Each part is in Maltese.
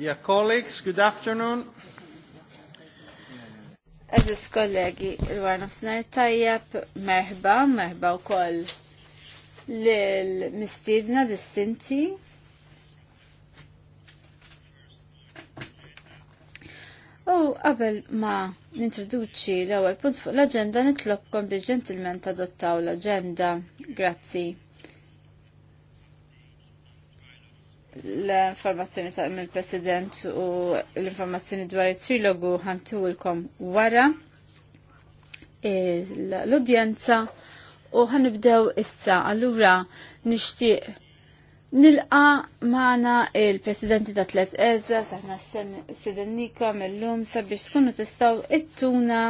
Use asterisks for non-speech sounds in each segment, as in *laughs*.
Dear colleagues, good afternoon. Aziz kollegi, il-war nofsinar tajjab, merħba, merħba u koll l-mistidna distinti. U qabel ma nintroduċi l-ewwel punt fuq l-aġenda nitlobkom bi ġentilment adottaw l agenda Grazzi. l-informazzjoni ta' mill-President u l-informazzjoni dwar it-trilogu ħantuwilkom wara e, l-udjenza u ħanibdew issa. Allura nixtieq Nilqa maħna il-presidenti ta' tlet eżza saħna s-sedennikom il-lum sabiex tkunu tistaw it-tuna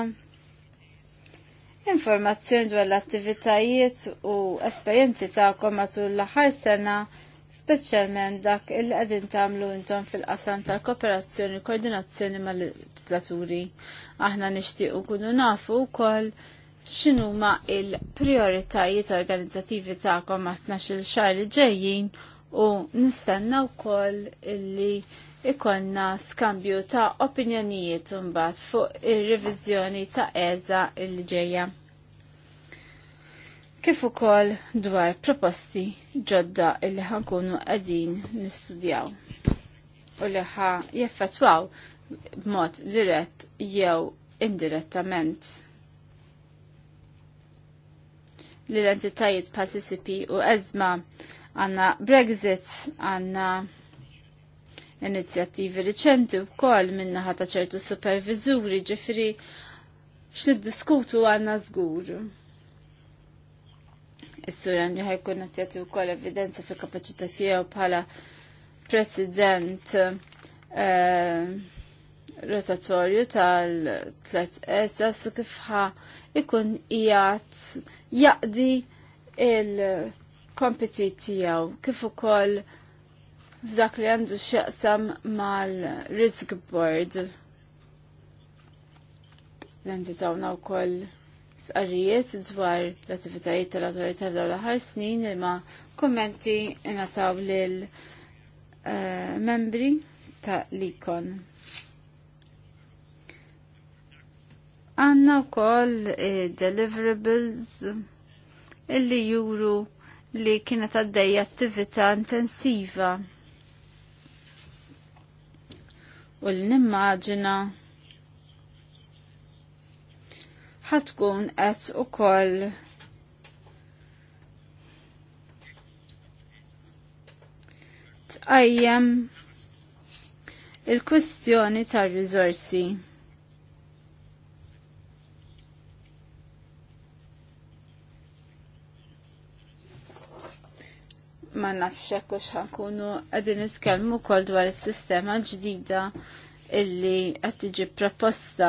informazzjoni dwar l-attivitajiet u esperienzi ta' matul l-ħar sena speċjalment dak il qegħdin tagħmlu intom fil-qasam tal-kooperazzjoni u koordinazzjoni mal-legislaturi. Aħna nixtiequ ukunu nafu wkoll x'inhuma il-prioritajiet organizzattivi tagħkom ma' 12-il xahar li ġejjin u nistenna wkoll illi ikonna skambju ta' opinjonijiet mbagħad fuq ir-reviżjoni ta' eża il-ġejja kif ukoll dwar proposti ġodda illi ħankunu qegħdin nistudjaw u li ħa jeffettwaw b'mod dirett jew indirettament li l-entitajiet partisipi u ezma għanna Brexit għanna inizjattivi riċenti u kol minnaħa ta' ċertu supervizuri ġifri xnid-diskutu għanna żgur. Is-sur Andrew ħajkun għatjati u koll evidenza fil kapacità tiegħu bħala president eh, rotatorju tal-3 SS kif ħa ikun ijat jaqdi il-kompeti tiegħu kif ukoll f'dak li għandu x'jaqsam mal-risk board. Presidenti tawna u koll sqarrijiet dwar l-attivitajiet tal-autorità f'daw l-aħħar snin imma kummenti ingħataw lil eh, membri ta' likon. Għanna wkoll eh, deliverables illi juru li kienet għaddejja attività intensiva u l-nimmaġina ħatkun qed ukoll tqajjem il-kwistjoni tar-riżorsi. ma nafxek u xħankunu għadin iskelmu kol dwar il-sistema ġdida illi qed tiġi proposta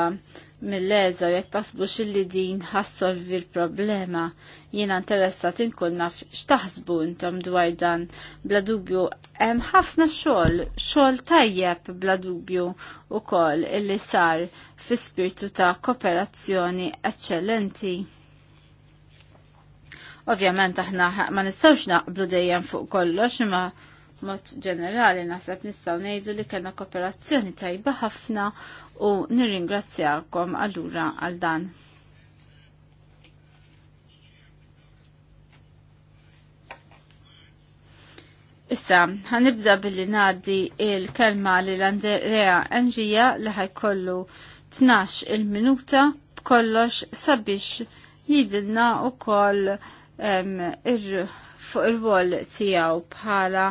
mill-leża jekk taħsbu xilli din ħassolvi l-problema. Jiena interessat inkun naf x'taħsbu intom dwar dan bla dubju hemm ħafna xogħol, xogħol tajjeb bla dubju ukoll illi sar fi spirtu ta' kooperazzjoni eċċellenti. Ovvjament aħna ma nistgħux naqblu dejjem fuq kollox imma mod ġenerali naħseb nistgħu ngħidu li kellna kooperazzjoni tajba ħafna u nirringrazzjakom allura għal dan. Issa, ħanibda billi ngħaddi il-kelma li l-Andrea Enġija li ħajkollu 12 il-minuta b'kollox sabiex jidilna u koll fuq il-wol tijaw bħala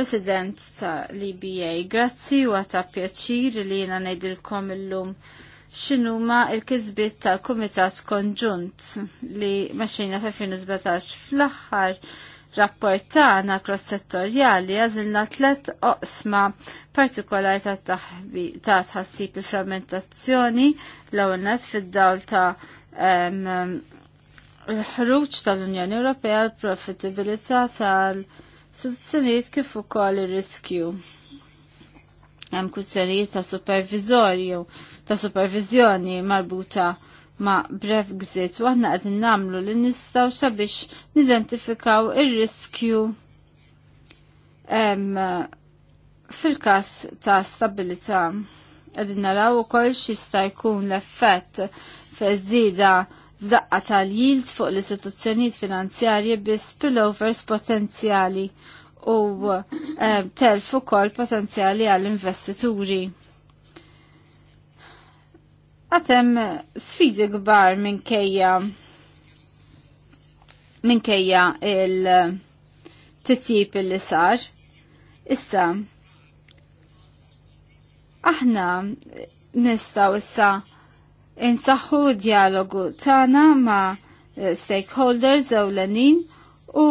President ta' Grazzi u għata pjaċir li jena nejdilkom il-lum xinuma il-kizbit tal-Komitat Konġunt li maċċina fe' 2017 fl-axħar rapportana cross-settorjali għazilna tlet oqsma partikolari ta' ta' tħassib il-frammentazzjoni l-għonet fid-dawl ta' l-ħruċ tal-Unjoni Ewropea l-profitabilità tal- istituzzjonijiet kif ukoll ir-riskju. Hemm kwistjonijiet ta' supervizorju ta' supervizjoni marbuta ma' Brexit u aħna qegħdin nagħmlu li nistgħu sabiex nidentifikaw ir-riskju fil-każ ta' stabilità. Qegħdin naraw ukoll xista jkun l-effett fi żida daqqa tal-yield fuq l-istituzzjonijiet finanzjarji bi spillovers potenzjali u eh, telf ukoll potenzjali għall-investituri. Għatem sfidi gbar minkejja minkejja il-titjib il-li sar. Issa, aħna nistaw issa insaħħu dialogu tagħna ma' eh, stakeholders ewlenin u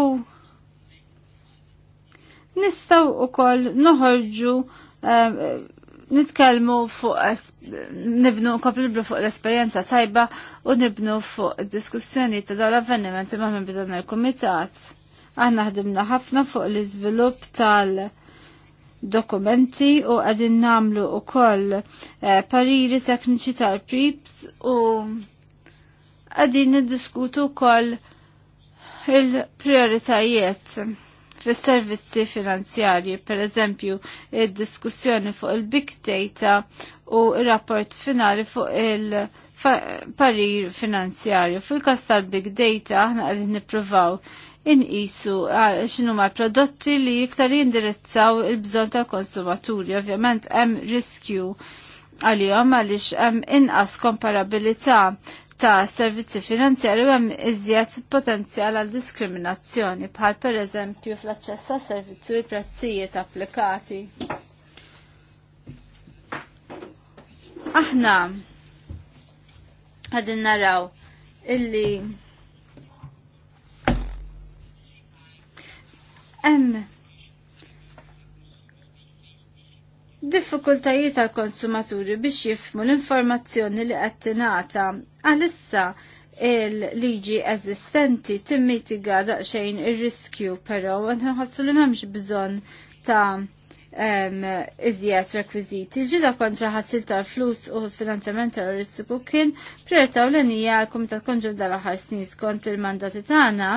nistaw ukoll noħorġu eh, nitkellmu fuq nibnu komplu fuq l-esperjenza tajba u nibnu fuq diskussjoni ta' dawn l-avvenimenti ma' minn bidan il-kumitat. Aħna ħdimna ħafna fuq l-iżvilupp tal- dokumenti u għadin namlu u koll eh, pariri tekniċi tal-prips u għadin diskutu koll il-prioritajiet fis servizzi finanzjarji, per eżempju, il-diskussjoni fuq il-big data u il-rapport finali fuq il-parir finanzjarju. Fil-kas tal-big data, aħna għadin niprovaw inqisu x'inhu ma prodotti li iktar jindirizzaw il-bżonn tal-konsumaturi. Ovvjament hemm riskju għalihom għaliex hemm inqas komparabilità ta' servizzi finanzjari u hemm iżjed potenzjal għal diskriminazzjoni bħal pereżempju fl-aċċess ta' servizzi u prezzijiet applikati. Aħna għadin naraw illi hemm diffikultajiet tal konsumaturi biex jifmu l-informazzjoni li qed tingħata għalissa il-liġi eżistenti timmitiga daqsxejn ir-riskju però nħossu li m'hemmx bżonn ta' iżjed rekwiżiti. Ġida kontra ħassil tal-flus u l-finanzjament terroristiku kien priorità l-għal Kumitat Konġun dal-aħħar snin skont il-mandati tagħna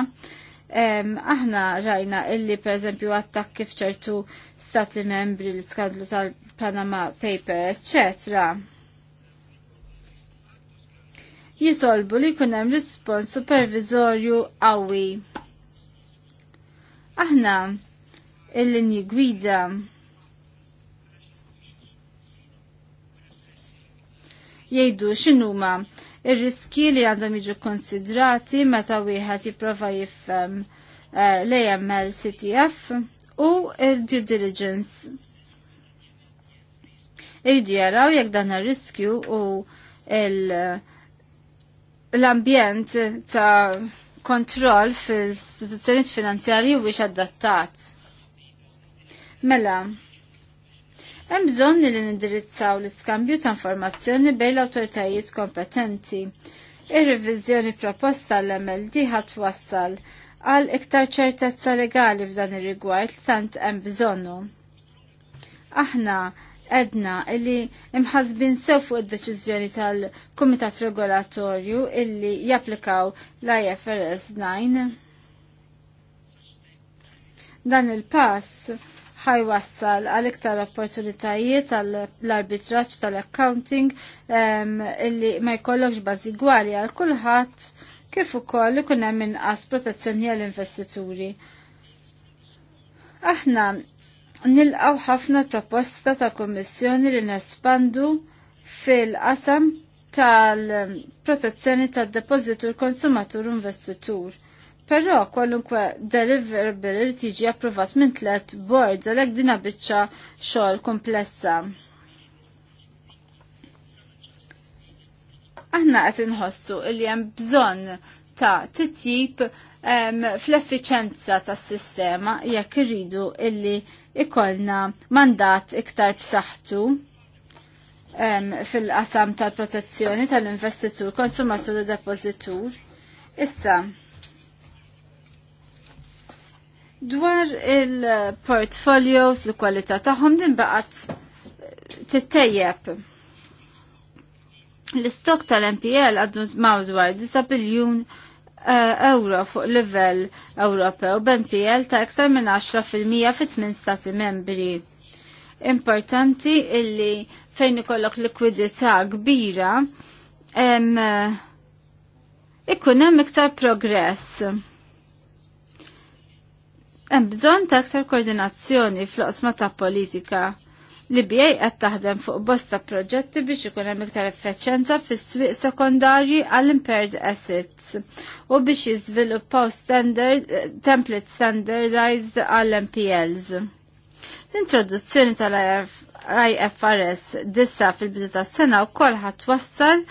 Aħna rajna illi per eżempju għattak kif ċertu stati membri l-skandlu tal-Panama Paper, eccetera Jisolbu li jkun hemm rispons supervizorju qawwi. Aħna illi linji gwida jgħidu x'inhuma ir-riski li għandhom jiġu konsidrati meta wieħed jipprova jifhem ehm, eh, l-AML CTF u il-due diligence. Irridu jaraw jekk dan ir-riskju u l-ambjent ta' kontroll fil-istituzzjonijiet finanzjarji u biex adattat. Mela, Hemm bżonn li nindirizzaw l-iskambju ta' informazzjoni bejn l-awtoritajiet kompetenti. Ir-riviżjoni proposta l-MLD ħadd wassal għal iktar ċertezza legali f'dan ir-rigward tant hemm bżonnu. Aħna edna illi imħazbin sew fuq id-deċiżjoni tal-Kumitat Regolatorju illi japplikaw l-IFRS 9. Dan il-pass ħajwassal għal iktar opportunitajiet għall arbitraċ tal-accounting illi ma jkollokx bażi gwali għal kulħadd kif ukoll ikun hemm inqas protezzjoni għall investituri Aħna nilqaw ħafna proposta ta' Kommissjoni li nespandu fil-qasam tal-protezzjoni tad-depożitur konsumatur investitur. investitur Però kwalunkwe deliverable irid jiġi approvat minn tlet boards għalhekk dina biċċa xogħol komplessa. Aħna qed inħossu li hemm bżonn ta' titjib fl-effiċenza tas-sistema jekk irridu illi ikollna mandat iktar b'saħħtu fil-qasam tal-protezzjoni tal-investitur, konsumatur u depozitur. Issa, Dwar il-portfolios, l-kwalità tagħhom din baqgħet tittejjeb. L-istok tal-MPL għaddu dwar 9 biljun eh, euro fuq livell Ewropew b'NPL ta' iktar minn 10% fit tmien stati membri. Importanti illi fejn ikollok likwidità kbira eh, ikun hemm iktar progress Hemm bżonn ta' aktar koordinazzjoni fl-oqsma ta' politika li bjej qed taħdem fuq bosta proġetti biex ikun hemm iktar effiċjenza fis-swieq sekondarji għall impaired assets u biex jiżviluppaw standard eh, template standardized għall MPLs. L-introduzzjoni tal-IFRS dissa fil-bidu tas-sena wkoll ħadd wassal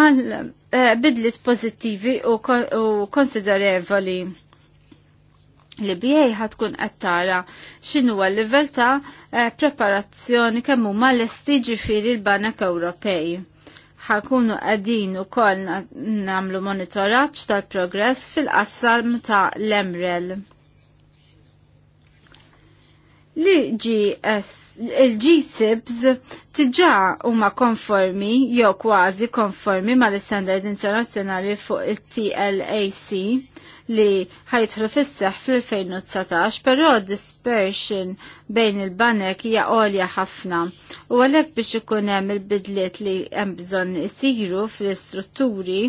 għal eh, bidliet pożittivi u konsiderevoli li bijaj ħatkun għattara xinu għal-level ta' eh, preparazzjoni kemmu ma l-estiġi firi l-Banek Ewropej. ħakunu għadin u koll namlu monitoraċ tal-progress fil-qassam ta' l-Emrel. Li GS, il-G-SIBs tiġa huma konformi jew kważi konformi mal-standard internazzjonali fuq il-TLAC li ħajtħlu fisseħ fl-2019, però dispersion bejn il-banek hija għolja ħafna. U għalhekk biex ikun hemm il-bidliet li hemm bżonn isiru fl-istrutturi,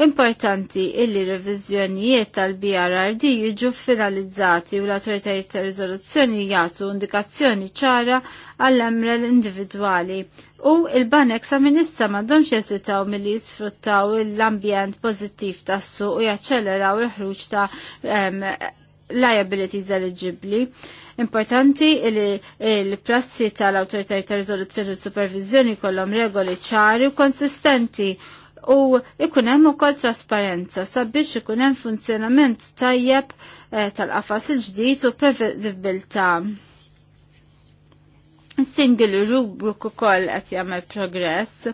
Importanti illi revizjonijiet tal-BRRD jiġu finalizzati u l-autoritajiet ta' rizoluzzjoni jagħtu indikazzjoni ċara għall-emrel individwali u il-banek sa' minissa m'għandhomx mill milli jisfruttaw l-ambjent pożittiv tas-suq u jaċċeleraw il-ħruġ ta' liabilities eligibli. Importanti li l-prassi tal-autoritajiet ta' rizoluzzjoni u supervizjoni kollom regoli ċari u konsistenti u ikun hemm ukoll trasparenza sabiex ikun hemm funzjonament tajjeb eh, tal-qafas il-ġdid u prevedibilità. Single rubrik ukoll qed jagħmel progress.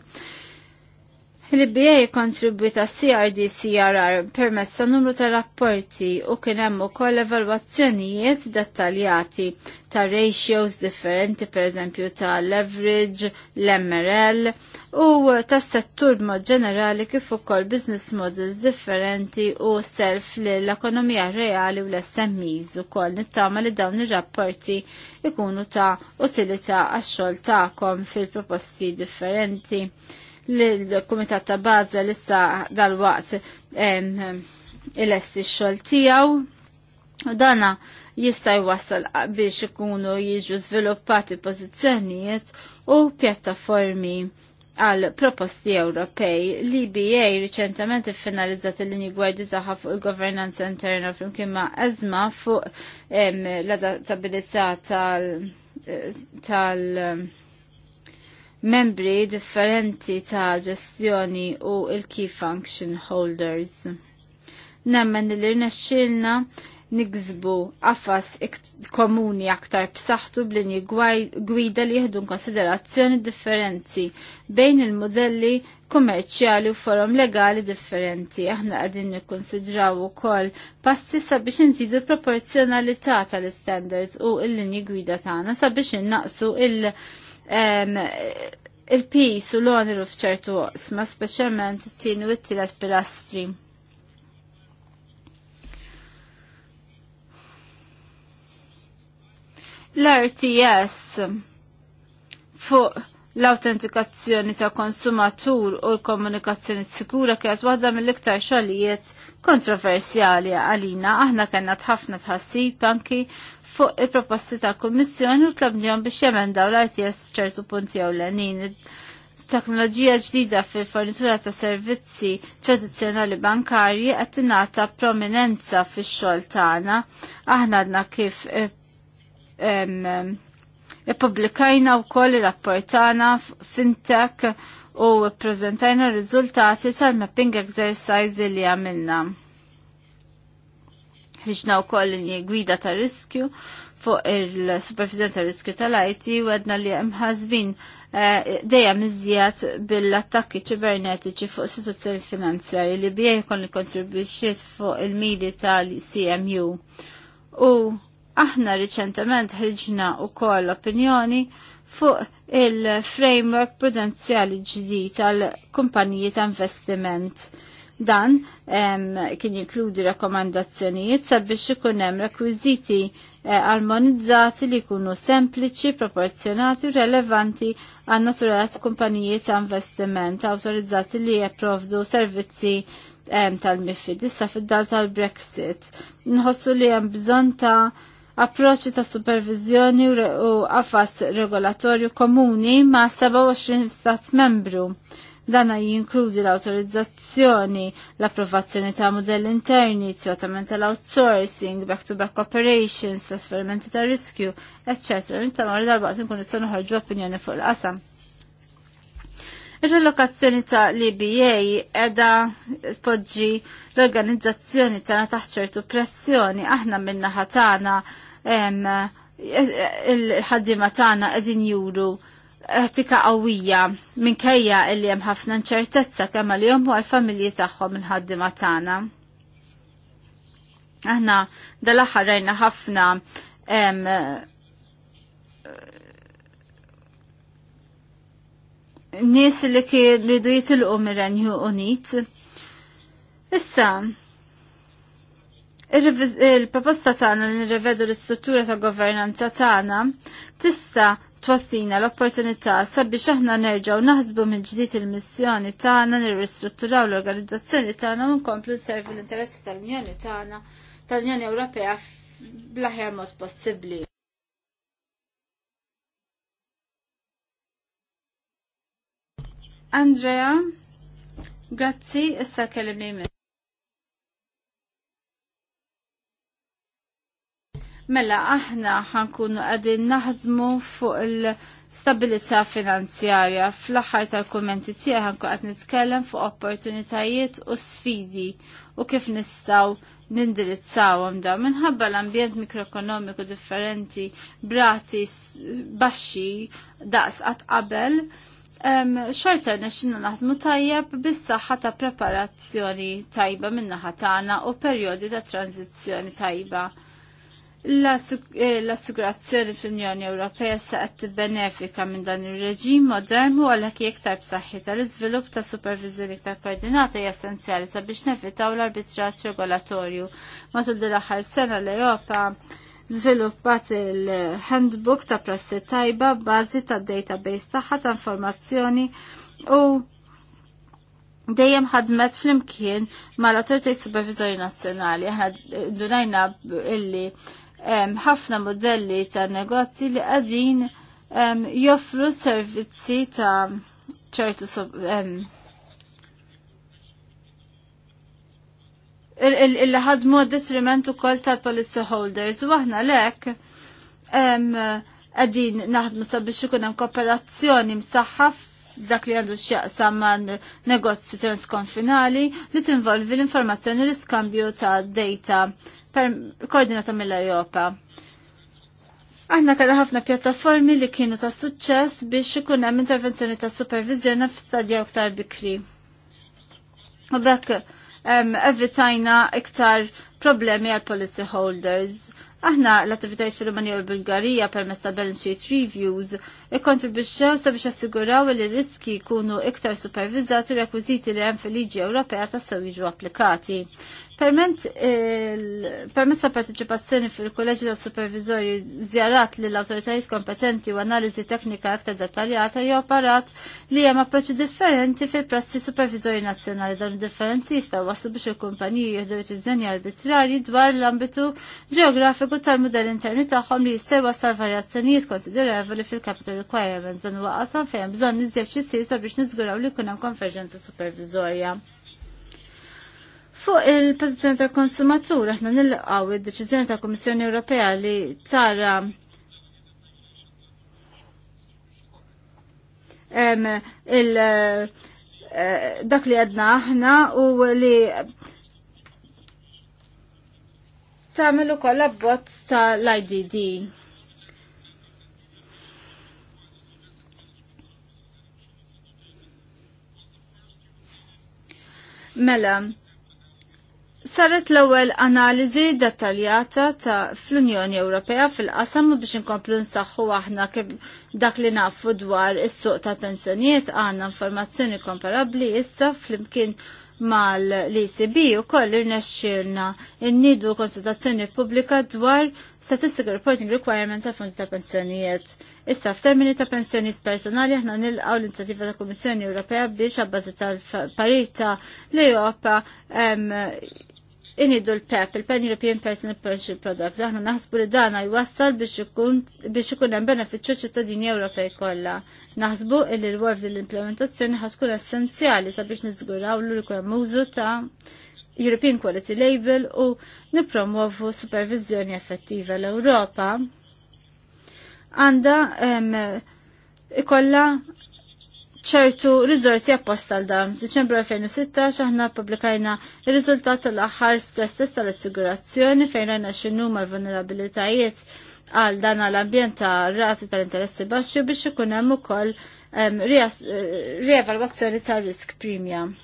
Il-BA kontribwita CRD CRR permezz ta' numru ta' rapporti u kien hemm ukoll evalwazzjonijiet dettaljati ta' ratios differenti pereżempju ta' leverage, l-MRL u ta' settur b'mod ġenerali kif ukoll business models differenti u self l-ekonomija reali u l-SMEs ukoll nittama li dawn ir-rapporti ikunu ta' utilità għax-xogħol tagħkom fil-proposti differenti l-Kumitat ta' Baza issa dal-waqt il-esti xoltijaw. U dana jista' jwassal biex ikunu jiġu żviluppati pożizzjonijiet u pjattaformi għal proposti Ewropej. L-IBA riċentament finalizzat il-linji gwardi tagħha fuq il-governanza interna flimkien ma' eżma fuq l-adattabilità tal-, eh, tal membri differenti ta' ġestjoni u il-key function holders. Nemmen li l-irnexxilna nigzbu għafas komuni aktar b'saħħtu b'linji gwida li jieħdu konsiderazzjoni differenzi bejn il-modelli kummerċjali u forom legali differenti. Aħna qegħdin nikkonsidraw ukoll passi sabiex inżidu l-proporzjonalità tal-standards u l-linji gwida tagħna sabiex innaqsu il-, -il il-pis u l-onru fċertu sma speċjalment t-tini u t-tilet pilastri. L-RTS fuq l-autentikazzjoni ta' konsumatur u l-komunikazzjoni sikura kienet waħda mill-iktar xogħlijiet kontroversjali għalina aħna kellna ħafna tħassib anki fuq il-proposti ta' kummissjoni u tlabnijom biex jemendaw l-RTS ċertu punti għaw l-għanin. Teknoloġija ġdida fil-fornitura ta' servizzi tradizjonali bankarji qed tingħata prominenza fix-xogħol tagħna. Aħna għadna kif eh, ippubblikajna wkoll ir-rapport rapportana fintech u prezentajna r-riżultati tal-mapping exercise li għamilna ħriġna wkoll gwida ta' riskju fuq il-supervizjon ta' riskju tal-IT u għedna li mħazbin eh, dejjem iżjed bil-attakki ċibernetiċi fuq istituzzjoni finanzjari li bieħ kon li fuq il-midi tal-CMU. U aħna riċentement ħilġna u koll opinjoni fuq il-framework prudenzjali ġdid tal-kumpaniji ta' investiment Dan kien jinkludi rakkomandazzjonijiet sabiex ikun hemm rekwiżiti eh, armonizzati li jkunu sempliċi, proporzjonati u relevanti għan naturat kumpanijiet ta' investiment autorizzati li jeprovdu servizzi tal-mifid. Issa fid-dal tal-Brexit. Nħossu li hemm bżonn ta' approċċi ta' supervizjoni u għafas regolatorju komuni ma' 27 stat membru Dana jinkludi l-autorizzazzjoni, l-approvazzjoni ta' modelli interni, trattament tal-outsourcing, back-to-back operations, trasferimenti ta' riskju, ecc. Nittamar dal-baqt nkun nistgħu noħorġu opinjoni fuq il-qasam. Ir-relokazzjoni ta' l-IBA edha tpoġġi l-organizzazzjoni tagħna taħt ċertu pressjoni aħna minna ħatana il-ħaddima tagħna qegħdin juru etika qawwija minkejja li hemm ħafna nċertezza kemm għalihom u għall-familji tagħhom il ħaddima tagħna. Aħna dal-aħħar rajna ħafna nies li kien ridu jitilqu mir-Renju Unit. Issa, il-proposta tagħna li nirrevedu l-istruttura ta' governanza tagħna tista' twassina l-opportunità sabiex aħna nerġaw naħsbu minn ġdid il-missjoni tagħna nirristrutturaw l-organizzazzjoni tagħna u nkomplu nservi l-interessi tal-Unjoni tagħna tal-Unjoni Ewropea bl-aħjar mod possibbli. Andrea, grazzi, issa kellimni minn. mela aħna ħankun għadin naħdmu fuq il-stabilità finanzjarja. Fl-aħħar tal-kommenti tiegħek ħankun qed nitkellem fuq opportunitajiet u sfidi u kif nistgħu nindirizzawhom da minħabba l-ambjent mikroekonomiku differenti brati baxxi daqs qatt qabel. Xorta nexxinu naħdmu tajjeb bis-saħħa ta' preparazzjoni tajba minnaħa tagħna u perjodi ta' tranzizzjoni tajba. Eh, l-assigurazzjoni fl-Unjoni Ewropea se qed tibbenefika minn dan ir-reġim modern u għalhekk tajb saħħi l-iżvilupp ta' supervizjoni ta' koordinata hija essenzjali sabiex nefitaw l-arbitraġġ regolatorju. Matul din l-aħħar sena l-Ewropa żviluppat il-handbook ta' prassi tajba b'bażi tad database tagħha ta' informazzjoni u dejjem ħadmet fl-imkien mal-autoritajt supervizori nazzjonali. Aħna dunajna illi ħafna modelli ta' negozji li għadin joffru servizzi ta' ċertu il ħad mod detriment u koll tal-policy holders u aħna lek għadin naħdmu sabiex ikun hemm kooperazzjoni msaħħaf dak li għandu x'jaqsam man negozju transkonfinali li tinvolvi l-informazzjoni l-iskambju ta' data per koordinata mill europa Aħna kellha ħafna pjattaformi li kienu ta' suċċess biex ikun hemm intervenzjoni ta' supervizjoni f'stadja iktar bikri. U bekk evitajna iktar problemi għal policy holders Aħna l attivitajt fil-Rumanija u l-Bulgarija permezz ta' balance sheet reviews ikkontribwixxew sabiex assiguraw li riski jkunu iktar supervizzati u rekwiżiti li hemm fil-liġi Ewropea tas jiġu applikati. Permezz sa' partiċipazzjoni fil-Kolleġġi tal supervizorju żjarat l awtoritajiet kompetenti u analiżi teknika aktar dettaljata jew apparat li hemm approċċi differenti fil-prassi supervizorji nazzjonali dawn differenzi jistgħu waslu biex il-kumpaniji jieħdu deċiżjoni arbitrarji dwar l-ambitu ġeografiku tal-mudell interni tagħhom li jistgħu wasal varjazzjonijiet konsiderevoli fil-capital requirements dan huwa qasam fejn bżonn iżjed xi sir sabiex niżguraw li jkun hemm konferġenza supervizorja. Fuq il-pozizjoni tal konsumatur aħna nilqgħu id-deċiżjoni tal Kummissjoni Ewropea li tara il eh, dak li għadna aħna u li tagħmel ukoll abbozz tal-IDD. Mela, Saret l-ewwel analiżi dettaljata ta' fl-Unjoni Ewropea fil-qasam biex inkomplu nsaħħu aħna kif dak li nafu dwar is-suq ta' pensjonijiet għandna informazzjoni komparabbli issa flimkien mal-ECB u koll irnexxilna n-nidu konsultazzjoni pubblika dwar Statistical Reporting Requirements ta' fondi ta' pensjonijiet. Issa, f'termini ta' pensjonijiet personali, aħna nilqaw l-inizjativa ta' Kummissjoni Ewropea biex għabbażi tal-parita l-Europa inidu l-PEP, il-Pan European Personal Purchase Product, aħna naħsbu li dana jwassal biex ikun hemm benefiċċju ċittadini Ewropej kollha. Naħsbu li l-worf l-implementazzjoni ħatkun essenzjali sabiex niżguraw l hemm użu ta' European Quality Label u nipromovu supervizjoni effettiva l-Ewropa għanda ikolla ċertu rizorsi apposta għal dan. Diċembru 2016 aħna publikajna il-riżultat tal-aħħar stress test tal-assigurazzjoni fejn rajna ma l vulnerabilitajiet għal dan l ambjent ta' rati tal-interessi baxxi biex ikun hemm ukoll rievalwazzjoni tar risk premium.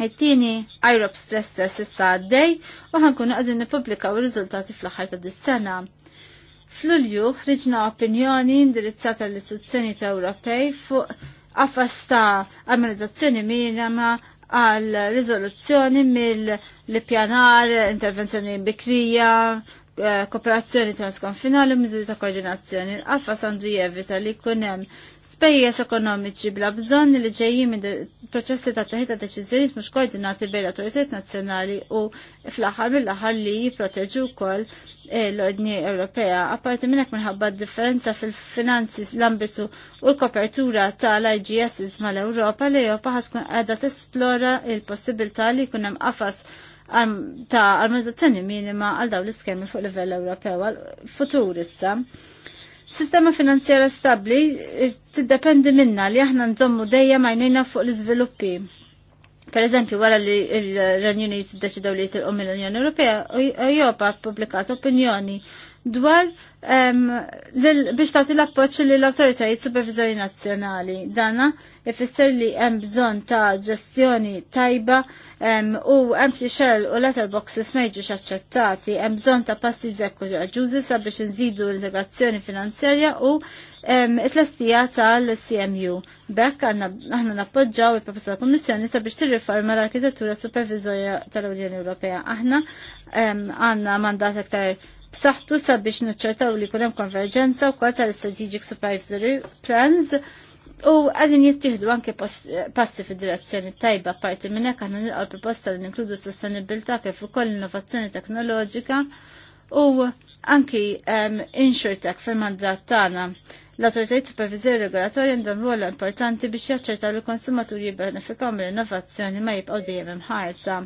It-tieni Europe Stress Test issa għaddej u ħankunu għadin nippubblikaw ir-riżultati fl-aħħar ta' dis-sena. F'Lulju ħriġna opinjoni indirizzata l-istituzzjoni ta' Ewropej fuq qafas ta' amministrazzjoni minima għal riżoluzzjoni mill-pjanar, intervenzjoni bikrija, eh, kooperazzjoni transkonfinali, miżuri ta' koordinazzjoni. Affas għandu jevita li kunem spejjeż ekonomiċi bla bżonn li ġejjin minn proċessi ta' teħita deċiżjonijiet mhux koordinati bejn l-awtoritajiet nazzjonali u fl-aħħar mill-aħħar li jipproteġu wkoll eh, l-Ordni Ewropea. Apparti minnek minħabba differenza fil-finanzi l-ambitu u l-kopertura tal-IGS mal ewropa li Ewropa tkun għedha tesplora il-possibilità li jkun hemm qafas ta' armazzazzjoni minima għal dawn l-iskemi fuq livell Ewropew għal futur issa. Sistema finanzjera stabli eh, tiddependi minna li aħna nżommu dejja majnina fuq l-iżviluppi. Per eżempju, wara li l-Renju t deċidaw li jitilqom mill-Unjoni Ewropea, Europa publikat opinjoni dwar biex tagħti l-appoġġ lill awtoritajiet supervizori nazzjonali. Dana ifisser li hemm bżonn ta' ġestjoni tajba u empty shell u letterboxes ma jiġux aċċettati, hemm bżonn ta' passi eżekkuġaġużi sabiex inżidu l-integrazzjoni finanzjarja u it-lestija tal-CMU. Bekk aħna nappoġġaw il-proposta tal-Kommissjoni sabiex tirriforma l-arkitettura supervizorja tal-Unjoni Ewropea. Aħna għandna mandat aktar b'saħħtu sabiex naċċertaw li kunem konverġenza wkoll tal-strategic supervisory plans u għadin jittieħdu anke passi fi direzzjoni tajba parti minn hekk aħna nilqgħu proposta li ninkludu sostenibilità kif ukoll innovazzjoni teknoloġika u anki um, insurtek fil-mandat tagħna l-autoritajiet supervizjoni regolatorji għandhom ruola importanti biex jaċċertaw li konsumaturi jibbenefikaw mill-innovazzjoni ma jibqgħu dejjem imħarsa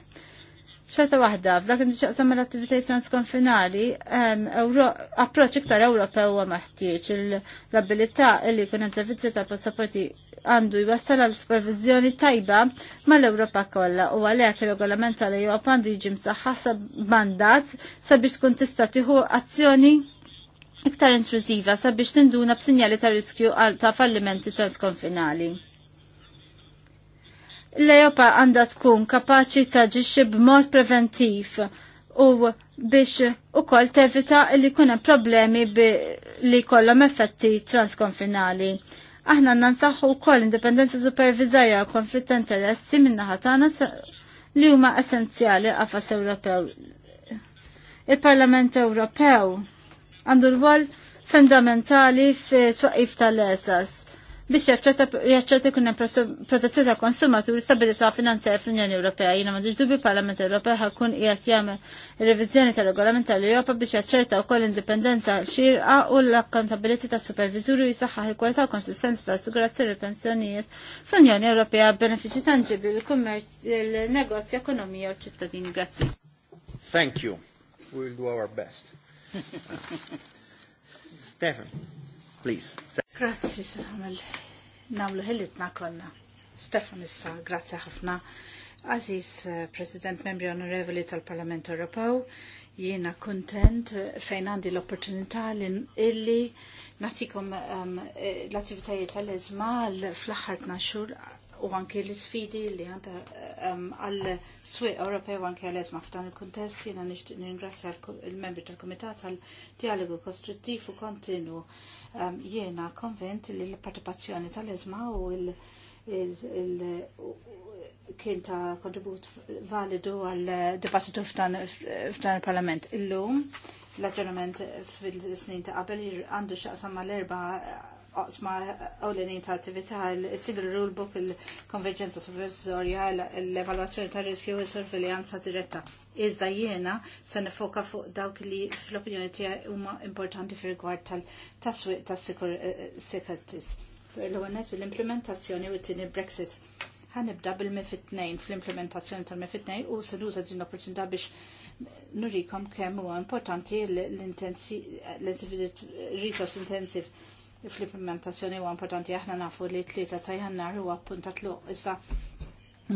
xorta waħda, f'dak inti xaqsam l-attivitajiet transkonfinali, approċ iktar Ewropew huwa meħtieġ l-abilità li jkun hemm servizzi tal-passaporti għandu jwassal għal supervizjoni tajba mal-Ewropa kollha u għalhekk ir-regolament tal Ewropa għandu jiġi msaħħa mandat sabiex tkun tista' tieħu azzjoni iktar intrużiva sabiex tinduna b'sinjali ta' riskju ta' fallimenti transkonfinali l-Ejopa għanda tkun kapaċi b b'mod preventiv u biex u kol tevita li kuna problemi li kollom effetti transkonfinali. Aħna nansaxu u kol indipendenza supervizorja u konflitt interessi minna ħatana li huma essenzjali għafas Ewropew. Il-Parlament Ewropew għandu l-wol fundamentali fi twaqif tal-esas biex jaċċetta jkun hemm protezzjoni ta' konsumatur stabilità finanzjarja fl-Unjoni Ewropea. Jiena ma dubju Parlament Ewropea ħakun qiegħed jagħmel ir-revizjoni tal-regolament tal europa biex jaċċerta wkoll indipendenza xirqa u l-akkantabilità tas supervizuri jisaħħaħ il-kwalità u konsistenza ta' assigurazzjoni pensjonijiet fl-Unjoni Ewropea b'benefiċċji tanġibli l-kummerċ il-negozju ekonomija u ċittadini. Grazzi. Thank you. We will do our best. *laughs* Stefan please. Grazzi, Samuel. Namlu ħillitna konna. Stefan issa, grazzi ħafna. Aziz, eh, President Membri Onorevoli tal-Parlament Europew, jiena kontent eh, fejn għandi l-opportunità li illi natikom um, l-attivitajiet tal-izma fl-axħar xhur u anke l-sfidi li għanda ehm, għal um, swieq Ewropew anke għal ezma f'dan il-kuntest jiena nixtieq ningrazzja l-membri tal-Kumitat għal dialogu kostruttiv u kontinu jiena konvent li l-partipazzjoni tal ezma u il- kien ta' kontribut validu għal dibattitu f'dan il-parlament. Illum, l-aġġornament fil-snin ta' qabel għandu xaqsam mal erba oqsma ewlenin ta' attività il-Civil Rule Book, il-konverġenza supervisorja, l-evaluazzjoni ta' riskju u sorveljanza diretta. Iżda jena se nifoka fuq dawk li fl-opinjoni tiegħi huma importanti fir-rigward tal-taswiq tas-securities. L-għonet l-implementazzjoni u t-tini Brexit. Għanibda bil-mifit 2 fl-implementazzjoni tal-mifit 2 u se nuża din l-opportunità biex nurikom kemm huwa importanti l-intensive intensiv resource intensive fl-implementazzjoni huwa importanti aħna nafu li tlieta ta' jannar huwa appuntat luq issa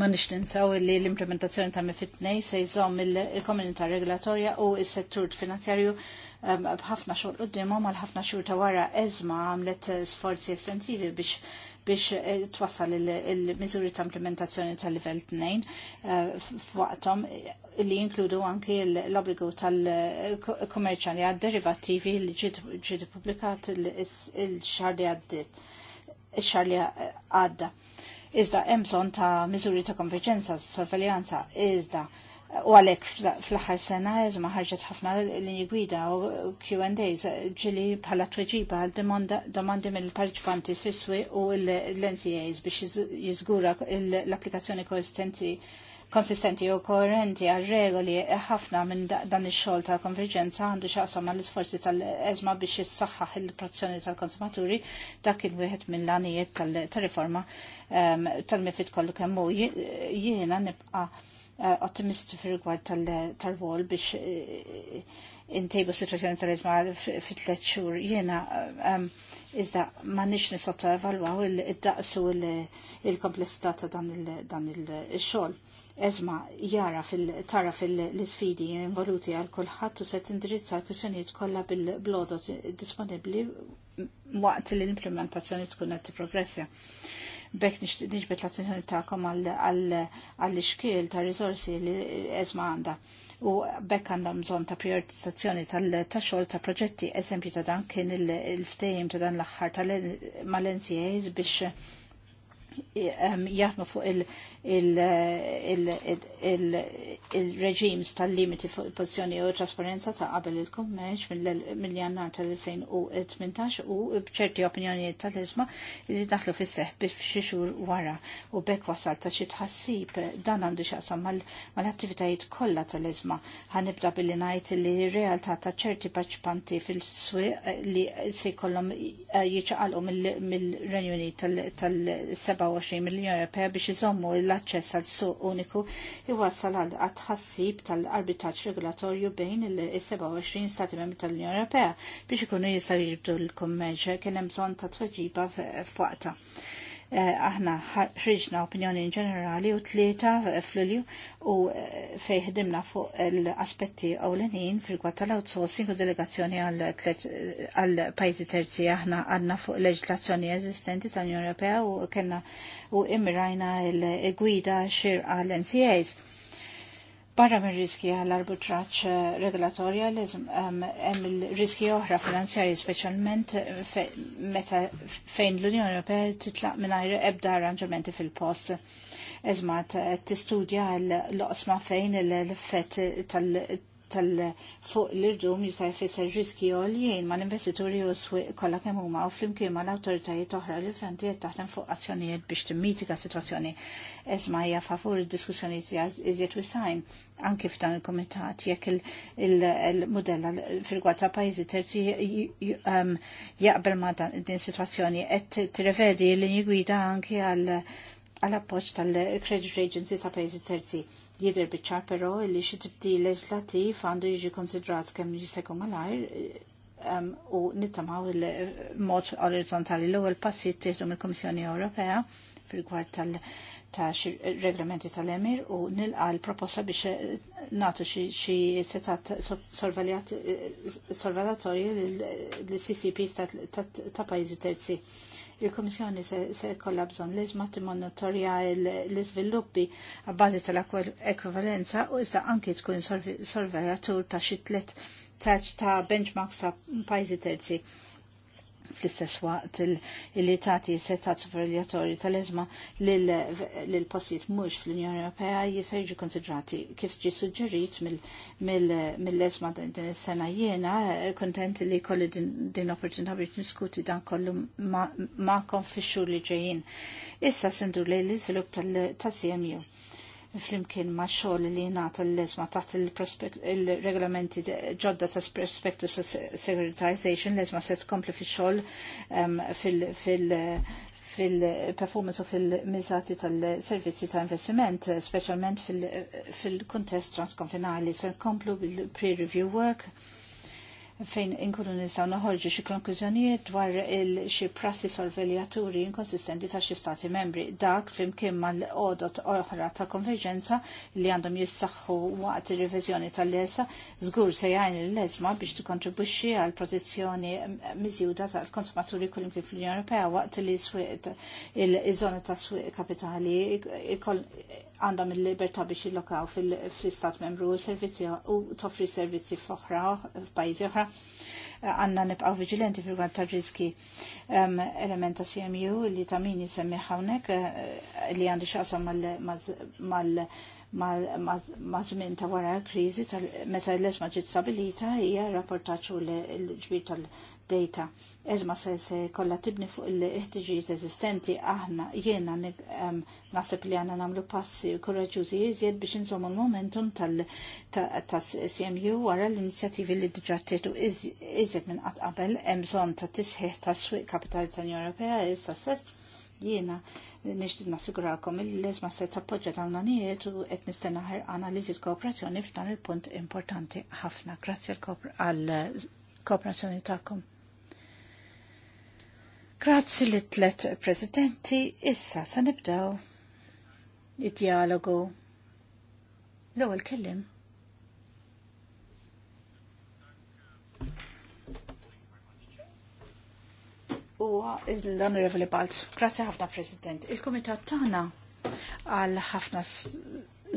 Ma nix ninsaw li l-implementazzjoni ta' MIFID se jżomm il-komunità regolatorja u s-settur finanzjarju um, bħafna xogħol qudiemhom għal ħafna xhur ta' wara eżma għamlet sforzi essenzivi biex biex eh, twassal il-miżuri ta' implementazzjoni tal-livell 2 eh, f'waqthom eh, li jinkludu anki l-obbligu tal-kommerċali għad derivattivi li ġiet publikat il-xar li għaddit il-xar li għadda. Iżda hemm bżonn ta' miżuri ta' konverġenza, sorveljanza, iżda U għalek fl-ħar sena, eżma ħarġet ħafna linji gwida u Q&As ġili bħala tweġiba għal domandi mill parċipanti fiswi u l-NCAs biex jizgura l-applikazzjoni konsistenti konsistenti u koerenti għal regoli ħafna minn dan ix-xogħol ta' konverġenza għandu x'aqsam għall isforzi tal-eżma biex jissaħħaħ il-protezzjoni tal-konsumaturi dak kien wieħed minn l-għanijiet tal reforma ehm, tal-mifid kollu kemm hu jiena nibqa' Eh, ottimisti fil-rigward tal-rwol biex eh, intejbu situazzjoni tal-izma fit-tlet xhur jiena eh, iżda ma nix nisotta evalwaw id-daqsu il-komplessità ta' dan il-xogħol. Ezma jara tara fil-sfidi involuti għal kulħadd u se tindirizza l-kwistjonijiet kollha bil-blodot disponibbli waqt l-implementazzjoni tkun qed progressja bekk nixbet l-attenzjoni ta'kom għall-iskil ta' rizorsi li ezma għanda. U bekk għandhom bżon ta' prioritizzazzjoni tal taxol ta' proġetti. Eżempju ta' dan kien il-ftejim ta' dan l-axħar tal-NCAs biex eh, jaħdmu fuq il-reġims tal-limiti fuq il pozzjoni u trasparenza ta' qabel il-kummerċ mill-jannar tal-2018 u bċerti opinjonijiet tal-isma li daħlu fis-seħ b'xi xhur wara u bekk wasal ta' xi tħassib dan għandu x'aqsam mal-attivitajiet kollha tal-isma. Ħanibda billi ngħid li r-realtà ta' ċerti paċpanti fil-swieq eh, li se jkollhom eh, jiċċaqalqu mill renjuni Unit tal-27 miljun Ewropea biex iżommu l l-aċċess għal suq uniku iwassal għal għatħassib tal-arbitraġġ regolatorju bejn il-27 stati membri tal-Unjoni Ewropea biex ikunu jistgħu jiġbdu l-kummerċ kien hemm bżonn ta' tweġiba f'waqta. Eh, aħna ħriġna opinjoni ġenerali u tlieta f'Lulju u eh, fejn ħdimna fuq l-aspetti ewlenin fil-gwad tal-outsourcing u delegazzjoni għal pajjiżi terzi aħna għandna fuq leġislazzjoni eżistenti tal-Unjoni Ewropea u kellna u immirajna l-gwida xirqa l-NCAs Barra minn riski għall-arbitraċ eh, regolatorja li hemm il-riski oħra finanzjarji speċjalment meta fejn l-Unjoni Ewropea titlaq mingħajr ebda arranġamenti fil-post. Eżmat tistudja l-oqsma fejn l-effett tal-fuq l-irdum jista' jfisser riski għoljien ma l-investituri u swieq kollha kemm huma u flimkien ma l-awtoritajiet oħra li fenti qed taħdem fuq azzjonijiet biex timmitika sitwazzjoni. Esma hija favur id-diskussjonijiet iżjed wisajn anki f'dan il-komitat jekk il-modella fil-gwad ta' pajjiżi terzi um, jaqbel ma' din sitwazzjoni qed tirrevedi l-linji gwida anki għal appoġġ tal-credit agency sa' pajjiżi terzi Jidher biċċar però li xi tibdil leġislattiv għandu jiġi konsidrat kemm jisegħu malajr u nittamaw il-mod orizzontali l-ewwel passi tieħdu mill-Kummissjoni Ewropea fil gwar tal ta' reglamenti tal-emir u nilqa l-proposta biex natu xi setat sorvelatorji l-CCP ta' pajjiżi terzi il-Komissjoni se kollha bżonn li ma monitorja l-iżviluppi bazi tal-ekwivalenza u issa anki tkun sorvejatur ta' xi ta' benchmarks ta' pajjiżi terzi fl-istess waqt li tagħti setat superlatorju tal-eżma lill-postijiet mhux fl-Unjoni Ewropea jista' jiġu konsidrati kif ġi suġġerit mill-eżma din is-sena jiena kontent li kolli din opportunità biex niskuti dan kollu ma' fix-xhur li ġejjin. Issa sendur li l-iżvilupp tal cmu flimkien ma' xogħol li jingħata l-lesma taħt il reglamenti ġodda ta' prospectus securitization l-lesma se tkompli fix-xogħol fil- fil-performance u fil-mizzati tal-servizzi ta' investiment, specialment fil-kontest transkonfinali, se komplu bil-pre-review work fejn inkunu nistgħu naħorġu xi konklużjonijiet dwar xi prassi sorveljaturi inkonsistenti ta' xi stati membri dak flimkien mal-qodot oħra ta' konverġenza li għandhom jissaħħu waqt ir revizjoni tal-lesa żgur se jgħin il leżma biex tikkontribwixxi għal protezzjoni miżjuda tal-konsumaturi kullim kif l unjoni Ewropea waqt li swieq il-żona ta' swieq kapitali għandhom il-libertà biex jillokaw fil istat membru u servizzi u toffri servizzi f'oħra, f'pajjiżi oħra. Eh, Għanna nibqaw viġilenti fil ta' riski ehm, element ta' CMU li ta' min jisemmi hawnhekk eh, li għandi xaqsa mal żmien ta' wara kriżi meta l-esma ġiet stabilita hija rapportaċu l-ġbir data ezma se se kolla tibni fuq il-ħtiġijiet eżistenti aħna jiena nasib li għanna namlu passi korraġużi jizjed biex nżomu l-momentum tal-CMU wara l-inizjativi li diġattetu iżjed minn qatt qabel hemm bżonn ta' tisħiħ ta' swieq kapitali ta' unjoni Ewropea issa sess jiena nixtid nassigurakom il-lezma se tappoġġa dawn għanijiet u qed nistenna analiżi l-kooperazzjoni f'dan il-punt importanti ħafna. Grazzi għal kooperazzjoni tagħkom. Grazzi li tlet prezidenti, issa sa nibdaw id-dialogu. L-ewwel kellim. U l-Onorevoli Balz. Grazzi ħafna President. Il-Kumitat tagħna għal ħafna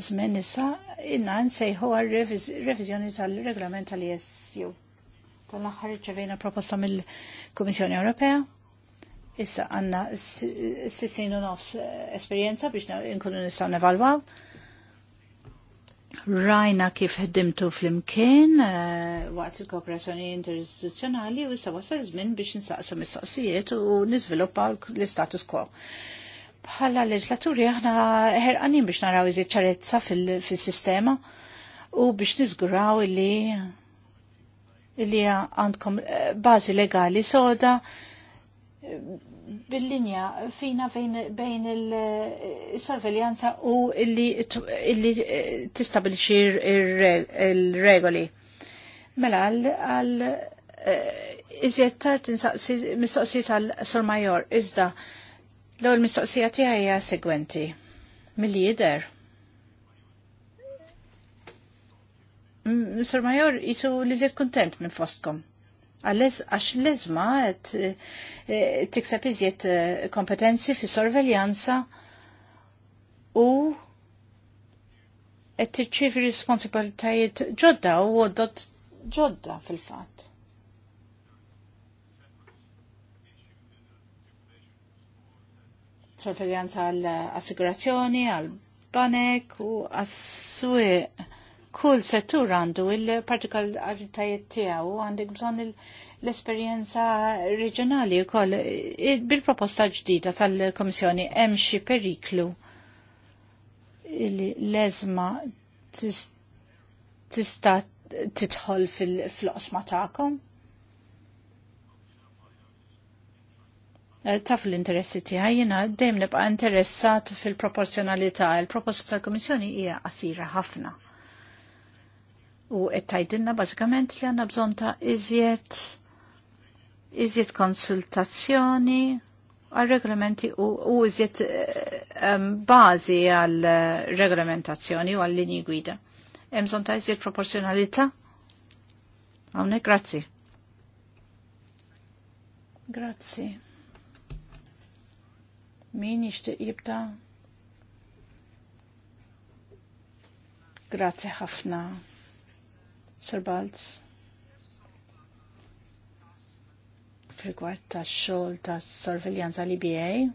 żmien issa inna nsejħu għal reviżjoni tal-regolament tal isu Tal-aħħar ċevejna proposta mill-Kummissjoni Ewropea Issa għanna s-sissin u nofs esperienza biex nkunu nistaw nevalwaw. Rajna kif ħeddimtu fl-imkien eh, waqt il-kooperazzjoni interistituzzjonali u issa wasal żmien biex nsaqsu mistoqsijiet u niżviluppa l-status quo. Bħala leġlaturi aħna ħerqanin biex naraw iżid ċarezza fil-sistema u biex niżguraw li li għandkom eh, bażi legali soda bil-linja fina bejn il-sorveljanza u illi eh, tistabilixi il-regoli. Mela, għal eh, iżjed tard mistoqsijiet għal Sor Major, iżda l-ewwel mistoqsija tiegħi hija segwenti. Milli jidher. Sor Major jisu li kontent minn fostkom għax l-ezma eh, eh, tikseb iżjed eh, kompetenzi fi sorveljanza u qed tirċievi responsabilitajiet ġodda u għoddot ġodda fil-fatt. Sorveljanza għall assigurazzjoni għal banek u għas-swieq kull settur għandu il-partikolaritajiet tiegħu għandek bżonn l-esperjenza reġjonali wkoll bil-proposta ġdida tal-Komissjoni hemm xi periklu li l-eżma tista' tidħol fil-qosma tagħkom. taf l-interessi tiegħi jiena dejjem nibqa' interessat fil-proporzjonalità. Il-proposta tal-Kummissjoni hija qasira ħafna u ettajdinna bazzikament li għanna bżon ta' iżjed iżjed konsultazzjoni għal-reglamenti u, u iżjed um, eh, bazi għal-reglamentazzjoni eh, u għal-linji gwida. Emżon ta' iżjed proporzjonalità? Għawne, grazzi. Grazzi. Min jishtiq jibda? Grazzi ħafna. Sir Balz. Fil-gwart ta' xol ta' sorveljanza li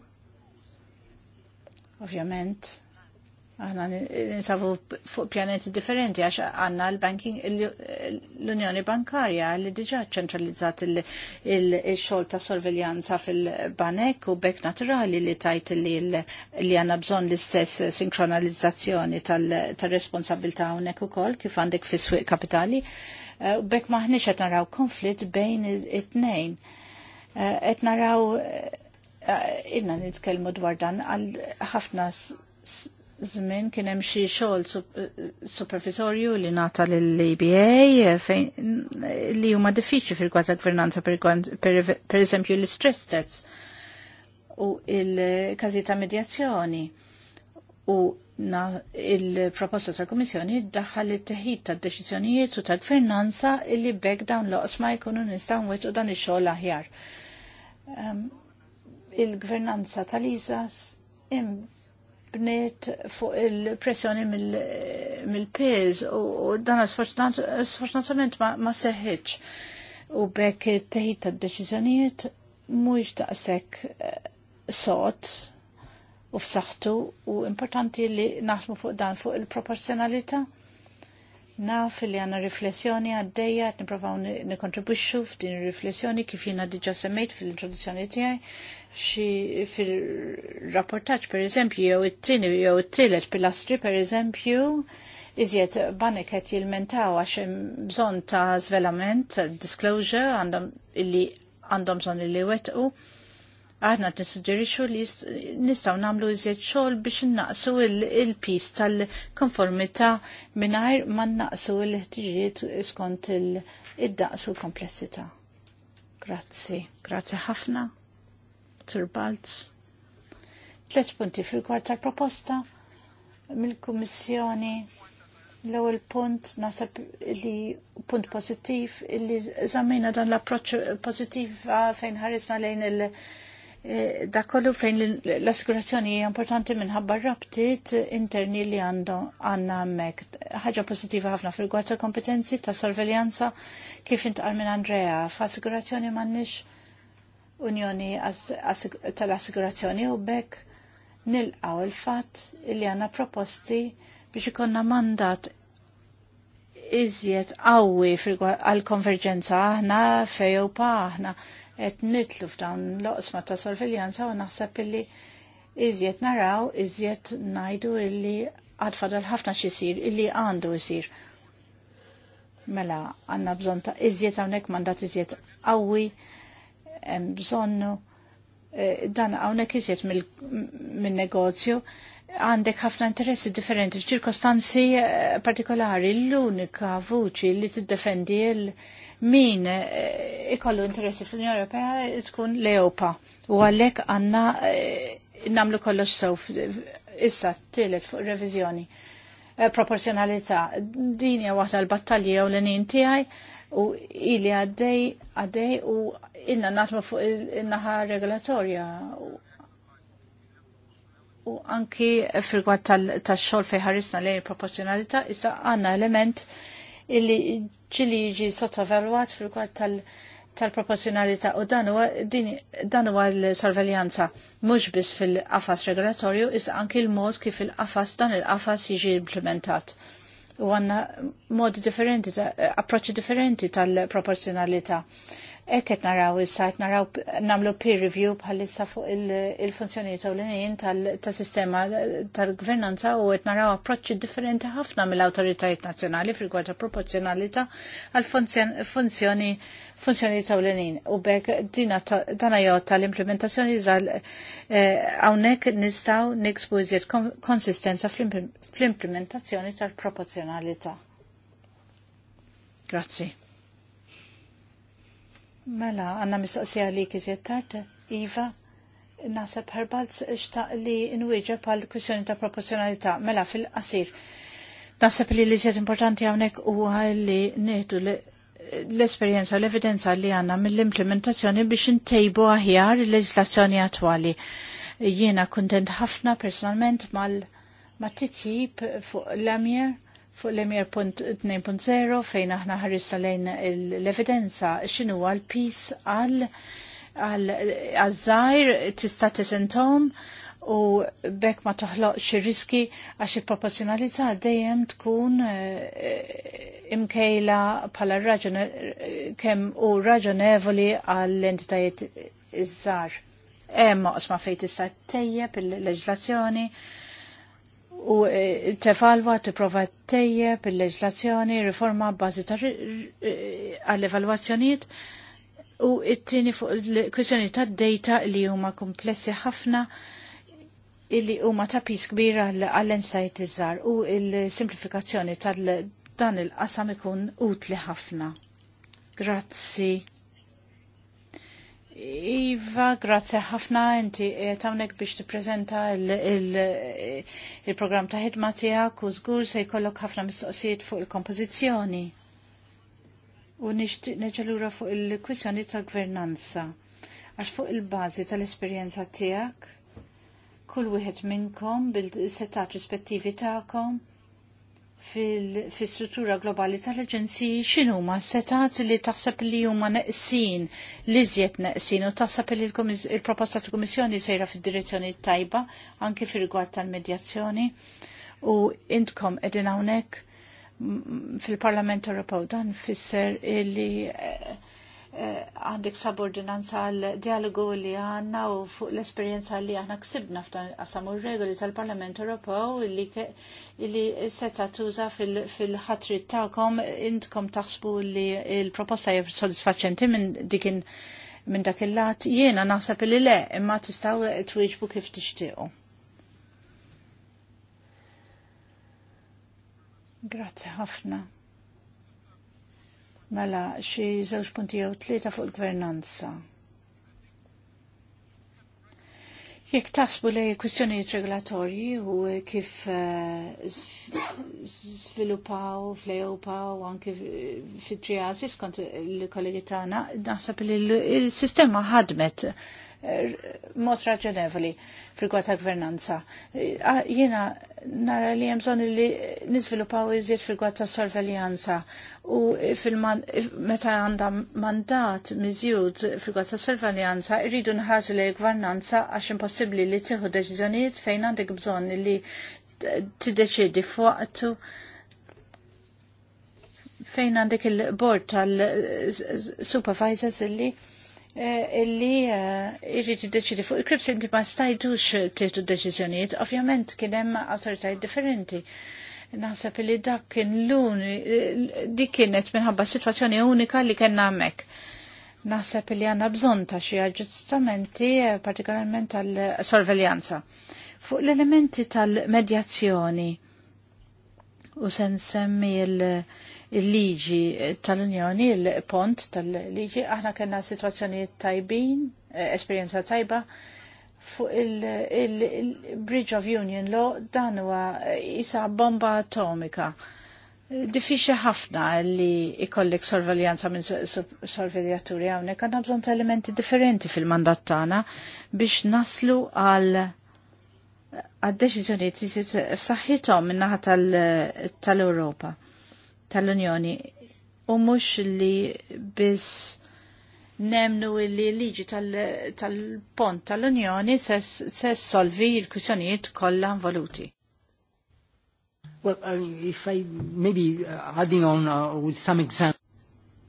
Ovvjament, Aħna ninsabu fuq pjaneti differenti għax għanna l-banking l-Unjoni Bankarja li diġa ċentralizzat il-xol ta' sorveljanza fil-banek u bek naturali li tajt li li għanna bżon l-istess sinkronalizzazzjoni tal-responsabilta għonek u kol kif għandek fi swiq kapitali. Eh, u bek maħniċ għet naraw konflitt bejn it-nejn. Għet eh, naraw, eh, idna nitkelmu dwar dan għal ħafna Zmin kien hemm xi xogħol supervisorju li nata lill-ABA eh, fejn li huma diffiċli fil-gwad ta' gvernanza per eżempju l-istress tests u il-każi ta' medjazzjoni u il-proposta tal kummissjoni daħħal li teħid tad deċiżjonijiet u ta' gvernanza li bekk dawn l jkunu nistgħu nwettqu dan ix-xogħol aħjar. Ehm, il-gvernanza tal-ISAS bniet fuq il-pressjoni mill-pez u dan sfortunatament ma seħħiċ u bekk teħid ta' deċiżjonijiet mhux daqshekk eh, sot u f'saħħtu u importanti li naħdmu fuq dan fuq il-proporzjonalità Naf li għanna riflessjoni għaddeja, għat niprofaw nikontribuxxu f'din riflessjoni kif jina diġa semmejt fil-introduzzjoni tijaj, fil-rapportaċ per eżempju, jew it-tini, jew it-tilet pilastri per eżempju, iżjed banek qed jilmentaw għax bżon ta' zvelament, disclosure, għandhom illi għandhom bżon illi wetqu Aħna nissuġġerixxu li nistgħu nagħmlu iżjed xogħol biex innaqsu il-pis tal-konformità mingħajr ma naqsu l-ħtiġijiet skont il-daqsu komplessita. l-komplessità. Grazzi, grazzi ħafna. Sir Balz. Tlet punti fil-kwart tal-proposta mill-Kummissjoni l-ewwel punt nasab li punt pożittiv li żammejna dan l-approċċ pożittiv ah, fejn ħarisna lejn il- da kollu fejn l-assigurazzjoni hija importanti minħabba rabtiet interni li għandu għanna mek. ħaġa pozittiva ħafna fil ta' kompetenzi ta' sorveljanza kif intqal minn Andrea f'assigurazzjoni m'għandniex unjoni tal-assigurazzjoni u bekk nilqaw il-fatt li għanna proposti biex ikonna mandat iżjed qawwi għal konverġenza aħna fej u pa aħna et nitlu f'dawn l-oqsma ta' sorveljanza u naħseb illi iżjed naraw, iżjed najdu illi għadfadal ħafna xisir, illi għandu jisir. Mela, għanna bżon ta' iżjed għawnek mandat iżjed għawi, bżonnu, e, dan għawnek iżjed minn negozju għandek ħafna interessi differenti f'ċirkostanzi e, partikolari, l-unika vuċi li t-defendi l- min eh, ikollu interessi fl-Unjoni Ewropea tkun l-Ewpa. U għalhekk għandna eh, namlu kollox sew issa t-tielet fuq reviżjoni. Eh, proporzjonalità. Din hija waħda battalji jew l-nin tiegħi u ili għaddej għaddej u inna natma fuq il-naħa regolatorja u anki fil-gwad tal-xol fej ħarisna lejn proporzjonalità issa għanna element illi ċili jiġi sottovalwat fil-kwad tal- tal-proporzjonalità u dan huwa l-sorveljanza mhux biss fil-qafas regolatorju is anki l-mod kif il-qafas dan il-qafas jiġi implementat. U għanna modi differenti, approċċi differenti tal-proporzjonalità. Ekket naraw il-sajt, naraw namlu peer review bħalissa fuq il-funzjoniet u l inin tal-sistema tal-gvernanza u et naraw approċċi differenti ħafna mill-autoritajiet nazjonali fil ta' proporzjonalita għal-funzjoni funzjoni ta' l inin U bek dina jot l implementazzjoni zal għawnek eh, nistaw niksbu iżjed konsistenza fl-implementazzjoni tal-proporzjonalita. Grazie. Mela, għanna mistoqsija li kizjet tard, Iva, nasab herbalz xtaq li nwieġa pal kwissjoni ta' proporzjonalità. Mela, fil-qasir, nasab li li zjed importanti għawnek u li nieħdu l-esperienza u l-evidenza li għanna mill-implementazzjoni biex intejbu aħjar il-leġislazzjoni attwali. Jiena kuntent ħafna personalment mal-titjib fuq l-amjer fuq l-emir.2.0 fejn aħna ħarissa lejn l-evidenza xinu għal-pis għal-żajr tista' tisentom u bekk ma toħloqx riski għax il-proporzjonalità dejjem tkun eh, imkejla bħala kemm u raġonevoli għall-entitajiet iż-żar. Hemm oqsma fejn tista' tejjeb il-leġlazzjoni u t-tefalva e, tipprova tejjeb il-leġlazzjoni, riforma bazi ta' e, għall-evalwazzjonijiet u it-tieni fuq il-kwistjoni ta' data li huma komplessi ħafna illi huma ta' pis kbira għall insajt iżgħar u il-simplifikazzjoni tal dan il-qasam ikun utli ħafna. Grazzi. Iva, grazie ħafna, inti eh, tawnek biex tippreżenta eh, il-program ta' ħidma tiegħek u żgur se jkollok ħafna mistoqsijiet fuq il-kompożizzjoni. U lura fuq il-kwissjoni ta' gvernanza. Għax fuq il-bażi tal-esperjenza tiegħek, kull wieħed minnkom bil-setat rispettivi tagħkom fil-struttura globali tal-Aġenziji xinu ma setat li taħseb li huma neqsin, li zjet neqsin u taħseb li il-proposta tal-Komissjoni sejra fil-direzzjoni tajba anki fil-rigward tal-medjazzjoni u intkom edin hawnhekk fil-Parlament Ewropew dan fisser li eh, eh, għandek sabordinanza għal dialogu li għanna u fuq l-esperienza li għanna ksibna f'dan għasam u regoli tal-Parlament Ewropew li Illi seta tuża fil ħatri fil ta'kom intkom taħsbu li il-proposta jew sodisfaċenti minn dikin minn dak il-lat jiena naħseb li le imma tistgħu twieġbu kif tixtiequ. Grazzi ħafna. Mela, xi żewġ punti jew tlieta fuq il-gvernanza. Jekk tasbu lej kwistjonijiet regolatorji u kif sviluppaw eh, fl anki fitriazis kont l-kollegi tagħna naħseb li l-sistema ħadmet eh, mod raġonevoli frigwa ta' gvernanza. E, Jena nara li jemżon li nizvilupaw iżjed frigwa ta' sorveljanza u meta għanda mandat mizjud frigwa ta' sorveljanza irridu nħazu li gvernanza għax impossibli li tiħu deċizjoniet fejn għandek bżon li tiddeċidi fuqtu fejn għandek il-bord tal-supervisors illi Eh, illi eh, irrid jiddeċidi fuq il-krips inti ma stajdux tieħdu deċiżjonijiet, ovvjament kien hemm awtoritajiet differenti. Naħseb li dak kien l uni dik kienet minħabba situazzjoni unika li kien hemmhekk. Naħseb li għandna bżonn ta' xi aġġustamenti eh, partikolarment tal-sorveljanza. Fuq l-elementi tal-medjazzjoni u se nsemmi il- il-liġi tal-Unjoni, il-pont tal-liġi, aħna kena situazzjoni tajbin, eh, esperienza tajba, fuq il-Bridge of Union Law dan huwa eh, isa bomba atomika. Diffiċi ħafna li ikollek sorveljanza minn sorveljaturi hawnhekk għandna bżonn ta' elementi differenti fil-mandat tagħna biex naslu għal għad-deċiżjonijiet f'saħħithom min-naħa tal-Ewropa. Tal tal-Unjoni u mhux li biss nemnu li liġi tal-pont tal tal-Unjoni se solvi l-kwissjonijiet kollha involuti. Well, if I maybe uh, adding on uh, with some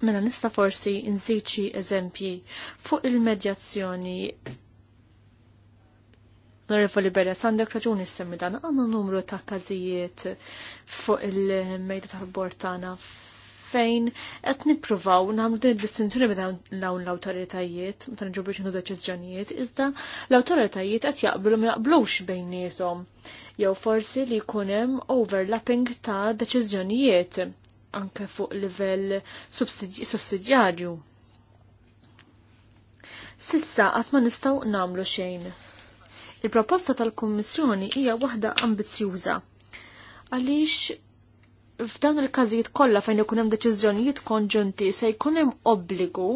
Mela nista forsi nżid xi eżempji fuq il-medjazzjoni li Bella, sandek raġuni semmi dan, għanna numru ta' kazijiet fuq il-mejda tal-bord tagħna fejn qed nippruvaw nagħmlu din id-distinzjoni meta dawn l-awtoritajiet meta nġobru nudu deċiżjonijiet, iżda l-awtoritajiet qed jaqblu ma jaqblux bejniethom. Jew forsi li jkun hemm overlapping ta' deċiżjonijiet anke fuq livell sussidjarju. Sissa qatt ma nistgħu nagħmlu xejn Il-proposta tal-Kummissjoni hija waħda ambizzjuża. Għaliex f'dawn il-każijiet kollha fejn ikun hemm deċiżjonijiet konġunti se jkun hemm obbligu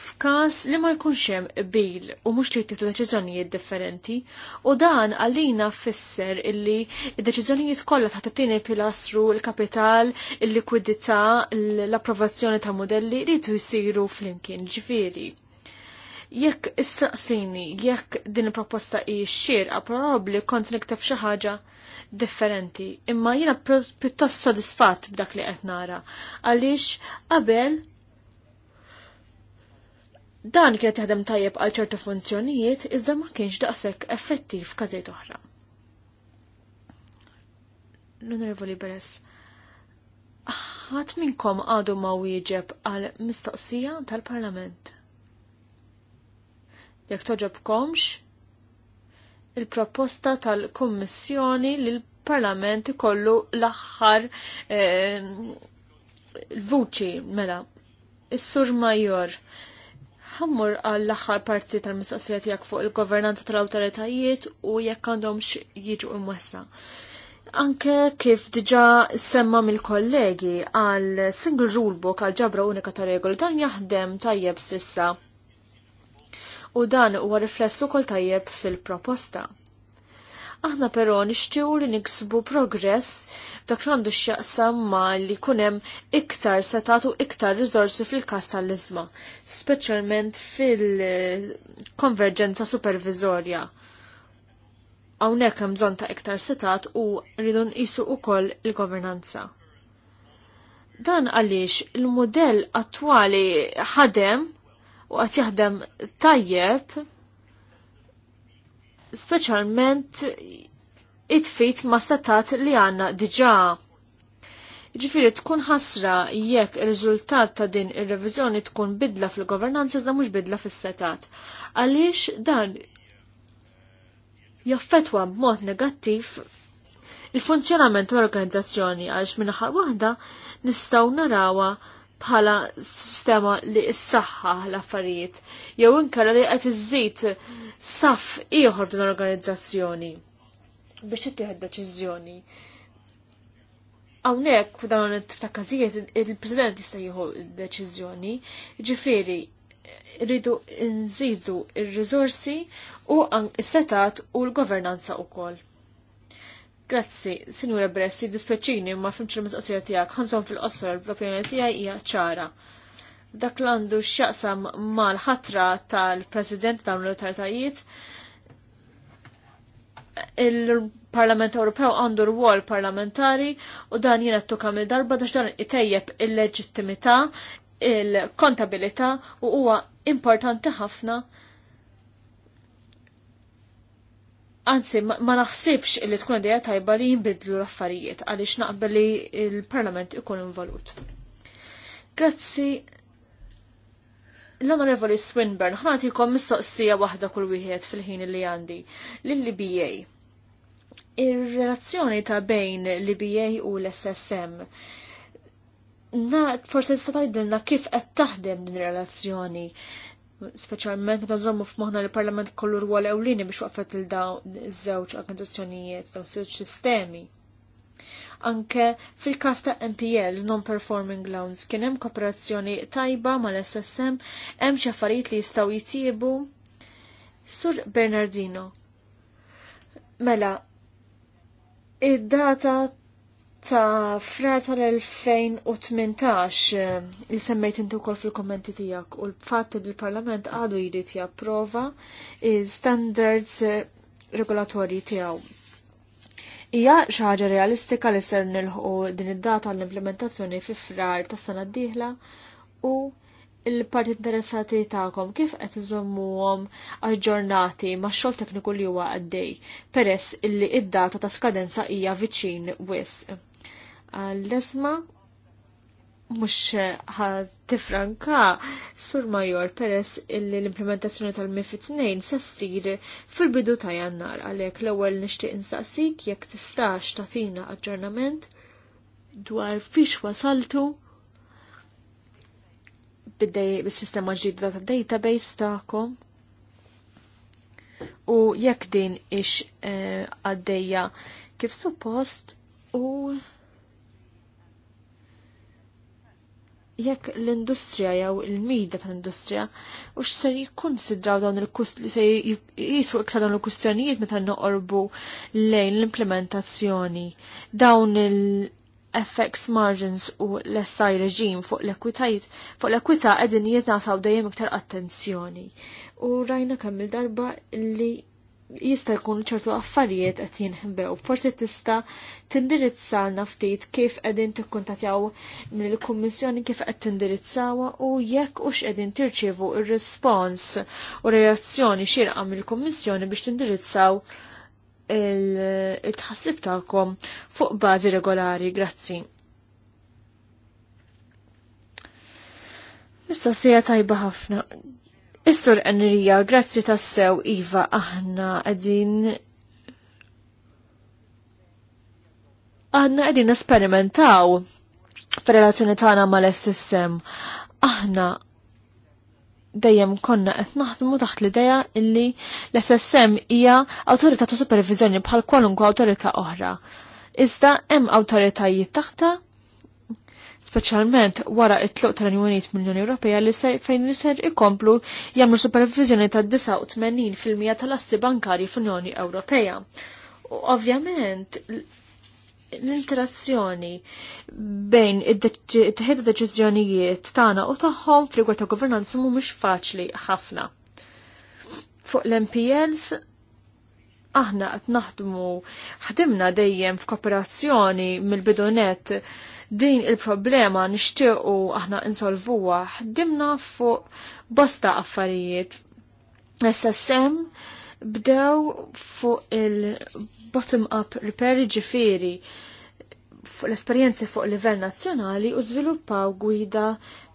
f'każ li ma jkunx hemm qbil u mhux li jtieħdu deċiżjonijiet differenti u dan għalina fisser illi d-deċiżjonijiet kollha taħt it-tieni pilastru l-kapital, il-likwidità, l-approvazzjoni ta' modelli li jsiru flimkien ġifieri. Jekk issaqsini, jekk din il-proposta hi xierqa, probabbli kont nikteb xi ħaġa differenti, imma jiena pjuttost sodisfatt b'dak li qed nara. Għaliex qabel dan kien jaħdem tajjeb għal ċertu funzjonijiet iżda ma kienx daqshekk effettiv każejt oħra. L-Onorevoli Beres, ħadd minnkom għadu ma wieġeb għal mistoqsija tal-Parlament jekk toġobkomx il-proposta tal-Kummissjoni li l-Parlament ikollu l-aħħar eh, l-vuċi mela. Is-Sur Major ħammur għall aħħar parti tal mistoqsijiet jekk fuq il-governanza tal-awtoritajiet u jekk għandhom jiġu imwessa. Anke kif diġa semma mill-kollegi għal single rulebook għal ġabra unika ta' regoli dan jaħdem tajjeb sissa u dan huwa riflessu kol tajjeb fil-proposta. Aħna però nixtiju li niksbu progress dak għandu x'jaqsam ma li kunem iktar setatu iktar rizorsi fil-każ tal-iżma, speċjalment fil-konverġenza supervizorja. Hawnhekk hemm bżonn ta' iktar setat u rridu nqisu wkoll il-governanza. Dan għaliex il-modell attwali ħadem u għat jaħdem tajjeb speċjalment it-fit ma' statat li għanna diġa. Ġifiri tkun ħasra jekk ir-riżultat ta' din ir-reviżjoni tkun bidla fil-governanza iżda mhux bidla fis-setat. Għaliex dan jaffetwa b'mod negattiv il-funzjonament tal organizzazzjoni għaliex minnaħal waħda nistgħu narawha bħala sistema li s-saħħa l-affarijiet, jew inkara li qed iżżid saf ieħor din organizzazzjoni biex ittieħed deċiżjoni. Hawnhekk f'dawn ta' każijiet il-President jista' jieħu deċiżjoni, ġifieri rridu nżidu ir-riżorsi u s-setat u l-governanza wkoll. Grazzi, Sinjura Bressi, dispeċini ma fimx il-mistoqsija tiegħek, ħantom fil-qosor l-opinjoni tiegħi hija ċara. Dak l-għandu x'jaqsam mal-ħatra tal-President tal-Militaritajiet il-Parlament Ewropew għandu rwol parlamentari u dan t tukka mill darba dax dan itejjeb il-leġittimità, il-kontabilità u huwa importanti ħafna Anzi, ma naħsibx li tkun għadija tajba li jinbidlu l-affarijiet għaliex naqbel li l-Parlament ikun involut. Grazzi l-Onorevoli Swinburne, ħnatikom mistoqsija waħda kull wieħed fil-ħin li għandi. Lill-BA. Ir-relazzjoni ta' bejn l-BA u l-SSM. Na, forse tista' tgħidilna kif qed taħdem din ir-relazzjoni speċjalment meta nżommu f'moħħna li parlament kollu rwol ewlieni biex waqfet il dawn iż-żewġ organizzazzjonijiet dawn żewġ sistemi. Anke fil-każ ta' MPLs non-performing loans kien hemm kooperazzjoni tajba mal-SSM hemm xi affarijiet li jistgħu jitjiebu. Sur Bernardino. Mela, id-data ta' frar tal-2018 eh, li semmejt inti wkoll fil-kommenti tiegħek u l-fatt li l-Parlament għadu jrid japprova standards eh, regolatorji tiegħu. Hija xi ħaġa realistika li ser nilħu din id-data l-implementazzjoni fi frar tas-sena d-dieħla u il-parti interessati ta'kom kif qed iżommuhom aġġornati ma' xogħol tekniku li huwa għaddej peress illi id-data ta' skadenza hija viċin wisq għall-lesma mux tifranka sur major peress l-implementazzjoni tal mif 2 se ssir fil-bidu ta' jannar għalhekk l-ewwel nixtieq insaqsik jekk tistax tagħtina aġġornament dwar fiex wasaltu bis-sistema ġdida ta' database tagħkom u jekk din ix eh, għaddejja kif suppost u jekk l-industrija jew il-mida tal-industrija u x'ser jikkonsidraw dawn il-kust li se jisu iktar dawn il-kustjonijiet meta noqorbu lejn l-implementazzjoni dawn il-FX margins u l-SI reġim fuq l-ekwitajt fuq l-ekwita qegħdin jitnasaw dejjem iktar attenzjoni. U rajna kemm il-darba li jista' jkun ċertu affarijiet qed jinħbew. Forsi tista' tindirizzalna ftit kif qegħdin tikkuntatjaw mill-Kummissjoni kif qed tindirizzawha u jekk hux qegħdin tirċievu ir-rispons u reazzjoni xirqa mill-Kummissjoni biex tindirizzaw il-tħassib tagħkom fuq bażi regolari. Grazzi. Issa sija tajba ħafna. Is-sur Enrija, grazzi tassew, Iva, aħna għadin aħna għedin esperimentaw f'relazzjoni tagħna mal-SSM. Aħna dejjem konna qed naħdmu taħt l-idea illi l-SSM hija awtorità ta' supervizjoni bħal kwalunkwe awtorità oħra. Iżda hemm awtoritajiet taħta speċjalment wara it-tluq tal unit mill-Unjoni Ewropea li se fejn ser ikomplu jagħmlu supervizjoni ta' 89% tal-assi bankari fl-Unjoni Ewropea. U ovvjament l-interazzjoni bejn it-teħid deċiżjonijiet tagħna u tagħhom fil ta' governanza mhumiex faċli ħafna. Fuq l-MPLs aħna qed naħdmu ħdimna dejjem f'kooperazzjoni mill-bidonet din il-problema nixtiequ aħna insolvuha ħdimna fuq bosta affarijiet. SSM bdew fuq il-bottom-up repair ġifiri l-esperienzi fuq livell nazzjonali u żviluppaw gwida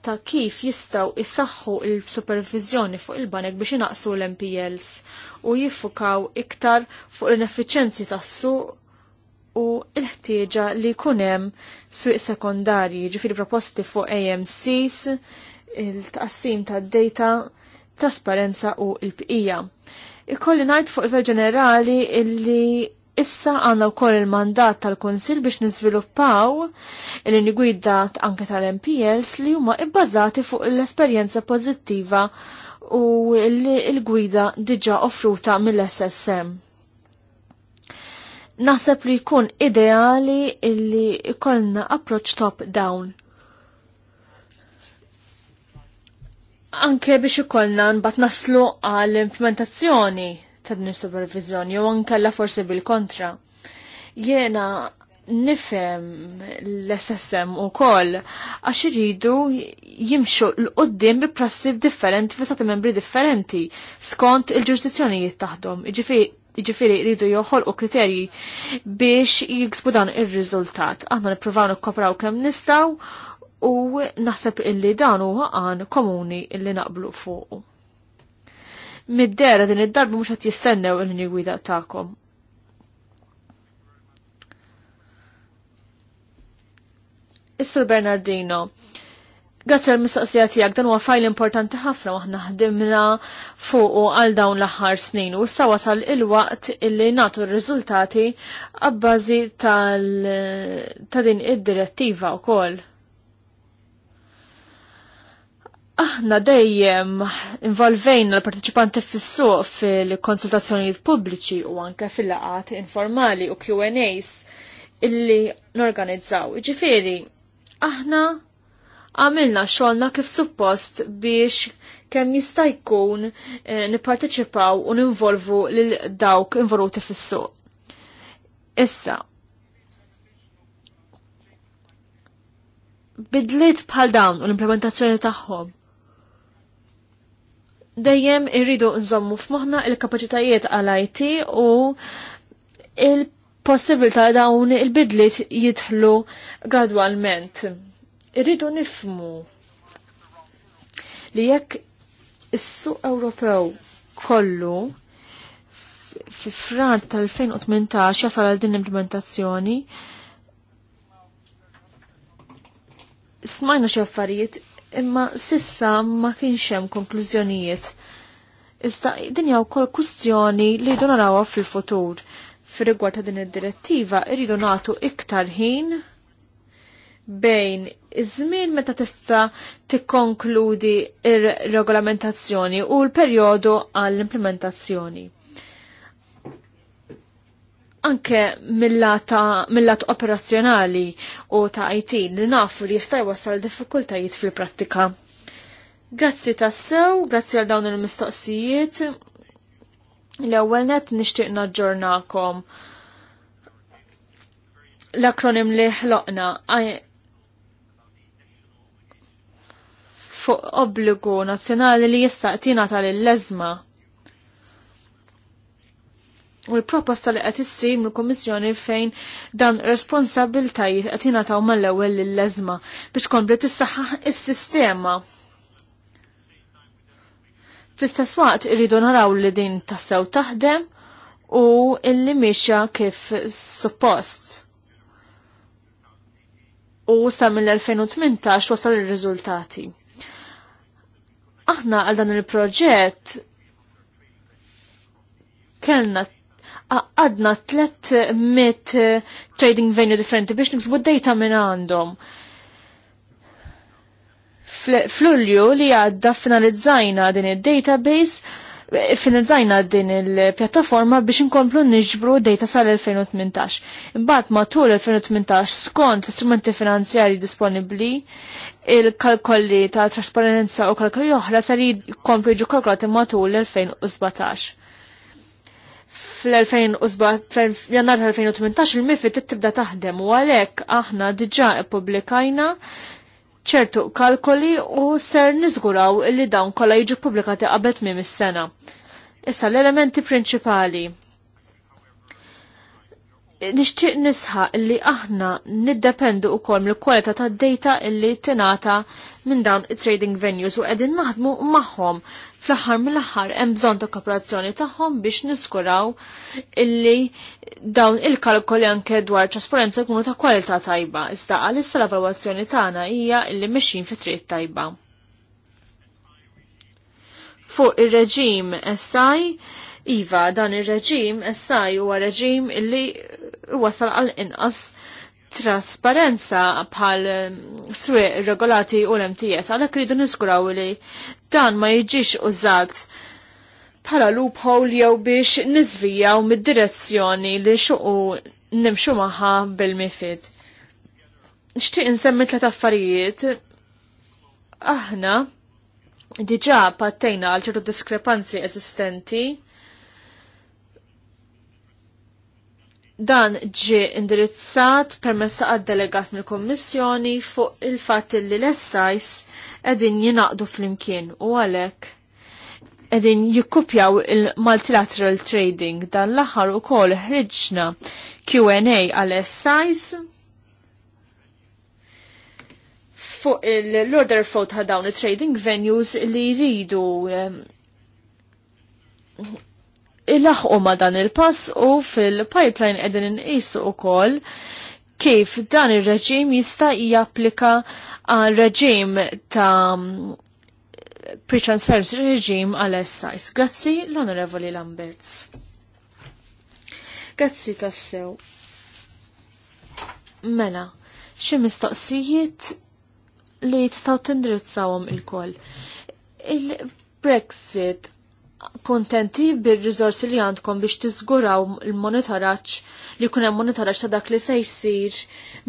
ta' kif jistaw isaxħu il-supervizjoni fuq il-banek biex inaqsu l-MPLs u jiffukaw iktar fuq l inefficienzi tas-suq u l-ħtieġa li kunem swieq sekondarji ġifiri proposti fuq AMCs, il tassim ta' data, trasparenza u l-bqija. Ikolli najt fuq il-ver ġenerali illi Issa għanna u koll il-mandat tal-Konsil biex nizviluppaw il ingwida anke tal-MPLs li huma ibbażati fuq l-esperjenza pozittiva u il-gwida diġa offruta mill-SSM. Naħseb li jkun ideali illi ikollna approach top-down. Anke biex ikollna nbat naslu għall-implementazzjoni T'adni supervizjoni, is-supervizjoni jew ankella forsi bil-kontra. Jiena nifhem l-SSM ukoll għax iridu jimxu l-qoddim bi prassi differenti fi stati membri differenti skont il-ġurisdizzjonijiet taħdom. Iġifieri jridu joħolqu kriterji biex jiksbu dan ir-riżultat. Aħna nippruvaw nikkopraw kemm nistgħu u naħseb illi dan huwa għan komuni illi naqblu fuq mid-dera din id-darba mhux qed jistennew il-ħini gwida tagħkom. is Bernardino, Grazzi għal mistoqsija tiegħek dan huwa fajl importanti ħafna waħna ħdimna fuq għal dawn l-aħħar snin u sa wasal il-waqt illi nagħtu r-riżultati għabbażi tal ta' din id-direttiva wkoll. Aħna dejjem involvejna l-partiċipanti fis-suq fil-konsultazzjonijiet pubbliċi u anke fil-laqat informali u Q&As illi norganizzaw. Ġifieri, aħna għamilna xogħolna kif suppost biex kemm jista' jkun eh, nipparteċipaw u ninvolvu lil dawk involuti fis-suq. Issa, bidliet bħal dawn u l-implementazzjoni tagħhom dejjem irridu nżommu f'moħna il-kapacitajiet għal-IT u il-possibilità dawn il-bidliet jidħlu gradwalment. Irridu nifmu li jekk is-suq Ewropew kollu fi fran tal-2018 jasal għal din l-implementazzjoni smajna xi affarijiet imma sissa ma kienx hemm konklużjonijiet. Iżda din hija wkoll kwistjoni li jdu narawha fil-futur. Fir-rigward ta' din id-direttiva irridu nagħtu iktar ħin bejn iż-żmien meta tista' tikkonkludi ir-regolamentazzjoni u l-perjodu għall-implementazzjoni anke mill-lat operazzjonali u ta' IT li nafu li jista' jwassal diffikultajiet fil-prattika. Grazzi tassew, grazzi għal dawn il-mistoqsijiet. L-ewwel net nixtieq naġġornakom. L-akronim li ħloqna fuq obbligu nazzjonali li jista' tina tal-leżma u l-proposta li qed issir mill-Kummissjoni fejn dan responsabiltajiet qed jingħataw mal-ewwel lill lezma biex kompli tissaħħaħ is-sistema. Fl-istess waqt irridu naraw li din tassew taħdem u illi miexja kif suppost. U sa mill-2018 wasal ir-riżultati. Aħna għal dan il-proġett kellna għadna 300 eh, trading venue differenti biex d data minn għandhom. Flulju li għadda finalizzajna din il-database, eh, finalizzajna din il-pjattaforma biex inkomplu nġbru data sal-2018. Imbagħad matul 2018 skont l-istrumenti finanzjari disponibbli, il-kalkolli ta' trasparenza u kalkoli oħra sar jkomplu jiġu kalkolati matul l-2017 fl-2017 jannar 2018 il-mifid tibda taħdem u għalhekk aħna diġà ippubblikajna ċertu kalkoli u ser niżguraw li dawn kollha jiġu publikati qabel mim is-sena. Issa l-elementi prinċipali. Nixtieq nisħaq li aħna niddependu wkoll mill-kwalità tad-data li tingħata minn dawn it-trading venues u qegħdin naħdmu magħhom fl-aħħar mill-aħħar hemm bżonn ta' kooperazzjoni tagħhom biex niskuraw illi dawn il-kalkoli anke dwar trasparenza jkunu ta' kwalità tajba, iżda għalissa l-evalwazzjoni tagħna hija illi mexjin fi triq tajba. Fuq ir-reġim SI, iva dan ir-reġim SI huwa reġim illi wasal għal inqas trasparenza bħal um, swieq regolati u l-MTS, għalhekk kridu niskuraw li dan ma jiġix użat bħala loophole jew biex niżvijaw mid-direzzjoni li xuqu nimxu maħħa bil-mifid. Nixtieq insemmi tliet affarijiet. Aħna diġà pattejna għal ċertu diskrepanzi eżistenti Dan ġi indirizzat per ta' delegat mill-Kommissjoni fuq il fat li l-essajs edin jinaqdu fl-imkien u għalek edin jikkupjaw il-multilateral trading dan l-aħħar u kol ħriġna Q&A għal-essajs fuq l-order fuq ta' dawn trading venues li jridu um, ilaħqu ma dan il-pass u fil-pipeline qegħdin inqisu wkoll kif dan ir-reġim jista' japplika għal reġim ta' mm, pre-transparency reġim għal Essajs. Grazzi l-Onorevoli Lamberts. Grazzi tassew. Mela, xi mistoqsijiet li tistgħu tindirizzawhom il-koll. Il-Brexit kontenti bil-rizorsi li għandkom biex tiżguraw il-monitoraġġ li kun hemm monitoraġġ ta' dak li se jsir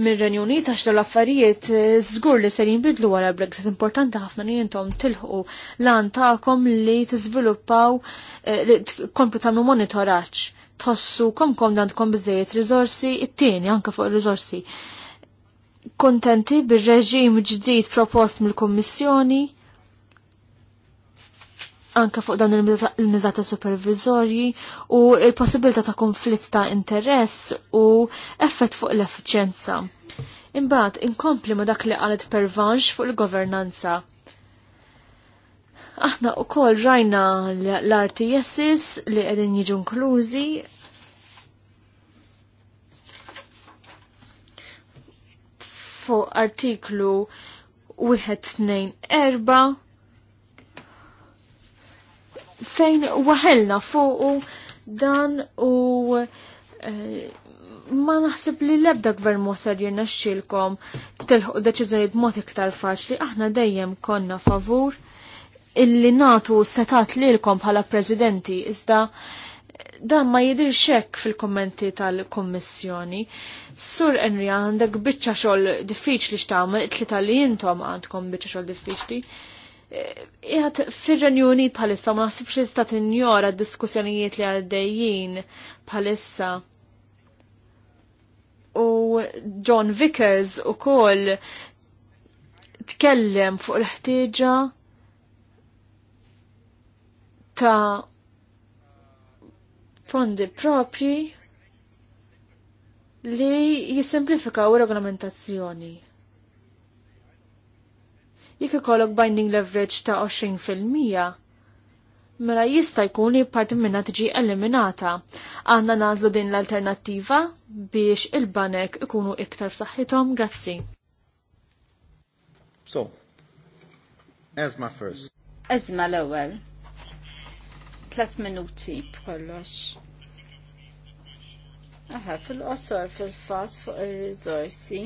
mir renjuni ta' għax l-affarijiet eh, żgur li se jinbidlu wara Brexit importanti ħafna li intom tilħu lan tagħkom li tiżviluppaw eh, li tkomplu tagħmlu monitoraġġ tossu kom kom għandkom biżejjed rizorsi it-tieni anke fuq ir Kontenti bir-reġim ġdid propost mill-Kummissjoni anka fuq dan il-miżata supervizorji u il-possibilità ta' konflitt ta' interess u effett fuq l-effiċenza. Imbagħad inkompli ma' dak li qalet pervanx fuq il-governanza. Aħna u koll rajna l-RTSs li qegħdin jiġu inklużi fuq artiklu 1 2 4 fejn waħelna fuq dan u eh, ma naħseb li l-ebda gvern mosar jirna xilkom telħu deċizjoni b'mod iktar faċli, aħna dejjem konna favur illi natu setat lilkom bħala prezidenti, iżda dan ma jidir xek fil-kommenti tal-kommissjoni. Sur Enri għandek bicċa xol diffiċli xtamel, it-tlita li jintom għandkom bicċa xol diffiċli. Iħat fil renjoni palissa ma nasibx li stat injora diskussjonijiet li għaddejjin palissa. U John Vickers u koll tkellem fuq l-ħtieġa ta' fondi propri li u regolamentazzjoni jekk ikollok binding leverage ta' 20%, mela jista' jkun li parti minna tiġi eliminata. Għandna nagħżlu din l-alternattiva biex il-banek ikunu iktar f'saħħithom. Grazzi. So, ezma first. Ezma l-ewwel. Tlet minuti b'kollox. Aha, fil-qosor fil-fat fuq ir-riżorsi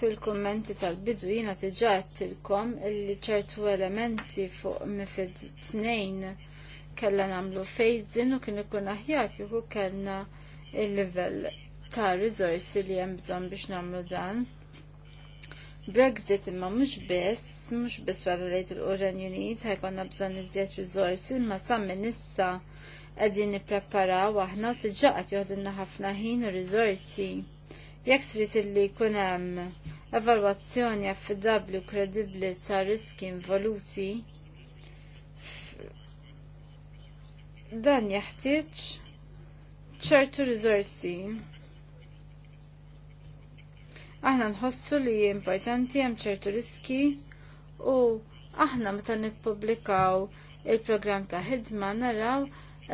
fil-kommenti tal-bidu jina tiġa għattilkom illi ċertu elementi fuq mifid tnejn kella namlu fejzin u kien ikun aħjar kiku kellna il-level ta' rizorsi li hemm bżonn biex namlu dan. Brexit imma mhux biss, mhux biss wara lejt il uran Unit ħajkonna bżonn iżjed riżorsi imma sa minn issa qegħdin nippreparaw aħna tiġaqgħet joħdilna ħafna ħin u rizorsi. Jekk trid illi jkun hemm evalwazzjoni affidabbli u kredibbli ta' riski involuti, dan jeħtieġ ċertu riżorsi. Aħna nħossu li importanti hemm ċertu riski u aħna meta nippubblikaw il-programm ta' ħidma naraw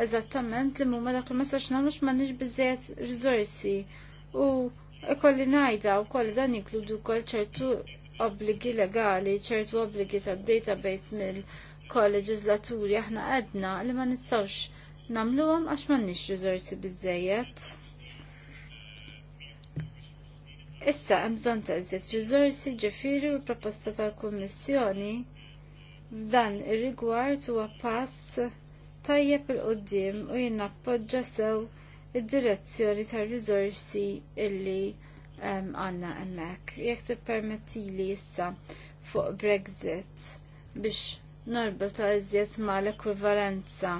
eżattament li mhuma dak il-messaġġ nagħmlux m'għandniex biżejjed riżorsi u najda ngħidha wkoll dan jinkludu wkoll ċertu obbligi legali, ċertu obbligi tad-database mill-kolleġislaturi aħna għedna li ma nistgħux nagħmluhom għax m'għandniex riżorsi biżejjed. Issa hemm bżonn ta' iżjed riżorsi ġifieri u proposta tal-Kummissjoni dan ir-rigward huwa pass tajjeb il qudiem u jien nappoġġa sew id-direzzjoni tar rizorsi illi ehm, għanna emmek. Jek t-permetti li jissa fuq Brexit biex norbuta iżjed ma l ekvivalenza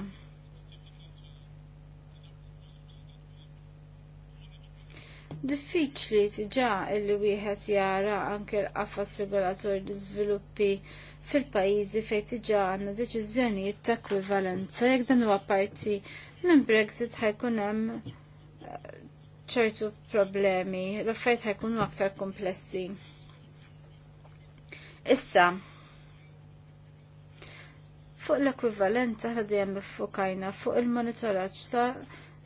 Diffiċli t-ġa illi wieħed jara anke l-qafas regolator l-iżviluppi fil-pajjiżi fejn diġà għandna deċiżjonijiet ta' ekwivalenza jekk dan huwa parti minn Brexit ħajkun hemm eh, ċertu problemi, l-affarijiet ħajkunu aktar komplessi. Issa, fuq l-ekwivalenza ħna dejjem iffokajna fuq il-monitoraġġ ta'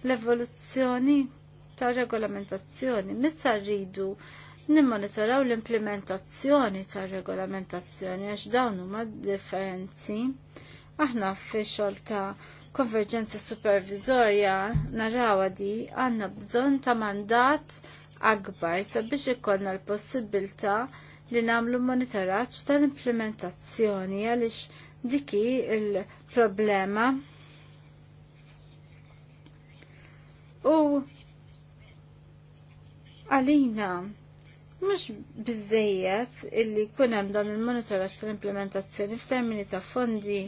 l-evoluzzjoni ta' regolamentazzjoni. Missa rridu nimmonitoraw l-implementazzjoni tar-regolamentazzjoni għax dawn huma differenzi. Aħna fi xogħol ta' konverġenza supervizorja narawa di għandna bżonn ta' mandat akbar sabiex ikollna l-possibilità li nagħmlu monitoraġġ tal-implementazzjoni għaliex diki il-problema u għalina mhux biżejjed illi jkun hemm dan il-monitoraġġ tal-implementazzjoni f'termini ta' fondi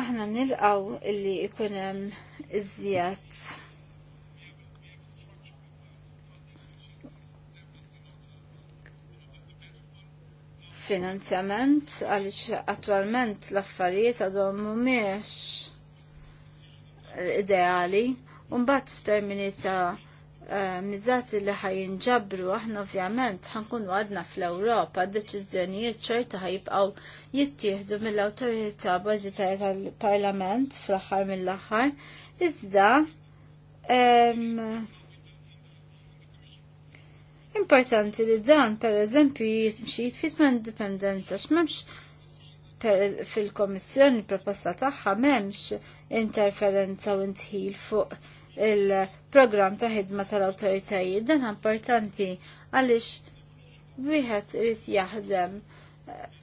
aħna nilqaw illi kunem hemm iżjed finanzjament għaliex attualment l-affarijiet għadhom mhumiex ideali u mbagħad f'termini ta' Eh, Mizzat li ħajinġabru aħna ovvjament ħankun għadna fl-Ewropa deċiżjonijiet ċerta ħajibqaw jittieħdu mill-awtorità budġetarja tal-Parlament fl-aħħar mill-aħħar. Iżda importanti li dan per eżempju jitmxi jitfit ma' indipendenza x'memx fil-Komissjoni proposta tagħha m'hemmx interferenza u intħil fuq il-programm ta' ħidma tal-awtoritajiet. Dan importanti għaliex wieħed irid jaħdem eh,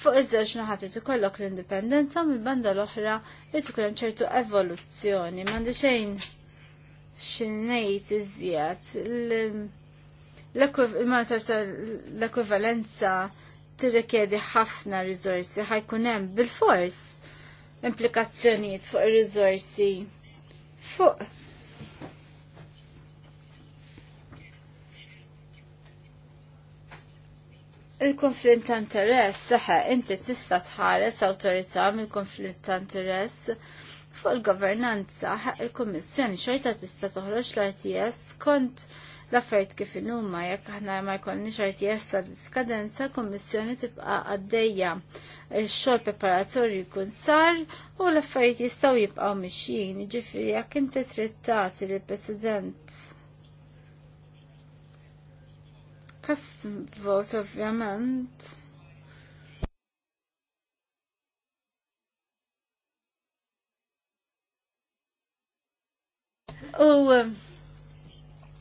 fuq iż-żewġ naħat irid ikollok l-indipendenza mill-banda l-oħra irid ikun hemm ċertu evoluzzjoni m'għandi xejn x'ngħid iżjed l-ekwivalenza tirrikjedi ħafna riżorsi ħajkun hemm bil-fors implikazzjonijiet fuq ir-riżorsi fuq Il-konflitt ta' interess, saħe, inti tista tħares awtorità mill-konflitt ta' interess fuq il-governanza, il kummissjoni xorta tista toħroġ l-RTS kont l-affarijiet kif numma jekk aħna ma jkollniex RTS tal skadenza kommissjoni tibqa' għaddejja x-xogħol preparatorju jkun sar u l-affarijiet jistgħu jibqgħu mixjin, jiġifieri jekk inti trid tagħti lill-President custom vote ovvjament. U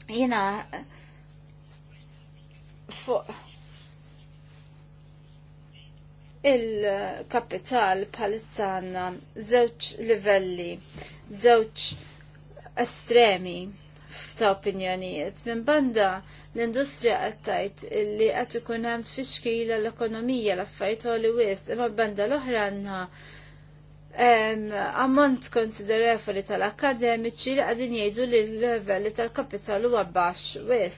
jina fuq il-kapital palizzana zewċ livelli, zewċ estremi ta' opinjonijiet. Minn banda l-industrija qed illi qed ikun hemm tfixkila l-ekonomija l-affarijiet li wis, imma banda l-oħra ammont konsiderevoli tal-akademiċi li għadin jgħidu li l-level tal-kapitalu huwa baxx wis.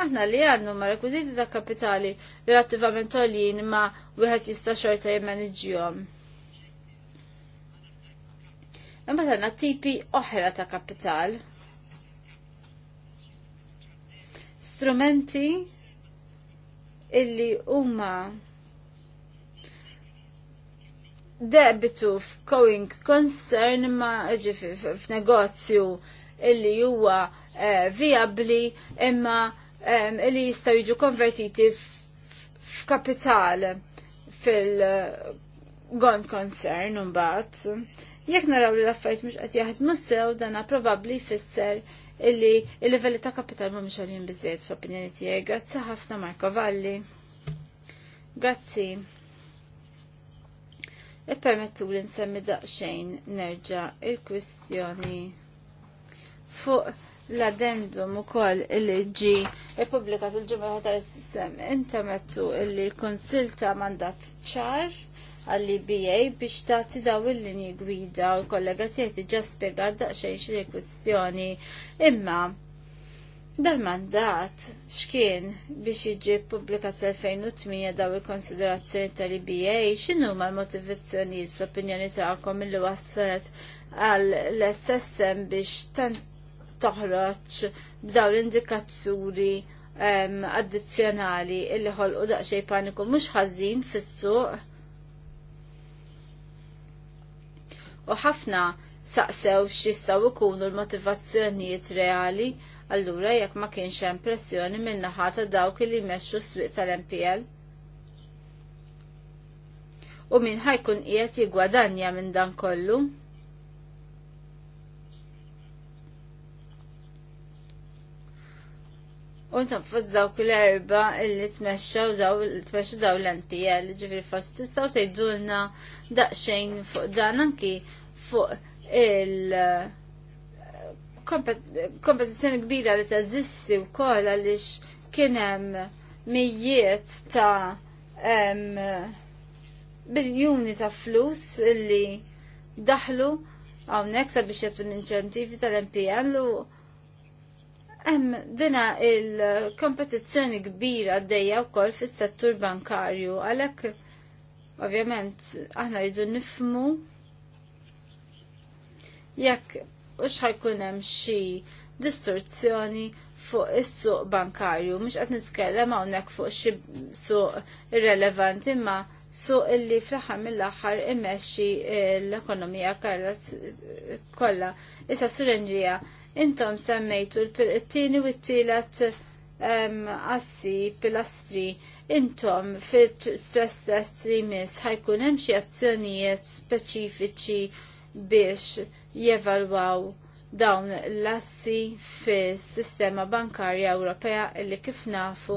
Aħna li għandhom ma' rekwiziti ta' kapitali relattivament għolin ma' wieħed jista' xorta jimmanġjhom. Imma għandna tipi oħra ta' kapital. Strumenti illi huma debitu f'cowing concern ma f'negozju illi huwa eh, viabli imma illi jistaw jiġu konvertiti f'kapital fil-gone concern mbagħad. Jekk naraw li l-affarijiet mhux qed mussew dana probabbli jfisser illi il-livelli ta' kapital mhumiex għalin bizzet f'opinjoni tiegħi. Grazzi ħafna Marko Valli. Grazzi. Ippermettu li nsemmi daqsxejn nerġa' il-kwistjoni fuq l-addendum ukoll il ġi ippubblikat il-ġimgħa tal-sistem intamettu illi li ta' mandat ċar għall-IBA biex tagħti daw il-linji gwida u l-kollega tiegħi diġà spjegat daqsxejn kwistjoni imma Dal-mandat xkien biex jiġi publika s-2008 daw il-konsiderazzjoni tal-IBA xinu ma l-motivazzjonijiet fl-opinjoni tagħkom illi waslet għal ssm biex tan toħroġ b'daw l-indikazzuri addizzjonali illi ħolqu daqsxejn paniku mhux ħażin fis-suq. U ħafna saqsew x'jistgħu jkunu l-motivazzjonijiet reali allura jekk ma kienx hemm pressjoni min-naħa ta' dawk li jmexxu s-swieq tal-MPL. U min ħajkun qiegħed jigwadanja minn dan kollu? U ntaffas dawk l-erba illi tmexxaw daw tmexxu daw l-NPL, ġifri forsi tistgħu tgħidulna daqsxejn fuq dan anki fuq il- kompetizzjoni kbira li teżisti wkoll għaliex kien hemm mijiet ta' biljuni ta' flus li daħlu hawnhekk sabiex jagħtu l-inċentivi tal-MPL u Hemm dina il kompetizjoni kbira għaddejja wkoll fis-settur bankarju għalhekk ovvjament aħna rridu nifmu jekk u xħajkun hemm xi distorzjoni fuq is-suq bankarju, mhux qed niskellem hawnhekk fuq xi suq irrelevanti imma suq illi fl-aħħar mill-aħħar immexxi l-ekonomija kollha. Issa surenrija, intom semmejtu l-tieni u t-tielet assi pilastri intom fil-stress test li jmiss ħajkun hemm xi azzjonijiet speċifiċi biex jevalwaw dawn l-assi fis sistema bankarja Ewropea illi kif nafu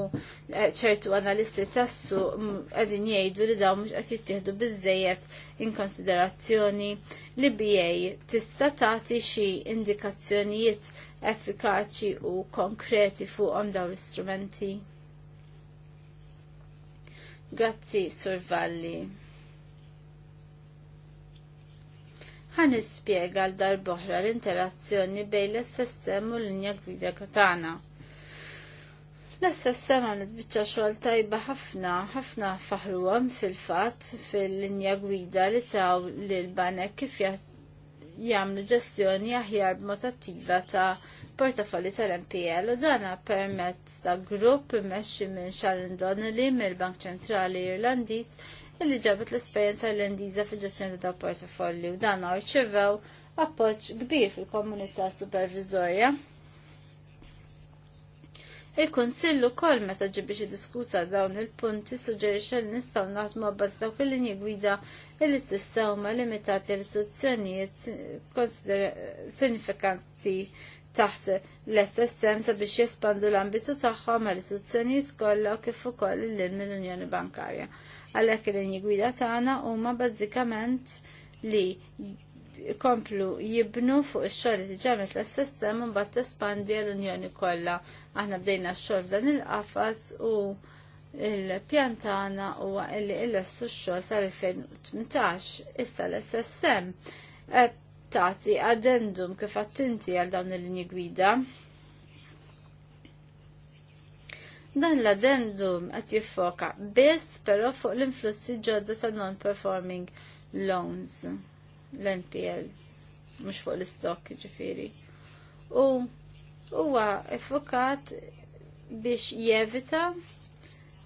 eh, ċertu analisti tassu għedin jgħidu li dawn mhux qed jittieħdu biżejjed in konsiderazzjoni li BA tista' tagħti xi indikazzjonijiet effikaċi u konkreti fuqhom dawn l-istrumenti. Grazzi, Survalli. ħan ispjega l darboħra l-interazzjoni bejn l-SSM u l-linja gwida katana. L-SSM għanet bieċa xogħol tajba ħafna, ħafna faħruhom fil-fatt fil-linja gwida li taw l-banek kif jagħmlu ġestjoni aħjar motattiva ta' portafolli tal-MPL u dana permezz ta' grupp immexxi minn Sharon Donnelly mill-Bank Ċentrali Irlandiż illi ġabet l-esperjenza irlandiża fil-ġestjoni ta' portafolli u dan rċevew appoġġ kbir fil-komunità supervizorja. Il-Konsillu kol meta ġibiex diskuta dawn il-punti suġġerixxa li nistgħu naħdmu bbażi dawk il-linji gwida li tistgħu huma limitati l istituzzjonijiet sinifikanti taħt l-SSM sabiex jespandu l-ambitu tagħhom għal istituzzjonijiet kollha u kif ukoll lil mill-Unjoni Bankarja għalhekk il-linji gwida tagħna huma bażikament li komplu jibnu fuq ix xorri li ġamet l-istess un u mbagħad tespandi l-Unjoni kollha. Aħna bdejna x-xogħol f'dan il-qafas u il-pjantana u li il-lestu x-xogħol sal-2018 issa l-SSM tagħti addendum kif attinti għal dawn il-linji gwida Dan l-addendum qed jiffoka biss però fuq l-influssi ġodda sa' non-performing loans, l-NPLs, mhux fuq l-istock ġifiri. U huwa effokat biex jevita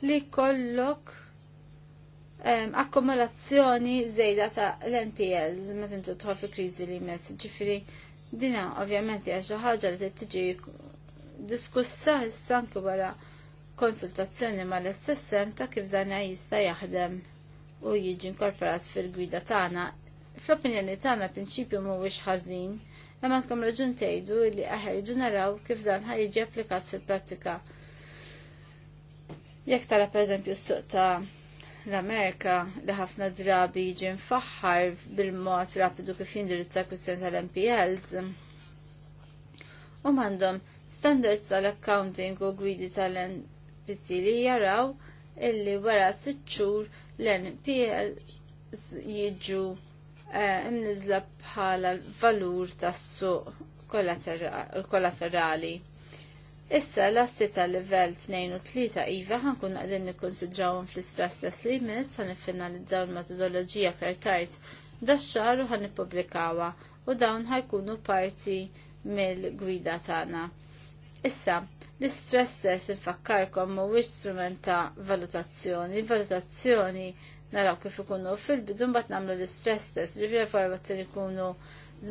li kollok um, akkumulazzjoni zejda sa' l-NPLs meta tintu tħol fi kriżi li mess. ġifiri dina ovvjament hija xi ħaġa li diskussa s anke wara konsultazzjoni mal-SSM ta' kif dan jista' jaħdem u jiġi inkorporat fil-gwida tagħna. Fl-opinjoni tagħna prinċipju mhuwiex ħażin, imma tkun raġun tgħidu li aħjar naraw kif dan ħaj jiġi applikat fil-prattika. Jekk tara pereżempju s-suq ta' l-Amerika li ħafna drabi jiġi mfaħħar bil-mod rapidu kif jindirizza kwistjoni tal-MPLs, u m'għandhom standards tal-accounting u gwidi tal-MPLs l li jaraw illi wara sitt xhur l-NPL jiġu eh, imnizla bħala valur tas-suq kollaterali. Issa l-assi level 2 u 3 iva ħankun għadin nikkonsidrawhom fl-istress tas li jmiss ħan iffinalizzaw il-metodoloġija aktar tard dax u ħan u dawn ħajkunu parti mill-gwida tagħna. Issa, l-istress test infakkarkom mhuwiex strument ta' valutazzjoni. Il-valutazzjoni naraw kif ikunu fil-bidu mbagħad nagħmlu l-istress test, ġifieri formazzjoni ikunu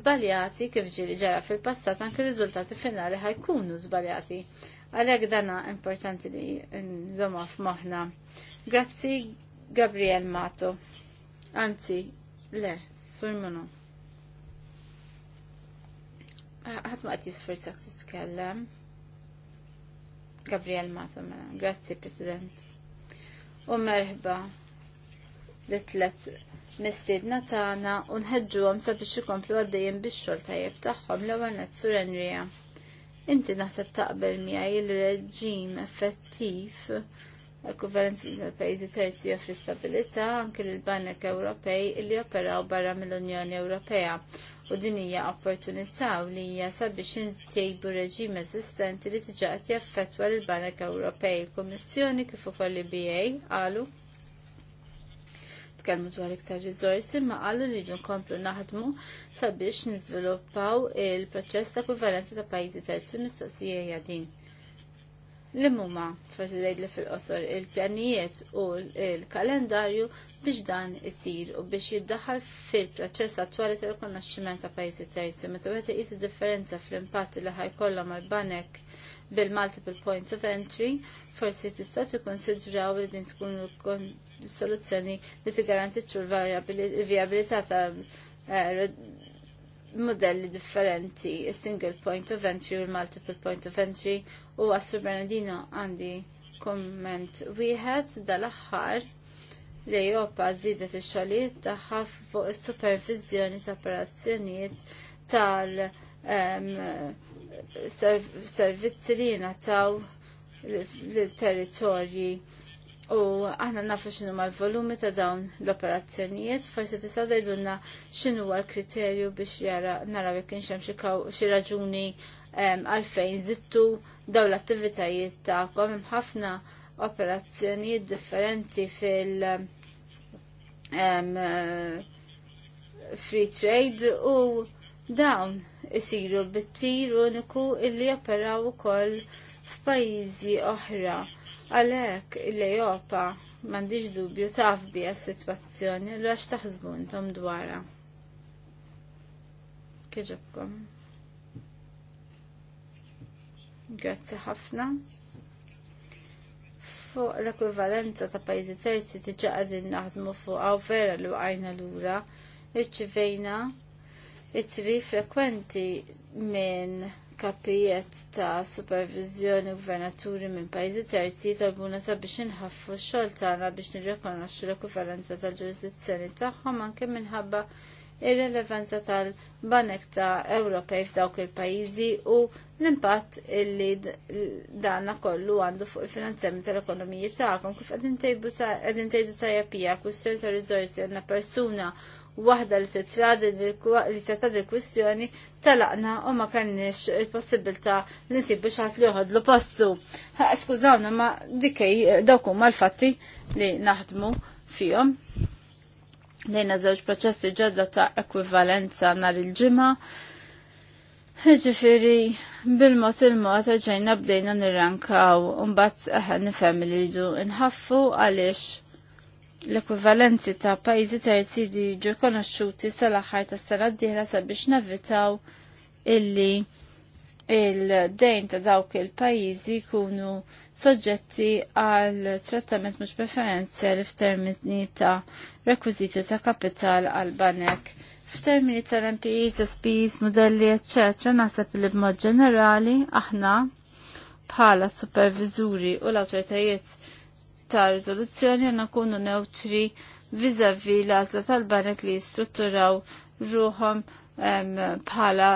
żbaljati kif ġieli ġara fil-passat anke r-riżultati finali ħajkunu żbaljati. Għalhekk dana importanti li nżomma f'moħħna. Grazzi Gabriel Mato. Anzi, le, surmunu. Ah, ħadd ma qed jisforsak tkellem. Gabriel Mato mela. Grazzi, President. U merħba li tlet mistiedna tagħna u nħeġġuhom sabiex ikomplu għaddejjin bix-xogħol tajjeb tagħhom l-ewwel net enrija. Inti naħseb taqbel miegħi l reġim effettiv ekvivalenti tal-pajjiżi terzi joffri stabilità anke lill banek Ewropej li operaw barra mill-Unjoni Ewropea u din hija opportunità u li hija sabiex intejbu reġim eżistenti li diġà qed jaffettwa lill banek Ewropej. Il-Kummissjoni kif ukoll BA qalu tkellmu dwar iktar riżorsi ma qalu li rridu nkomplu naħdmu sabiex niżviluppaw il-proċess ta' ekwivalenza ta' pajjiżi terzi mistoqsija din l mumma forsi zejd li fil-qosor il-pjanijiet u il-kalendarju biex dan isir u biex jiddaħħal fil-proċess attwali ta' rikonoxximent ta' pajjiżi terzi meta wieħed iqis differenza fl-impatt li ħajkollha mal-banek bil-multiple points of entry, forsi tista' tikkonsidraw li din tkun soluzzjoni li tigaranti l-vijabilità ta' eh, modelli differenti, il-single point of entry u l-multiple point of entry u għasru Bernardino għandi komment wieħed dal-axħar li jopa zidet il-xoliet taħħa fuq il-supervizjoni ta' operazzjoniet tal-servizzi ehm, li nataw l-territorji U aħna nafu xinu ma l-volumi ta' dawn l-operazzjonijiet, forse tista' dajdunna xinu għal kriterju biex jara naraw jek nxem xi raġuni għalfejn zittu dawn l-attivitajiet ta' Hemm ħafna operazzjonijiet differenti fil- eh, free trade u dawn isiru bit-tir uniku illi operaw ukoll f'pajjiżi oħra Għalhekk l-Ejopa m'għandix dubju taf bi s-sitwazzjoni l għax taħzbun tom dwarha. Kieġobkom. Grazzi ħafna. Fuq l-ekwivalenza ta' pajzi terzi diġà qegħdin naħdmu fuq għaw vera li għajna lura, irċivejna it-tri frekwenti minn kapijiet ta' supervizjoni gvernaturi minn pajjiżi terzi jitolbuna ta' biex inħaffu x-xogħol tagħna biex nirrikonoxxu l-ekwivalenza tal-ġurisdizzjoni tagħhom anke minħabba ir-relevanza tal-banek ta' Ewropej f'dawk il-pajjiżi u l-impatt illi danna kollu għandu fuq il-finanzjament tal-ekonomiji tagħkom kif qegħdin tgħidu tajjeb hija kwistjoni ta' riżorsi għandna persuna waħda li t-trad il-kwistjoni talaqna u ma kannix il-possibilta li biex għat li uħod postu. Skużawna ma dikej dawku ma l-fatti li naħdmu fijom. Lejna zewġ proċessi ġodda ta' ekwivalenza nar il-ġimma. Ġifiri, bil-mot il-mot ġejna bdejna nirrankaw un-bat nifem li rridu nħaffu għalix l-ekwivalenti ta' pajjiżi terzi li ġu konosciuti sal-aħħar tas-sena d-dieħla sabiex navvitaw illi il-dejn ta' dawk il-pajjiżi jkunu soġġetti għal trattament mhux preferenzjali f'termini ta' rekwiżiti ta' kapital għal banek. F'termini tal-MPEs, SPEs, modelli, eccetera, naħseb li b'mod ġenerali aħna bħala supervizuri u l-awtoritajiet ta' rizoluzzjoni għanna kunu neutri vizavi l-għazla tal-banek li jistrutturaw ruħom bħala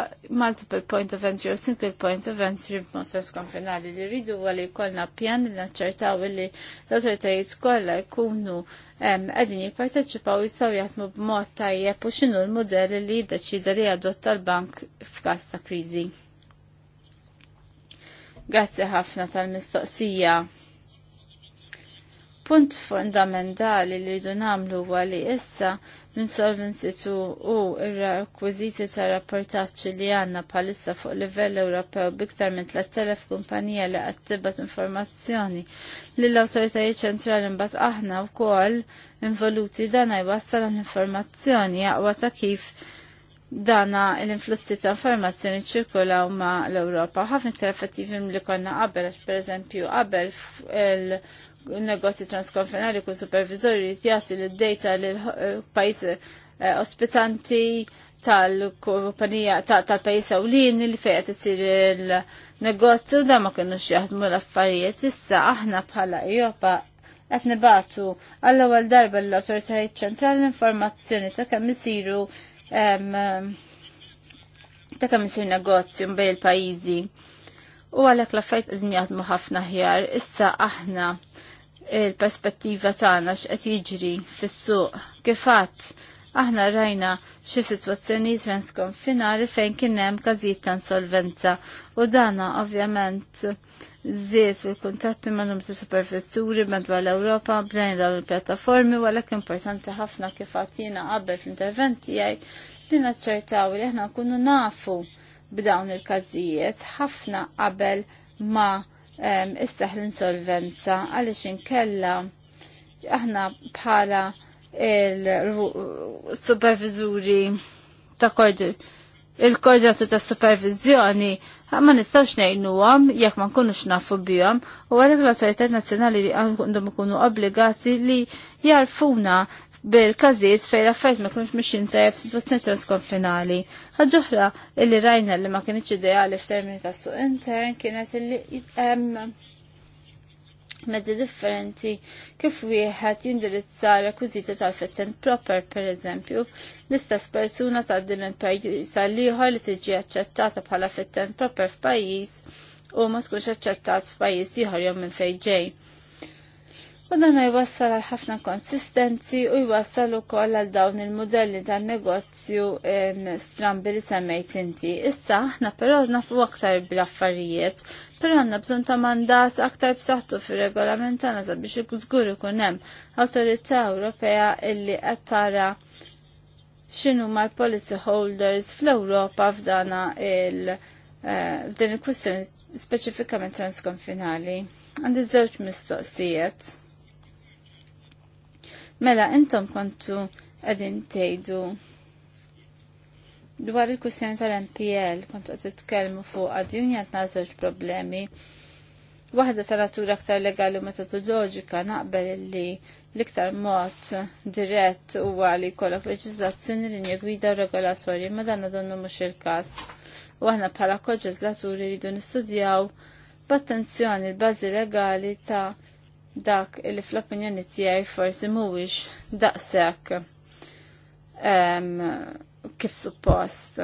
multiple point of entry u single point of entry b'mod konfinali li rridu għalli kolna pjan li naċċertaw li l-autoritajiet kollha jkunu għedin jipparteċipaw jistaw jaħdmu b'mod tajjeb u xinu l-modell li jiddeċida li jadotta l-bank f'każ ta' kriżi. Grazzi ħafna tal-mistoqsija. Punt fundamentali li rridu namlu huwa li issa minn Solvency u r-rekwiżiti ta' rapportaċċi li għandna bħalissa fuq livell Ewropew biktar minn 3000 kumpanija li qed tibgħat informazzjoni lill awtoritajiet ċentrali mbagħad aħna wkoll involuti dan jwassal l-informazzjoni jaqwa ta' kif dana l-influssi ta' informazzjoni ċirkolaw ma' l-Europa. ħafna iktar effettivi li konna qabel, għax per eżempju qabel negozji transkonfinali kun supervizori jagħti l-data l-pajjiż eh, eh, ospitanti tal-kumpanija tal-pajjiż ewlien li fejn qed isir il-negozju da ma kinux jaħdmu l-affarijiet issa aħna bħala Ejopa qed nibatu għall-ewwel darba l-awtoritajiet ċentrali l-informazzjoni ta' kemm isiru ta' kemm isir negozju bejn il-pajjiżi. U għalhekk l-affajt qegħdin jaħdmu ħafna ħjar, issa aħna il-perspettiva tagħna x'qed jiġri fis-suq. Kif Kifatt aħna rajna xi sitwazzjoni transkonfinali fejn kien hemm każijiet ta' insolvenza u dana ovvjament żied il-kuntatti ma' numru ta' supervissuri madwar l-Ewropa b'dejn dawn il-pjattaformi u għalhekk importanti ħafna kif jiena qabel l-intervent tiegħi li naċċertaw li aħna nkunu nafu b'dawn il-każijiet ħafna qabel ma' issaħ l-insolvenza għaliex inkella aħna bħala il-supervizuri ta' il-kordjatu ta' supervizjoni ma nistawx nejnu għam jekk ma nkunux nafu bijom u għalek l nazjonali li għandhom ikunu obbligati li jarfuna bil-każijiet fejn l ma kunx kienux mixin tajjeb f'sitwazzjoni transkonfinali. Għadġuħra, illi rajna li ma kienx ideali f'termini ta' suq intern kienet illi jitqem mezzi differenti kif wieħed jindirizza rekwiżiti tal-fittent proper per eżempju, l-istess persuna tgħaddi minn pajjiż għal ieħor li tiġi aċċettata bħala fittent proper f'pajjiż u ma tkunx aċċettat f'pajjiż ieħor jew minn fejn ġej u dan jwassal għal ħafna konsistenzi u jwassal ukoll għal dawn il-modelli tan negozju strambi li semmejt inti. Issa aħna però nafu aktar bl-affarijiet, però għandna bżonn ta' mandat aktar b'saħħtu fir-regolament tagħna sabiex żgur ikun hemm Awtorità Ewropea illi qed tara x'inhu mal-policy holders fl-Ewropa f'dana il- eh, f'din il-kwistjoni speċifikament transkonfinali. Għandi żewġ mistoqsijiet. Mela, intom kontu għedin tejdu dwar il-kustjoni tal-MPL, kontu għed t-tkelmu fuq għadjun jgħat nażewġ problemi. Waħda tal-natura aktar legali u metodoloġika naqbel li l-iktar mod dirett u għali kollok leġizlazzjoni li njegwida u regolatori, ma dan donnu mux il-kas. U għahna bħala koġizlaturi rridu nistudjaw b'attenzjoni l-bazi legali ta' dak li fl-opinjoni tiegħi forsi mhuwiex daqshekk um, kif suppost.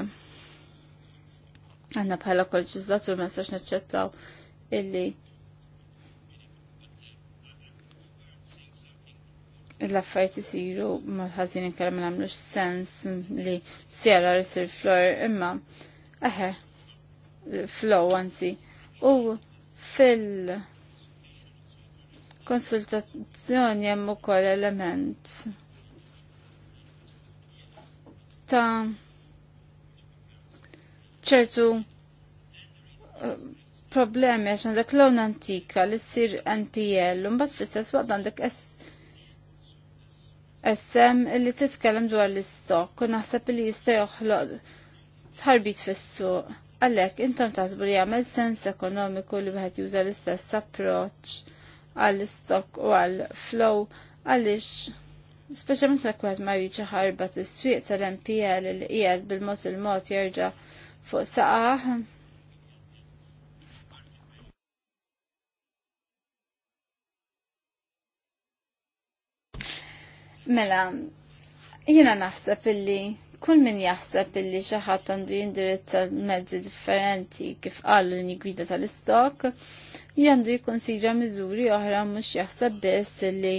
Għanna bħala kol-ġizlatur ma sax naċċettaw illi l-affajt isiru ma ħazin inkar ma namlux sens li sjera risir flor imma eħe flow anzi u fil- konsultazzjoni hemm ukoll element ta' ċertu eh, problemi għax għandek lawn antika li ssir NPL u mbagħad fl-istess waqt għandek SM li tiskellem dwar l istok u naħseb li jista' joħloq tħarbit fis-suq. Għalhekk intom taħsbu li jagħmel sens ekonomiku li wieħed juża l-istess approċċ għall-stock u għall-flow għalix speċjalment l kwad ma jiġi ħarba t-swiq tal-MPL il qiegħed bil-mod il-mod jerġa' fuq saqaħ. Mela, jiena naħseb illi kull min jaħseb illi xi ħadd għandu jindirizza mezzi differenti kif qalu l gwida tal-istok, għandu jikkonsidra miżuri oħra mhux jaħseb biss illi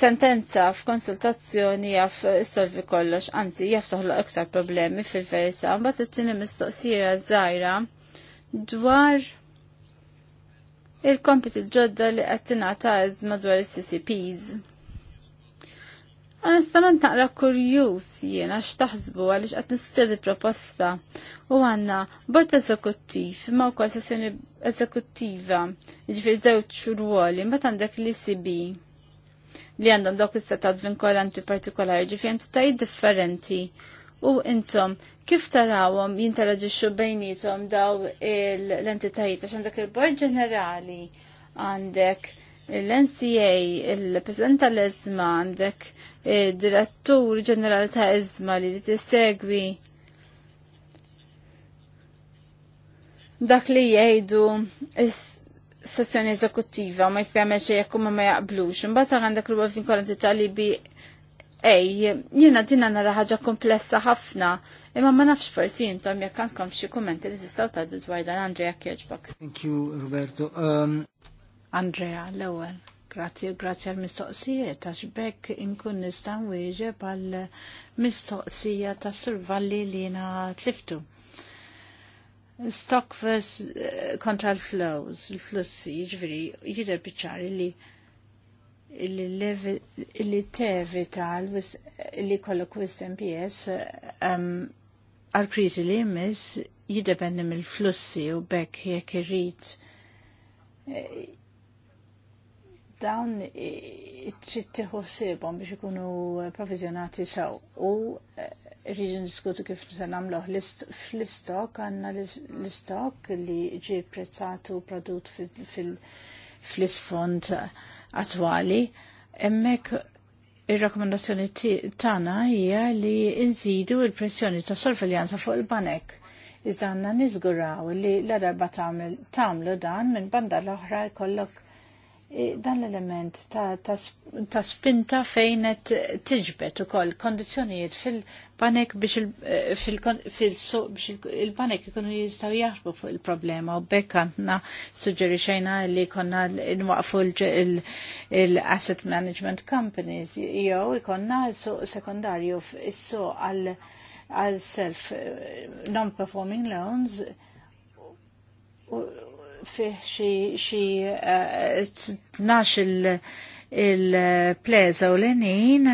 sentenza f'konsultazzjoni jaf issolvi kollox, anzi jaf toħloq iktar problemi fil verisa mbagħad it-tieni mistoqsira żgħira dwar il-kompiti ġodda li qed tingħata madwar is-CCPs Għan ah, istaman taqra kurjus għax taħzbu għalix għat nistedi proposta u għanna bort eżekuttiv ma u kwasessjoni eżekuttiva ġifir zewċ xurwoli ma għandek li sibi li għandhom dawk istatat vinkolanti partikolari ġifir t-tajt differenti u intom kif tarawhom jinteraġixxu bejnietom daw l-entitajiet għax għandek il-bord ġenerali għandek l-NCA, il-President tal-Ezma għandek, il-Direttur eh, ġenerali ta' Ezma li li tissegwi dak li jgħidu s sessjoni eżekuttiva ma jistgħmel xejn jekk ma jaqblux. Imbagħad għandek ruba vinkolanti tal-libi Ej, jiena dinna nara ħaġa komplessa ħafna, imma ma nafx forsi jintom jekk għandkom xi kummenti li tistgħu tgħaddu dwar dan Andrea Kieġbak. Thank you, Roberto. Um... Andrea, l-ewel. Grazzi, grazie għal-mistoqsijiet, għax bekk inkun nistan wieġeb għal-mistoqsija ta' survalli li jena tliftu. Stock kontra l-flows, l-flussi, ġviri, jider biċari li li tevita li kollok wis MPS um, għal-krizi li jmiss jidependi mill-flussi u bekk jekk irrit dawn iċċittiħu sebom biex ikunu provizjonati saw u eh, rridu niskutu kif nagħmluh fl-istok għandna l-istok li ġie prezzatu prodott fl-isfond attuali. hemmhekk ir-rakkomandazzjoni tagħna hija li nżidu l pressjoni ta' sorveljanza fuq il-banek. Iżda għandna niżguraw li l-darba tagħmlu dan minn banda l-oħra jkollok dan l-element ta', ta, ta spinta fejn qed tiġbet ukoll kondizzjonijiet fil panek biex il eh, biex il il-panek ikunu jistgħu jaħsbu fuq il-problema u bekk għandna xejna li konna nwaqfu l-asset management companies jew ikonna s-suq sekundarju s-suq għal self eh, non-performing loans fih xie eh, tnax il-pleza u l-enin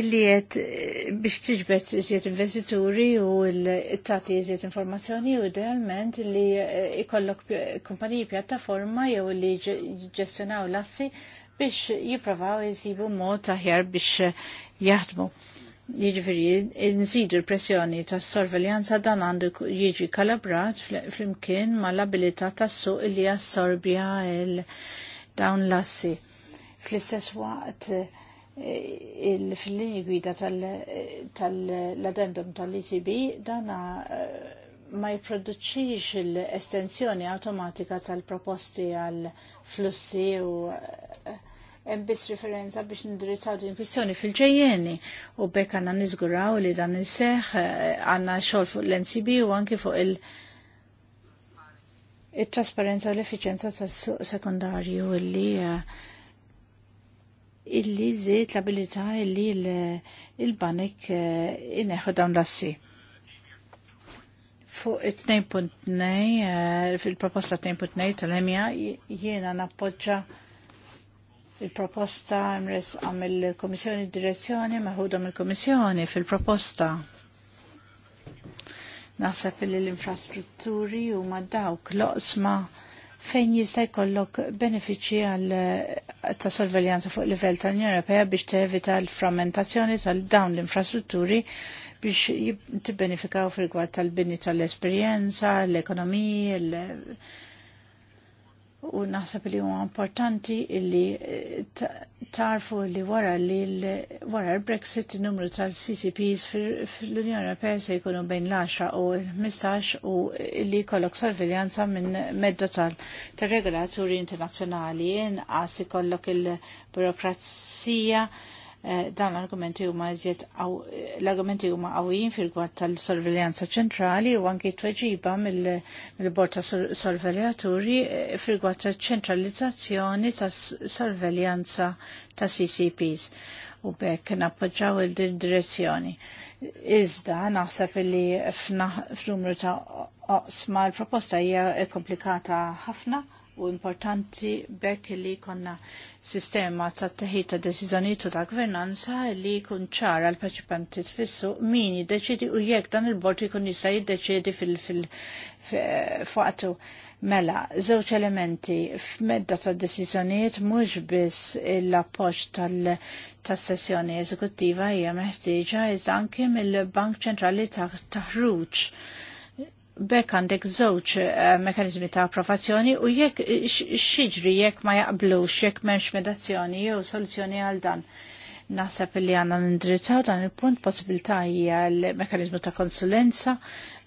illi jiet eh, biex tiġbet iżjed investituri u l-tati iżjed informazzjoni u idealment li eh, ikollok kumpaniji pjattaforma jew li ġestjonaw assi biex jipravaw jisibu mod taħjar biex jaħdmu. Jiġifieri nżidu l-pressjoni tas-sorveljanza dan għandu jiġi kalabrat flimkien mal-abilità tas-suq li jassorbja dawn l-assi. Fl-istess waqt eh, il-fil-linji gwida tal-addendum tal-ECB dan eh, ma jiproduċiġ l-estensjoni automatika tal-proposti għal flussi u eh, hemm biss referenza biex nindirizzaw din kwistjoni fil-ġejjeni u bekk għandna niżguraw li dan inseħ eh, għandna xogħol fuq l-NCB u anki fuq il- it-trasparenza u l effiċjenza tas-suq sekundarju illi eh, illi żied l-abilità illi il-banek eh, ineħħu dawn l-assi. Fuq it-2.2 fil-proposta 2.2 fil proposta 22 tal emja jiena nappoġġa il-proposta imres għam il-Komissjoni Direzzjoni maħudom il-Komissjoni fil-proposta. Nasab li l-infrastrutturi u dawk loqsma fejn jista' jkollok benefiċċji għal ta' sorveljanza fuq livell tal-Unjoni Ewropea biex tevita l-frammentazzjoni tal-dawn l-infrastrutturi biex tibbenifikaw fil-gwar tal-bini tal-esperjenza, l-ekonomiji, l-, -ekonomiji, l u naħseb li huwa importanti illi eh, tarfu li wara li wara l-Brexit numru tal-CCPs fl-Unjoni Ewropea se jkunu bejn l-10 u l-15 u li jkollok sorveljanza minn medda tal-regolaturi internazzjonali inqas ikollok il-burokrazija Eh, dan l-argumenti huma iżjed l-argumenti huma qawwijin fil-gwatt tal-sorveljanza ċentrali u anki tweġiba mill-bord ta' sorveljaturi eh, fil-gwatt tal-ċentralizzazzjoni tas-sorveljanza ta' CCPs u bekk nappoġġaw il-direzzjoni. Iżda naħseb li f'numru ta' oqsma l-proposta hija komplikata ħafna u importanti bekk li konna sistema ta' teħid ta' deċiżjonijiet u ta' gvernanza li jkun ċara l paċipanti tfissu min jiddeċidi u jekk dan il-bord jkun jista' jiddeċidi fil-faqtu. Mela, żewġ elementi f'medda ta' deċiżjonijiet mhux biss l-appoġġ tas-sessjoni eżekuttiva hija meħtieġa iżda anke mill-Bank Ċentrali ta' Taħruġ. Ta bekk għandek żewġ eh, mekanizmi ta' approvazzjoni u jekk xiġri jekk ma jaqblux, jekk m'hemmx medazzjoni jew soluzzjoni għal dan. Naħseb li għanna nindirizzaw dan il-punt possibilità hija l-mekanizmu ta' konsulenza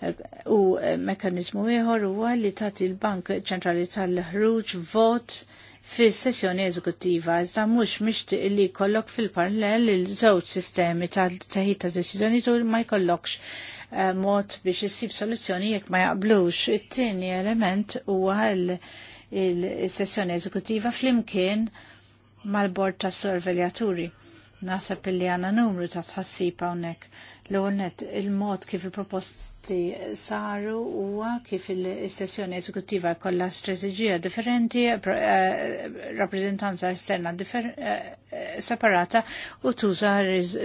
eh, u eh, mekanizmu ieħor huwa li tagħti l-Bank Ċentrali tal-Ħruġ vot fi sessjoni eżekuttiva iżda mhux mixtieq li jkollok fil-parallel il-żewġ sistemi tal-teħid ta' deċiżjoni tul ma jkollokx Eh, mod biex issib soluzzjoni jekk ma jaqblux. It-tieni element huwa il-sessjoni eżekutiva flimkien mal-bord ta' sorveljaturi. Nasab li għanna numru ta' tħassib hawnhekk. L-ewwel il-mod kif il-proposti saru huwa kif il-sessjoni eżekuttiva kollha strateġija differenti, eh, rappreżentanza esterna eh, separata u tuża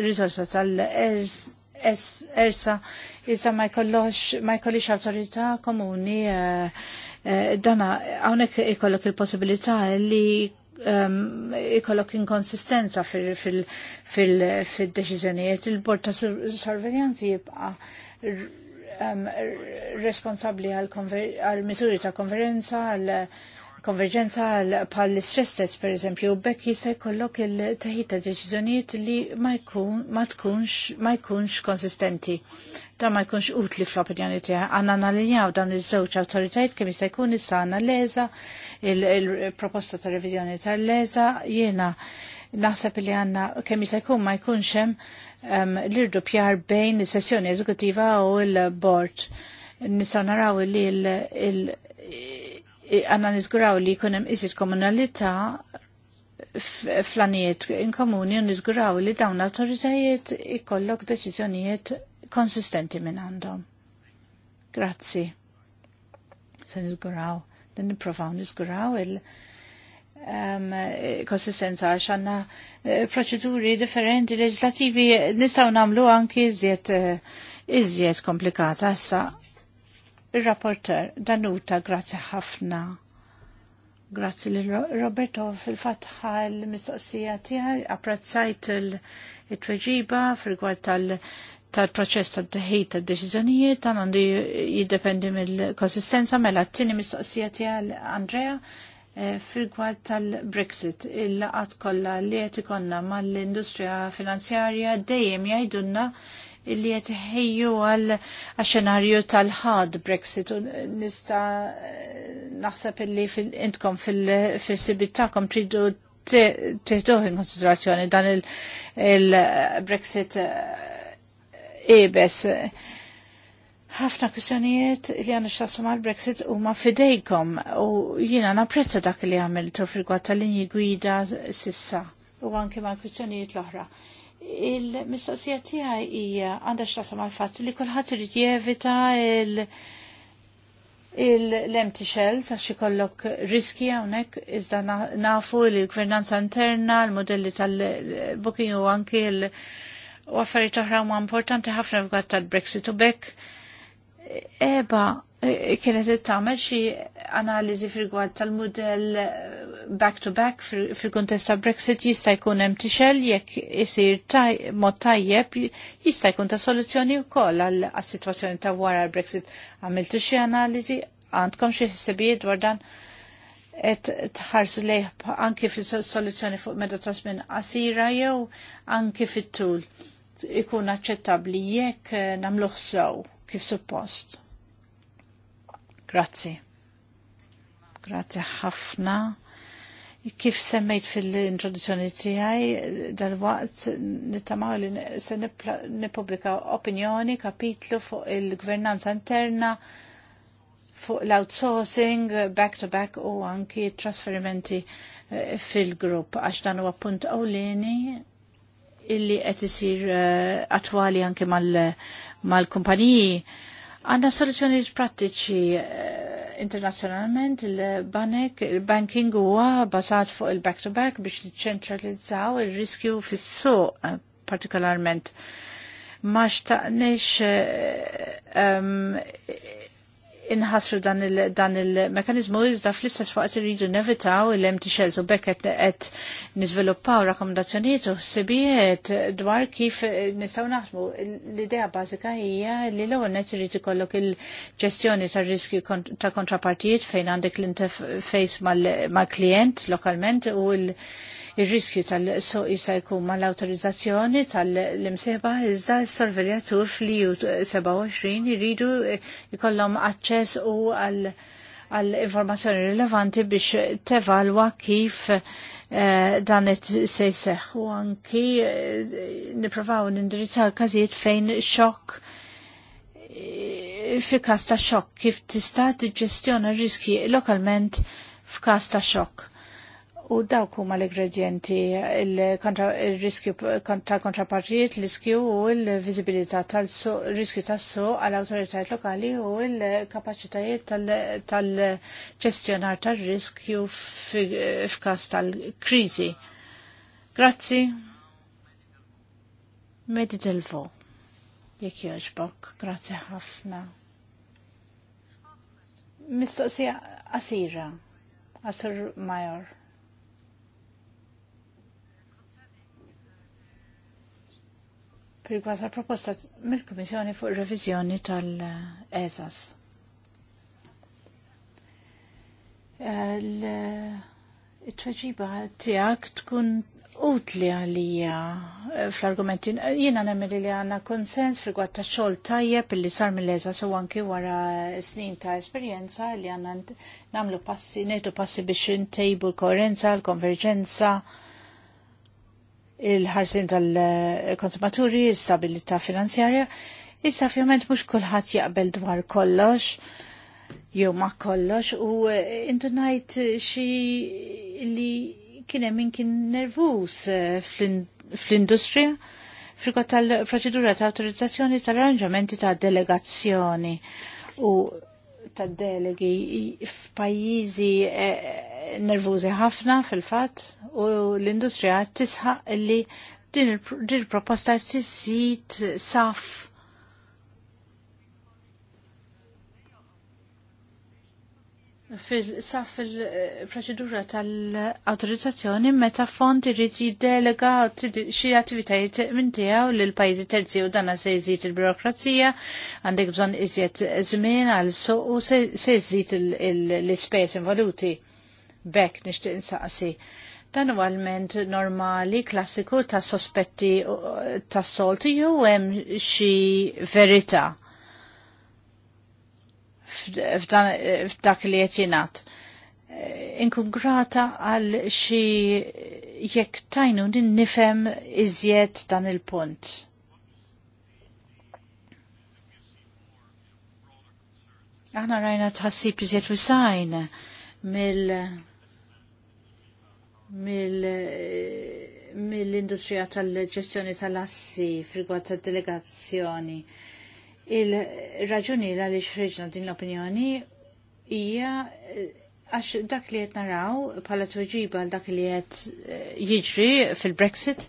risorsa tal-erz ersa ma jkollix awtorità komuni eh, eh, dana hawnhekk ikollok il-possibilità li ehm, ikollok inkonsistenza fil-deċizjonijiet. Il-Bord ta' Sorveljanzi jibqa um, responsabli għal-mizuri ta' konferenza, konverġenza pal stress test per eżempju, bekk jista' jkollok il-teħid ta' deċiżjonijiet li ma tkunx ma jkunx konsistenti. Da ma jkunx utli fl-opinjoni tiegħek. Għandna nalinjaw dawn iż-żewġ awtoritajiet kemm jista' jkun issa l leża il-proposta ta' reviżjoni tal-leża jiena naħseb li għandna kemm jista' jkun ma jkunx hemm l-irdu pjar bejn is-sessjoni eżekutiva u l-bord. Nistgħu naraw li l- għanna nizguraw li kunem iżid komunalità flanijiet inkomuni u nizguraw li dawn l-autoritajiet ikollok deċizjonijiet konsistenti minn għandhom. Grazzi. Se nizguraw, din niprofaw nizguraw il- um, konsistenza għax għanna eh, proċeduri differenti leġislativi nistaw namlu anki iżjed eh, iżjed komplikata. Issa Il-rapporter, Danuta, grazie ħafna. Grazzi li Roberto fil-fatħa l-mistoqsija tiegħi apprezzajt il-tweġiba fil-gwad tal-proċess tal teħid tad deċiżjonijiet dan għandu jiddependi mill-konsistenza mela t-tieni mistoqsija tiegħi Andrea eh, fil-gwad tal-Brexit il-laqat kollha li qed ikollna mal-industrija finanzjarja dejjem jgħidulna illi qed ħejju għal xenarju tal-ħad Brexit u nista eh, naħseb illi intkom fil-sibit tagħkom tridu tieħduh in konsiderazzjoni dan il-Brexit eh, ebes. Eh, Ħafna kwistjonijiet li għanna xtasum għal-Brexit u ma fidejkom u jina naprezza dak li għamiltu fil-gwad tal-linji gwida sissa u għanki ma kwistjonijiet l-oħra il-mistoqsija tiegħi hija għandha x'tasam għall-fatt li kulħadd irid jevita il- l-empty shells għax ikollok riski hawnhekk iżda nafu li l-gvernanza interna, l-modelli tal-booking u anki l- affarijiet oħra huma importanti ħafna f'għat tal-Brexit u bekk. Eba, kienet tagħmel xi analiżi fil tal-mudell back-to-back fil-kontest ta' Brexit jista' jkun hemm tixel jekk isir mod tajjeb jista' jkun ta' soluzzjoni wkoll għas-sitwazzjoni ta' wara l-Brexit. Għamiltu xi analiżi għandkom xi ħsibijiet dwar dan qed tħarsu lejh anki fis-soluzzjoni fuq meta tasmin qasira jew anki fit-tul ikun aċċettabbli jekk eh, nagħmluh sew kif suppost. Grazzi. Grazie ħafna. Kif semmejt fil-introduzzjoni tiegħi dal-waqt nittamaw li se nippubblika opinjoni kapitlu fuq il-gvernanza interna fuq l-outsourcing back-to-back u anki trasferimenti eh, fil-grupp għax dan huwa punt ewlieni illi qed isir eh, attwali anke mal-kumpaniji. Għandna soluzzjonijiet prattiċi eh, internazzjonalment il-banek, il-banking huwa basat fuq il-back-to-back biex niċċentralizzaw il-riskju fis-suq eh, partikolarment. Ma xtaqniex um, inħassru dan il-mekanizmu iżda fl-istess waqt irridu nevitaw il mt shells u bekk qed niżviluppaw rakkomandazzjonijiet u ħsibijiet dwar kif nistgħu naħdmu. L-idea bażika hija li l-ewwel net irid ikollok il-ġestjoni tar-riskju ta' kontrapartijiet fejn għandek l-interface mal-klient lokalment u l- Ir-riskju tal-so jista' jkun mal-awtorizzazzjoni tal imsieba iżda s-sorveljatur fl iju 27 jridu jkollhom aċċess u għall-informazzjoni rilevanti biex tevalwa kif eh, dan se jseħħ u anki eh, niprofaw nindirizzaw każijiet fejn xokk eh, fi każ ta' xokk kif tista' tiġġestjona riski lokalment f'każ ta' xokk. U dawk huma l-ingredienti il-riskju tal kontrapartijiet, l-riskju u l-viżibilità tal-riskju tas-su għall awtoritajiet lokali u l-kapaċitajiet tal-ġestjonar tal-riskju f'każ tal-kriżi. Grazzi. Medi delvo. Jekk jogħġbok, grazzi ħafna. Mistoqsija qasira, Asur Major. la proposta mill Commissione fuq revisione tal-ESAS. Il-tweġiba tijak tkun utli għalija eh, fl-argumenti. Jina nemmel li għanna konsens frigwat ta' xol tajjeb li sar mill-ESAS u għanki wara snin ta' esperienza li għanna namlu passi, netu passi biex intejbu l-koerenza, l-konverġenza. l konverġenza il-ħarsin tal-konsumaturi, il-stabilita finanzjarja. Issa fjament mux kullħat jaqbel dwar kollox, jew ma kollox, u e, indunajt xi li kienem min kien nervus e, fl-industrija frikot tal-proċedura ta' autorizzazzjoni tal-arranġamenti ta' delegazzjoni u tad-delegi f'pajjiżi eh, nervużi ħafna fil-fatt u l-industrija tisħaq li din il-proposta tissit saf fil saf fil-proċedura tal-autorizzazzjoni meta fond irrid jiddelega xi attivitajiet minn tiegħu l pajjiżi terzi u dana se jżid il-birokrazija, għandek bżonn iżjed żmien għal suq u se jżid l ispejs involuti. Bekk nixtieq insaqsi. Dan huwa għalment normali, klassiku ta' sospetti tas soltu jew hemm xi verità f'dak li qed jingħad. Inkun grata għal xi jekk tajnu nifhem iżjed dan il-punt. Aħna rajna tħassib iżjed sajn mill mill mill-industrija tal-ġestjoni tal-assi frigwat tal-delegazzjoni. tal ġestjoni tal assi frigwat tal delegazzjoni tal delegazzjoni Il-raġuni li xreġna din l-opinjoni hija eh, għax dak li qed naraw bħala tuġiba għal dak li qed eh, jiġri fil-Brexit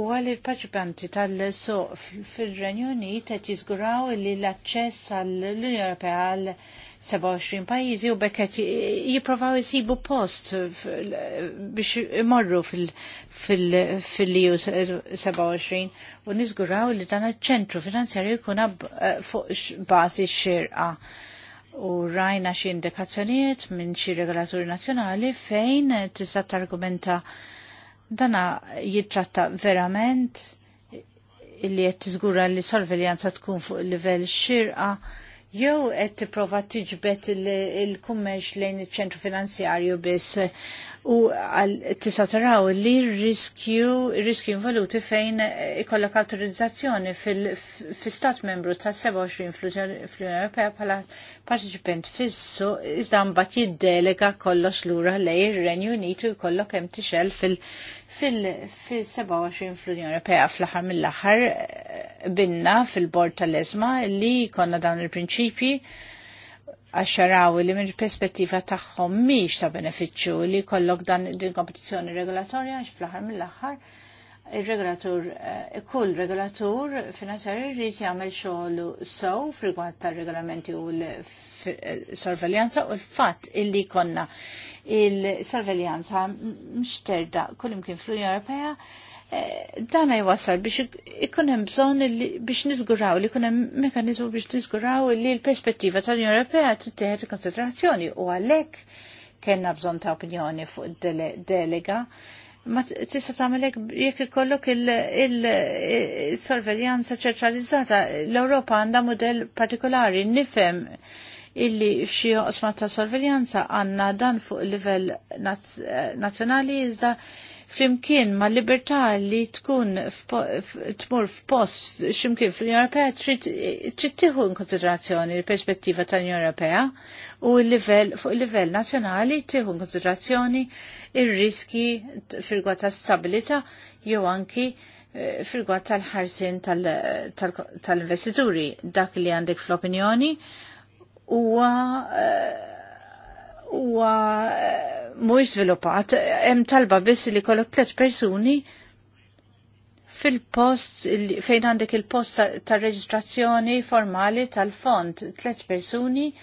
u għal il paċipanti tal-so fil-Renju Unit qed jiżguraw li l-aċċess għall-Unjoni Ewropea 27 pajjiżi u bekket jipprovaw jisibu post biex imorru fil liju 27 u nizguraw li dan iċ-ċentru finanzjarju jkun fuq bażi xirqa u rajna xi indikazzjonijiet minn xi regolaturi nazzjonali fejn tista' targumenta dana jittratta verament illi qed tiżgura li sorveljanza tkun fuq il-livell xirqa' jew qed tipprova tiġbed il-kummerċ lejn iċ-ċentru finanzjarju biss u tisaw taraw li riskju, riskju involuti fejn ikollok autorizzazzjoni fil-stat membru ta' 27 fl-Unjoni Ewropea bħala partiċipent fissu iżda mbagħad jiddelega kollox lura lej il renju Unitu jkollok hemm tixel fil-27 fl-Unjoni Ewropea fl-aħħar mill-aħħar binna fil-bord tal-eżma li konna dawn il-prinċipji għaxaraw li minn perspettiva tagħhom miex ta' beneficju li kollok dan din kompetizzjoni regolatorja għax fl-aħħar mill-aħħar il-regolatur, eh, kull regolatur finanzjari rrit jagħmel xogħol sow frigwant tar-regolamenti u l-sorveljanza u l-fatt illi konna il-sorveljanza mxterda kull imkien fl-Unjoni Ewropea Eh, dan jwasal biex ikun hemm bżonn biex niżguraw li jkun hemm mekanizmu biex niżguraw li l-perspettiva tal-Unjoni Ewropea teħet konsiderazzjoni u għalhekk kellna bżonn ta' opinjoni fuq delega ma tista' tagħmelek jekk ikollok il-sorveljanza ċentralizzata l-Ewropa għandha mudell partikolari nifhem illi f'xi osma ta' sorveljanza għandna dan fuq livell eh, nazzjonali iżda flimkien ma' libertà li tkun tmur f'post ximkien fl-Unjoni Ewropea trid tieħu konsiderazzjoni l-perspettiva tal-Unjoni Ewropea u l-livell fuq il-livell nazzjonali tieħu konsiderazzjoni ir-riski firgwa ta' stabilità jew anki eh, firgwa tal-ħarsin tal-investituri dak li għandek fl-opinjoni huwa eh, huwa eh, mhuwiex żviluppat, hemm talba biss li kollok tliet persuni fil-post fejn għandek il-post tar-reġistrazzjoni formali tal-fond, tliet persuni eh,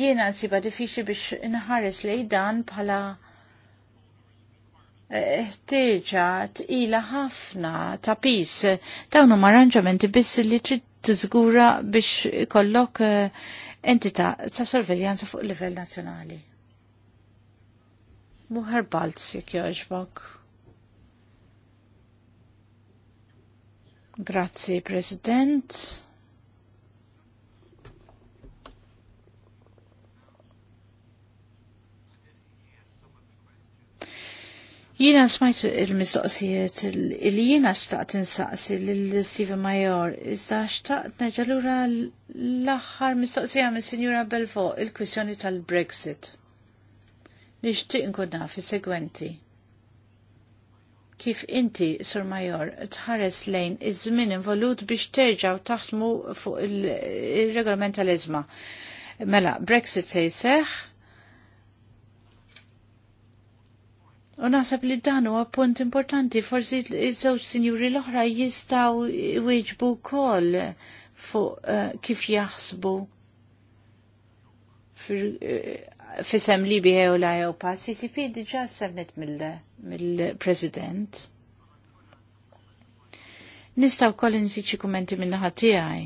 jiena nsiba diffiċli biex inħares lej dan bħala eh, ħtieġa tqila ħafna ta' pis. Dawn huma arranġamenti biss li trid tiżgura biex ikollok Entita' ta' sorveljanza fuq livell nazzjonali. Muħar Balz, jek joġbok. Grazzi, President. Jina smajt il-mistoqsijiet li jina xtaqt insaqsi l-Steven Major, iżda xtaqt neġalura l-axħar mistoqsija mis sinjura Belvo il-kwissjoni tal-Brexit. Nixtieq nkun naf segwenti Kif inti, Sur Major, tħares lejn iż-żmien involut biex terġaw taħdmu fuq il-regolament tal-izma. Mela, Brexit se jseħħ, U naħseb li dan huwa punt importanti, forsi iż-żewġ sinjuri l-oħra jistgħu jwieġbu wkoll fuq eh, kif jaħsbu eh, fisem li biħew la pa CCP diġa semmet mill-president. Nistaw koll nżiċi kumenti minna ħatijaj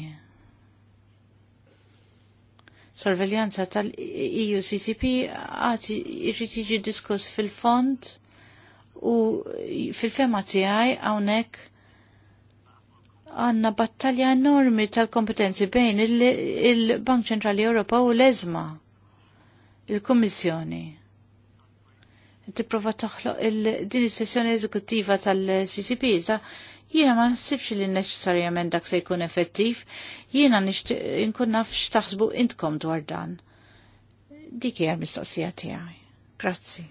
sorveljanza tal-EU CCP għati irrit jiġi diskuss fil-fond u fil-fema tiegħi hawnhekk għanna battalja enormi tal-kompetenzi bejn il-Bank Ċentrali Ewropa u l-ezma, il-Kommissjoni. Tipprova toħloq din is-sessjoni eżekuttiva tal-CCP, sa jiena ma nsibx li neċessarjament dak se jkun effettiv, jiena nkun naf x'taħsbu intkom dwar dan. Dik hija mistoqsija tiegħi. Grazzi.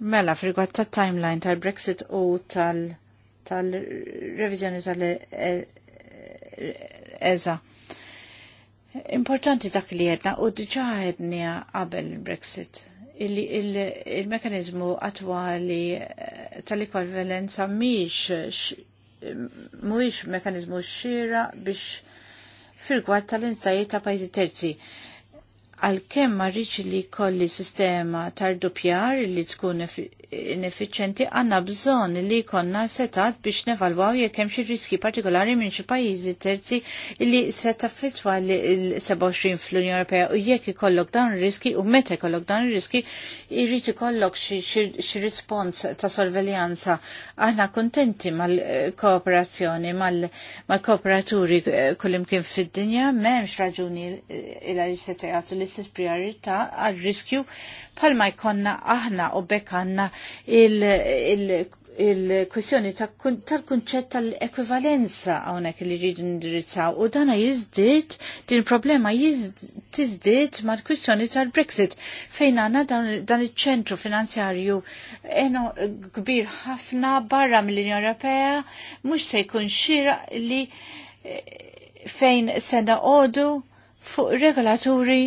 Mela, frigwat ta' timeline tal-Brexit u tal-revizjoni tal tal-EZA. Importanti dak li jedna u diġa jedna qabel Brexit. Il-mekanizmu attwali tal-ekwivalenza miex mhuwiex mekanizmu xira biex firgwad tal-instajiet ta' pajjiżi terzi għal kemm ma li kolli sistema tar-dupjar li tkun ineffiċenti għanna bżon li konna setat biex nevalwaw jekk hemm xi riski partikolari minn xi pajjiżi terzi li se taffitwa l-27 fl-Unjoni Ewropea u jekk ikollok dan riski u meta ikollok dan riski irrid ikollok xi rispons ta' sorveljanza. Aħna kontenti mal-kooperazzjoni mal-kooperaturi kullimkien fid-dinja m'hemmx raġuni il-għaliex se li l-istess priorità għal riskju palma jkonna aħna u bekanna il, il-kwestjoni tal-kunċett tal-ekvivalenza għonek li rridu ndirizzaw u dana jizdit, din problema jizdit ma' kwestjoni tal-Brexit fejn għana dan il-ċentru finanzjarju eno kbir ħafna barra mill-Unjoni Ewropea mux se jkun xira li eh, fejn sena għodu fuq regolaturi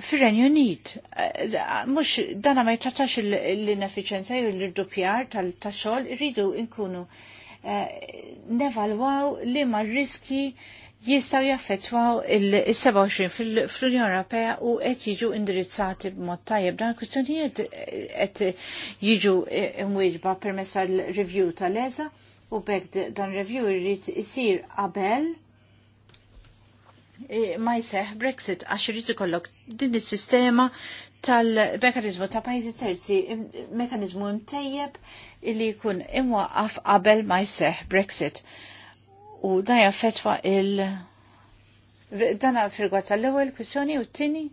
fir-Renju Unit. Eh, Mux dana ma jtrattax l-inefficienza u l-dupjar tal taxol rridu nkunu eh, nevalwaw li ma riski jistaw jaffetwaw il-27 fl-Unjoni Ewropea u qed jiġu indirizzati b'mod tajjeb dan kwistjonijiet eh, qed jiġu imwieġba permezz tal-review tal eża u bekk dan review irrid isir qabel E, ma jseħ Brexit għax irid ikollok din is-sistema tal-mekanizmu ta' pajjiżi terzi, mekanizmu imtejjeb illi jkun imwaqqaf qabel ma jseħ Brexit. U dan jaffetwa il- Dan firgwa tal-ewwel kwissjoni u t-tieni.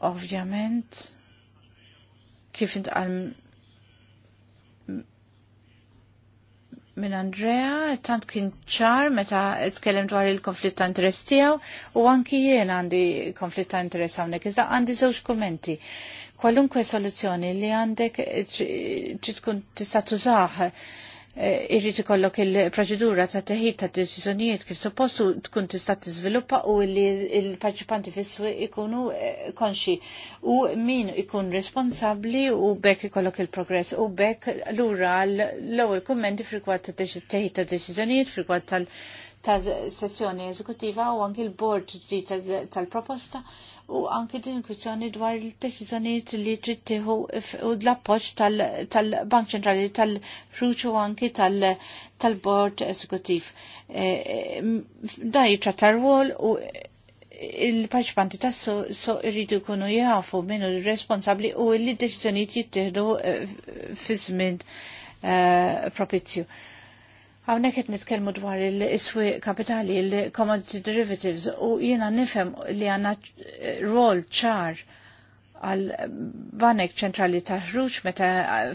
Ovvjament, kif intqal minn Andrea, tant kien ċar meta tkellem dwar il-konflitt ta' interess tiegħu u anki jien għandi konflitt ta' interess hawnhekk, iżda għandi żewġ kummenti. Kwalunkwe soluzzjoni li għandek trid tkun tista' tużaħ Eh, irrid ikollok il-proċedura ta' teħid ta' deċiżjonijiet kif suppostu tkun tista' tiżviluppa u li l-parċipanti fis swieq ikunu eh, konxi u min ikun responsabbli u bekk ikollok il-progress u bekk lura l-ewwel kummenti frikwat ta' teħid ta' deċiżjonijiet frikwat tal- ta' sessjoni eżekutiva u anki l-bord tal-proposta. tal proposta u anke din kwistjoni dwar il-deċiżjonijiet li trid tieħu u l-appoġġ tal-Bank Ċentrali tal-Ruċ u anke tal-Bord Eżekuttiv. E, e, dan jitratar wol u il-parċipanti tassu so irridu kunu jafu minn responsabli u li deċiżjonijiet jittieħdu e, fi żmien propizju. Għawnek qed nitkellmu dwar il-iswi kapitali, il-commodity derivatives, u jiena nifhem li għandna eh, rol ċar għal banek ċentrali ta' ħruġ meta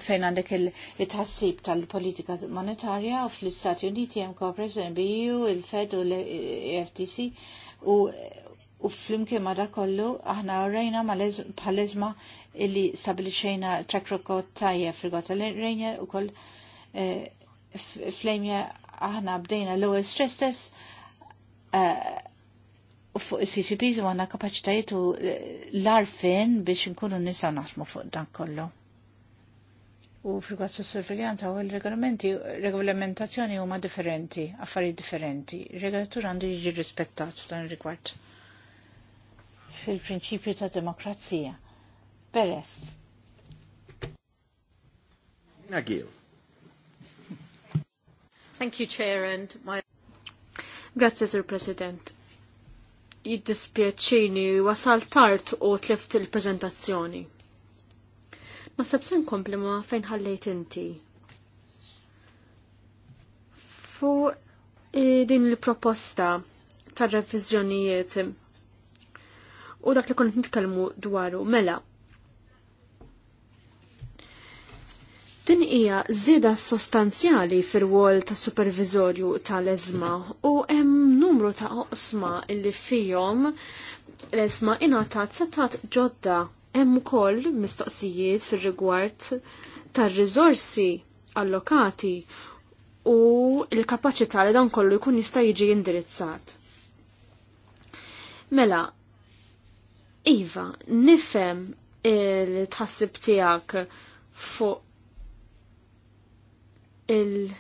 fejn għandek il-tħassib tal-politika monetarja u fl-Istati Uniti hemm l NBU, il-Fed u l-FTC u u flimkien ma da kollu aħna rejna bħal-eżma illi stabilixejna track record tajjeb fil-gota rejna u koll eh, flejmja aħna bdejna l-ewwel stress test u uh, fuq is-CCPs u għandna kapacitajiet u uh, l-arfin biex nkunu nisa naħdmu fuq dan kollu. U fil s-surveljanza u l-regolamenti, regolamentazzjoni huma differenti, affarijiet differenti. Regolatur għandu jiġi rispettat f'dan rigward. Fil-prinċipju ta' demokrazija. Peres. Nagħil. Thank you, Chair, and my... Grazie, Sir President. Jiddispjaċini wasal tard u tlift il-prezentazzjoni. Nasab sen komplima fejn ħallejt inti. Fu din il-proposta tar revizjonijiet u dak li kont nitkellmu dwaru mela Din hija żieda sostanzjali fir-wol ta' supervizorju tal ezma u hemm numru ta' oqsma illi fihom l ezma ingħatat setat ġodda hemm ukoll mistoqsijiet fir-rigward tar-riżorsi allokati u l-kapaċità li dan kollu jkun jista' jiġi indirizzat. Mela, Iva, nifhem il-tħassib tiegħek fuq il-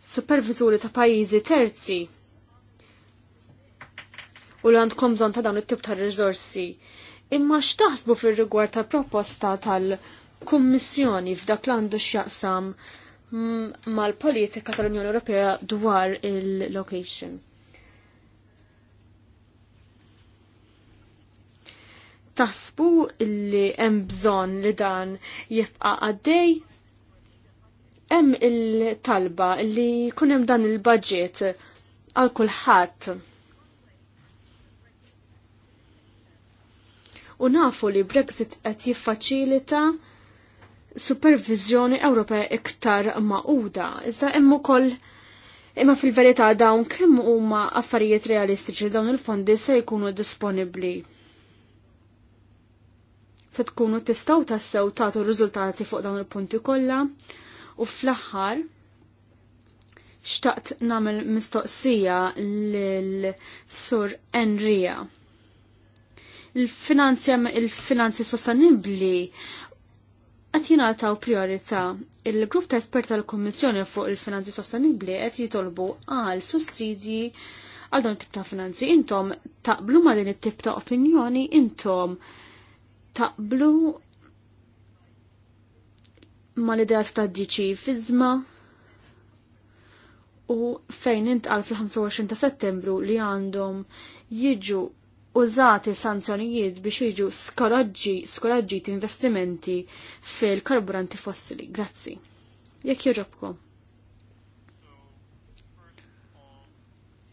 supervizuri ta' pajjiżi terzi u li għandkom bżon ta' dawn it-tip ta' rizorsi. Imma x'taħsbu fir-rigward ta' proposta tal-Kummissjoni f'dak l għandu x'jaqsam mal-politika tal-Unjoni Ewropea dwar il-location. Taħsbu li hemm bżonn li dan jibqa' għaddej hemm il-talba li jkun hemm dan il-budget għal kulħadd. U nafu li Brexit qed jiffaċilita supervizjoni Ewropea iktar maquda. Iżda hemm ukoll Imma fil-verità dawn kemm huma affarijiet realistiċi dawn il-fondi se jkunu disponibbli. Se tkunu tistgħu tassew tagħtu riżultati fuq dawn il-punti kollha, U fl-aħħar xtaqt namel mistoqsija l-sur Enrija. Il-finanzi il sostenibli għat jinataw priorità il-grupp ta' esperta tal-Kommissjoni fuq il-finanzi sostenibli għat jitolbu għal sussidji għal dawn tip ta' finanzi. Intom taqblu ma' din it-tip ta' opinjoni, intom taqblu mal-ideat ta' ġiċi fizma u fejn intqal fil-25 ta' settembru li għandhom jiġu użati sanzjonijiet biex jiġu skoraġġi, skoraġġi investimenti fil-karburanti fossili. Grazzi. Jekk joġobkom.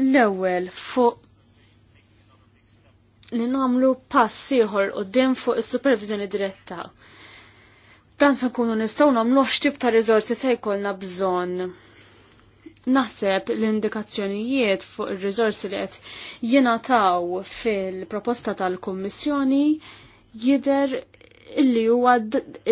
L-ewwel fuq li nagħmlu pass ieħor qudiem fuq is-supervizjoni diretta dan se nkunu nistgħu namlu x'tib ta' rizorsi se jkollna bżonn. Naħseb l-indikazzjonijiet fuq ir rizorsi li qed jingħataw fil-proposta tal-Kummissjoni jidher illi huwa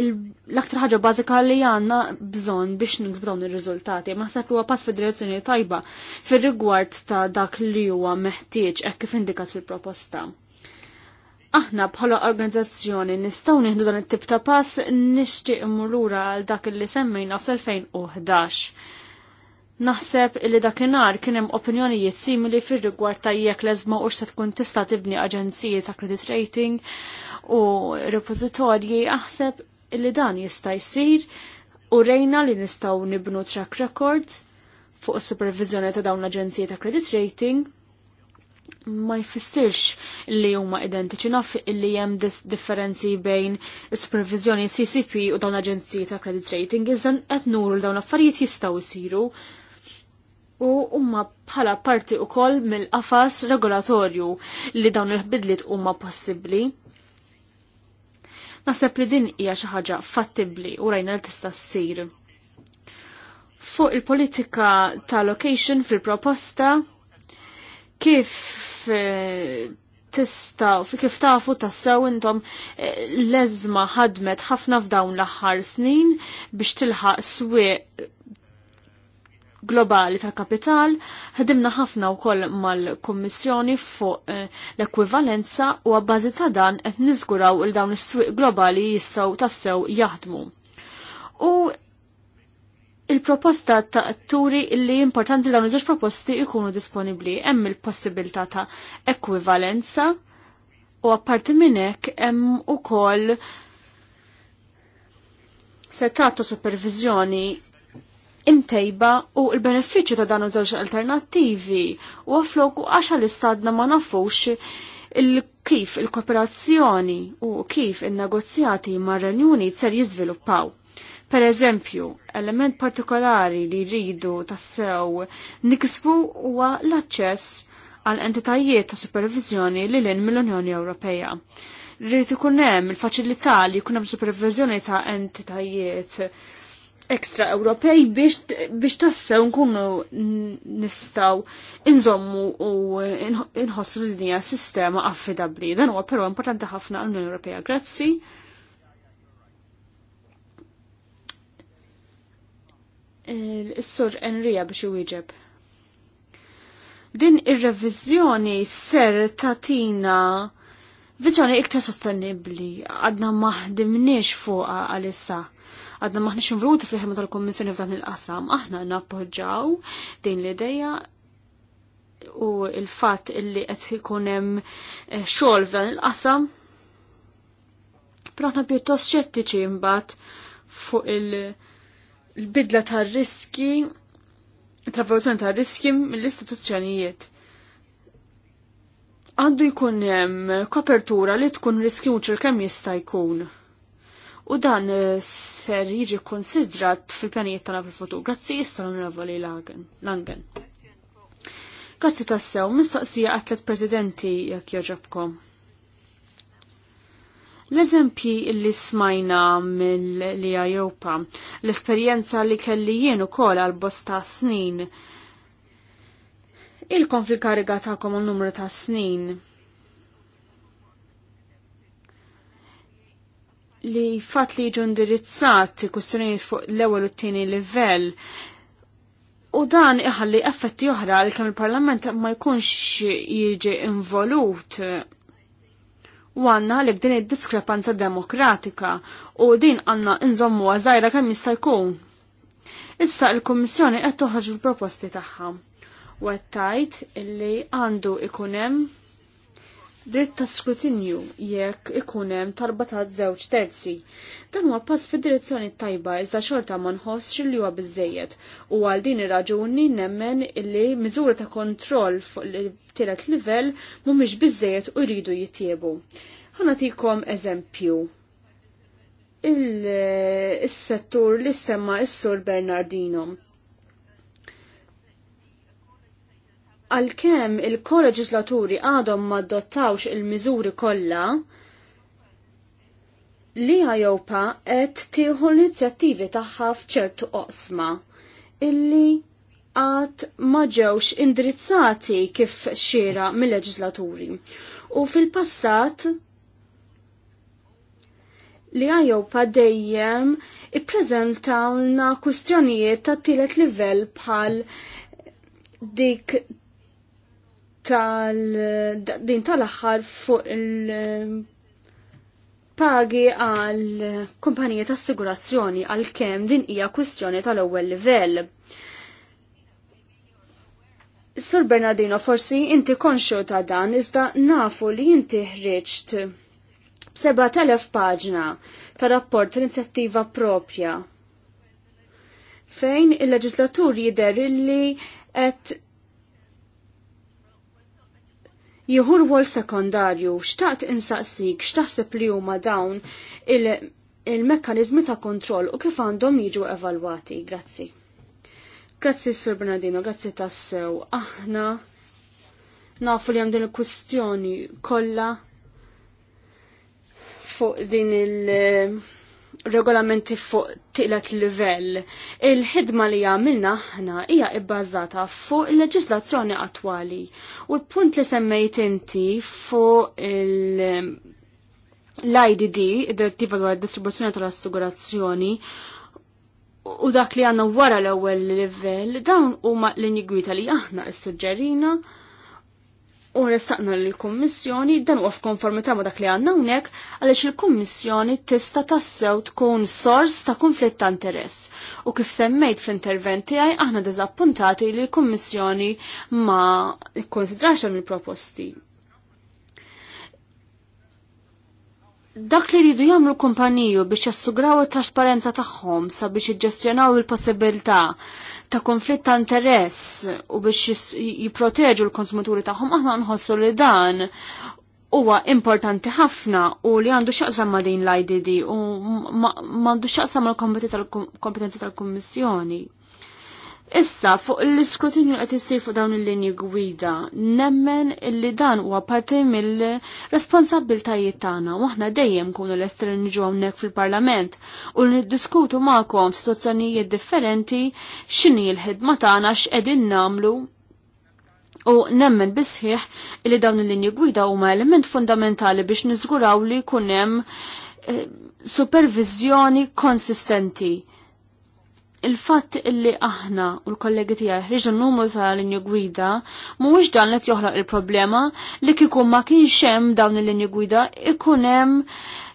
l-aktar ħaġa bażika li għandna bżonn biex niksbu ir-riżultati. Ma naħseb li huwa pass fid-direzzjoni tajba fir-rigward ta' dak li huwa meħtieġ hekk kif indikat fil-proposta aħna bħala organizzazzjoni nistgħu nieħdu dan it-tip ta' pass nixtieq imurura għal dak li semmejna fl-2011. Naħseb li dakinhar kien hemm opinjonijiet simili fir-rigward ta' jekk leżma u se tkun tista' tibni aġenziji ta' credit rating u repożitorji aħseb li dan jista' jsir u rejna li nistgħu nibnu track record fuq is supervizjoni ta' dawn l-aġenziji ta' credit rating ma jfissirx li huma identiċi naf li hemm differenzi bejn supervizjoni CCP u dawn aġenziji ta' credit rating iżda qed nuru l dawn affarijiet jistgħu jsiru u huma bħala parti wkoll mill-qafas regolatorju li dawn il-ħbidliet huma possibbli. Naħseb li din hija xi ħaġa fattibbli u rajna li tista' ssir. Fuq il-politika ta' location fil-proposta kif eh, tistaw, kif tafu tassaw intom eh, leżma ħadmet ħafna f'dawn l-aħħar snin biex tilħaq swieq globali tal kapital, ħedimna ħafna u koll mal-Kommissjoni fuq eh, l-ekwivalenza u għabbażi ta' dan qed niżguraw il dawn is-swieq globali jistgħu tassew jaħdmu. U il-proposta ta' atturi li importanti dawn iż-żewġ proposti jkunu disponibbli. Hemm il-possibilità ta' ekwivalenza u apparti minn hekk hemm ukoll se ta' supervizjoni imtejba u l-benefiċċju ta' dan iż-żewġ alternattivi u għaflok u għaxa li stadna ma nafux il kif il-kooperazzjoni u kif il-negozjati mar-Renjuni ser jiżviluppaw. Per eżempju, element partikolari li rridu tassew nikisbu huwa l-aċċess għal entitajiet ta' supervizjoni li l-in mill-Unjoni Ewropea. Rrid ikun hemm il-faċilità li jkun hemm supervizjoni ta' entitajiet ekstra Ewropej biex, biex tassew nkunu nistaw inżommu u inħossu l-dinja sistema affidabli. Dan huwa però importanti ħafna għall-Unjoni Ewropea. Grazzi. il-sur Enrija biex iwieġeb. Din ir-reviżjoni ser tatina viżjoni iktar sostenibbli għadna maħdimniex fuqa għalissa. Għadna maħniex involuti fl-ħemma tal-Kommissjoni f'dan il-qasam, aħna nappoġġaw din l-idea u il-fatt illi qed ikun hemm eh, xogħol f'dan il-qasam. Però aħna pjuttost xettiċi mbagħad fuq il-, -qasam, l-bidla ta' riski, traversjoni ta' riski mill-istituzzjonijiet. Għandu jkun kopertura li tkun riskjuċer kemm jista' jkun. U dan eh, ser jiġi konsidrat fil-pjanijiet tagħna fil-futur. Grazzi jista' l-Onorevoli Langen. Grazzi tassew, mistoqsija għatlet presidenti jekk joġobkom. L-eżempji li smajna mill-li Jopa, l-esperjenza li kelli jien ukoll għal bosta snin, ilkom fil-kariga ta'kom il-numru ta' snin, li fatt li ġun indirizzat kustjonijiet fuq l-ewwel u t-tieni livell U dan iħalli effetti oħra li kemm il-Parlament ma jkunx jiġi involut u għanna għalek din id-diskrepanza demokratika u din għanna nżommu għazajra kemm jista' jkun. Issa il-Kummissjoni qed toħroġ il-proposti tagħha u għed tajt illi għandu ikunem hemm dritt ta' skrutinju jekk ikun hemm tarba ta' żewġ terzi. Dan huwa pass fid-direzzjoni tajba iżda xorta ma nħossx li huwa biżejjed u għal din ir-raġuni nemmen illi miżura ta' kontroll fuq tielet livell mhumiex biżejjed u jridu jittiebu. Ħanatikom eżempju. Il-settur li semma is-Sur Bernardino Għalkemm il-koreġislaturi għadhom ma adottawx il-miżuri kollha, li għajopa qed tieħu l-inizjattivi tagħha f'ċertu osma, illi għad ma ġewx indirizzati kif xira mill-leġislaturi. U fil-passat li għajopa dejjem ippreżentawna kwistjonijiet ta' tielet livell bħal dik tal din tal-aħħar fuq il-pagi għal kumpanija ta' assigurazzjoni għal kem din hija kwistjoni tal-ewwel livell. Sur Bernardino, forsi inti konxu ta' dan, iżda nafu li inti ħriġt b telef paġna ta' rapport l-inizjattiva propja fejn il-leġislatur jider li qed jihur rwol sekondarju, xtaqt insaqsik, xtaħseb li huma dawn il-mekkanizmi il ta' kontroll u kif għandhom jiġu evalwati. Grazzi. Grazzi Sir Bernardino, grazzi tassew. Aħna nafu li hemm din il kustjoni kollha fuq din il- regolamenti fuq tiqlet livell. Il-ħidma li għamilna ħna hija ibbażata fuq il-leġislazzjoni attwali u l-punt li semmejt inti fuq il- l-IDD, id-direttiva dwar distribuzzjoni tal-assigurazzjoni, u dak li għanna wara l-ewwel livell, dawn huma l-inigwita li aħna issuġġerina suġġerina u restaqna l-Kommissjoni dan u f'konformità ma dak li għandna hawnhekk għaliex il-Kummissjoni tista' tassew tkun sors ta' konflitt ta' interess. U kif semmejt fl-intervent tiegħi aħna diżappuntati li l-Kummissjoni ma konsidraċa hemm il-proposti. Dak li rridu jagħmlu l-kumpaniju biex jassugraw it-trasparenza tagħhom sabiex iġġestjonaw il-possibilità ta' konflitt ta' interess u biex jiproteġu l-konsumaturi tagħhom aħna nħossu li dan huwa importanti ħafna u li għandu xaqsam ma' din l-IDD u għandu xaqsam mal-kompetenza tal-Kummissjoni. Issa fuq l-iskrutinju qed isir fuq dawn il-linji gwida, nemmen li dan huwa parti mill responsabiltajiet tagħna u aħna dejjem kunu lester niġu hawnhekk fil-Parlament u niddiskutu magħkom situazzjonijiet differenti x'inhi l-ħidma tagħna x'qegħdin nagħmlu U nemmen bisħiħ li dawn il-linji gwida huma element fundamentali biex niżguraw li kunem eh, supervizjoni konsistenti il-fatt illi aħna u l-kollegi tijaj ħriġu n-numru ta' linju gwida mhuwiex dan li joħlaq il-problema li kieku ma kienx hemm dawn il-linju gwida ikun hemm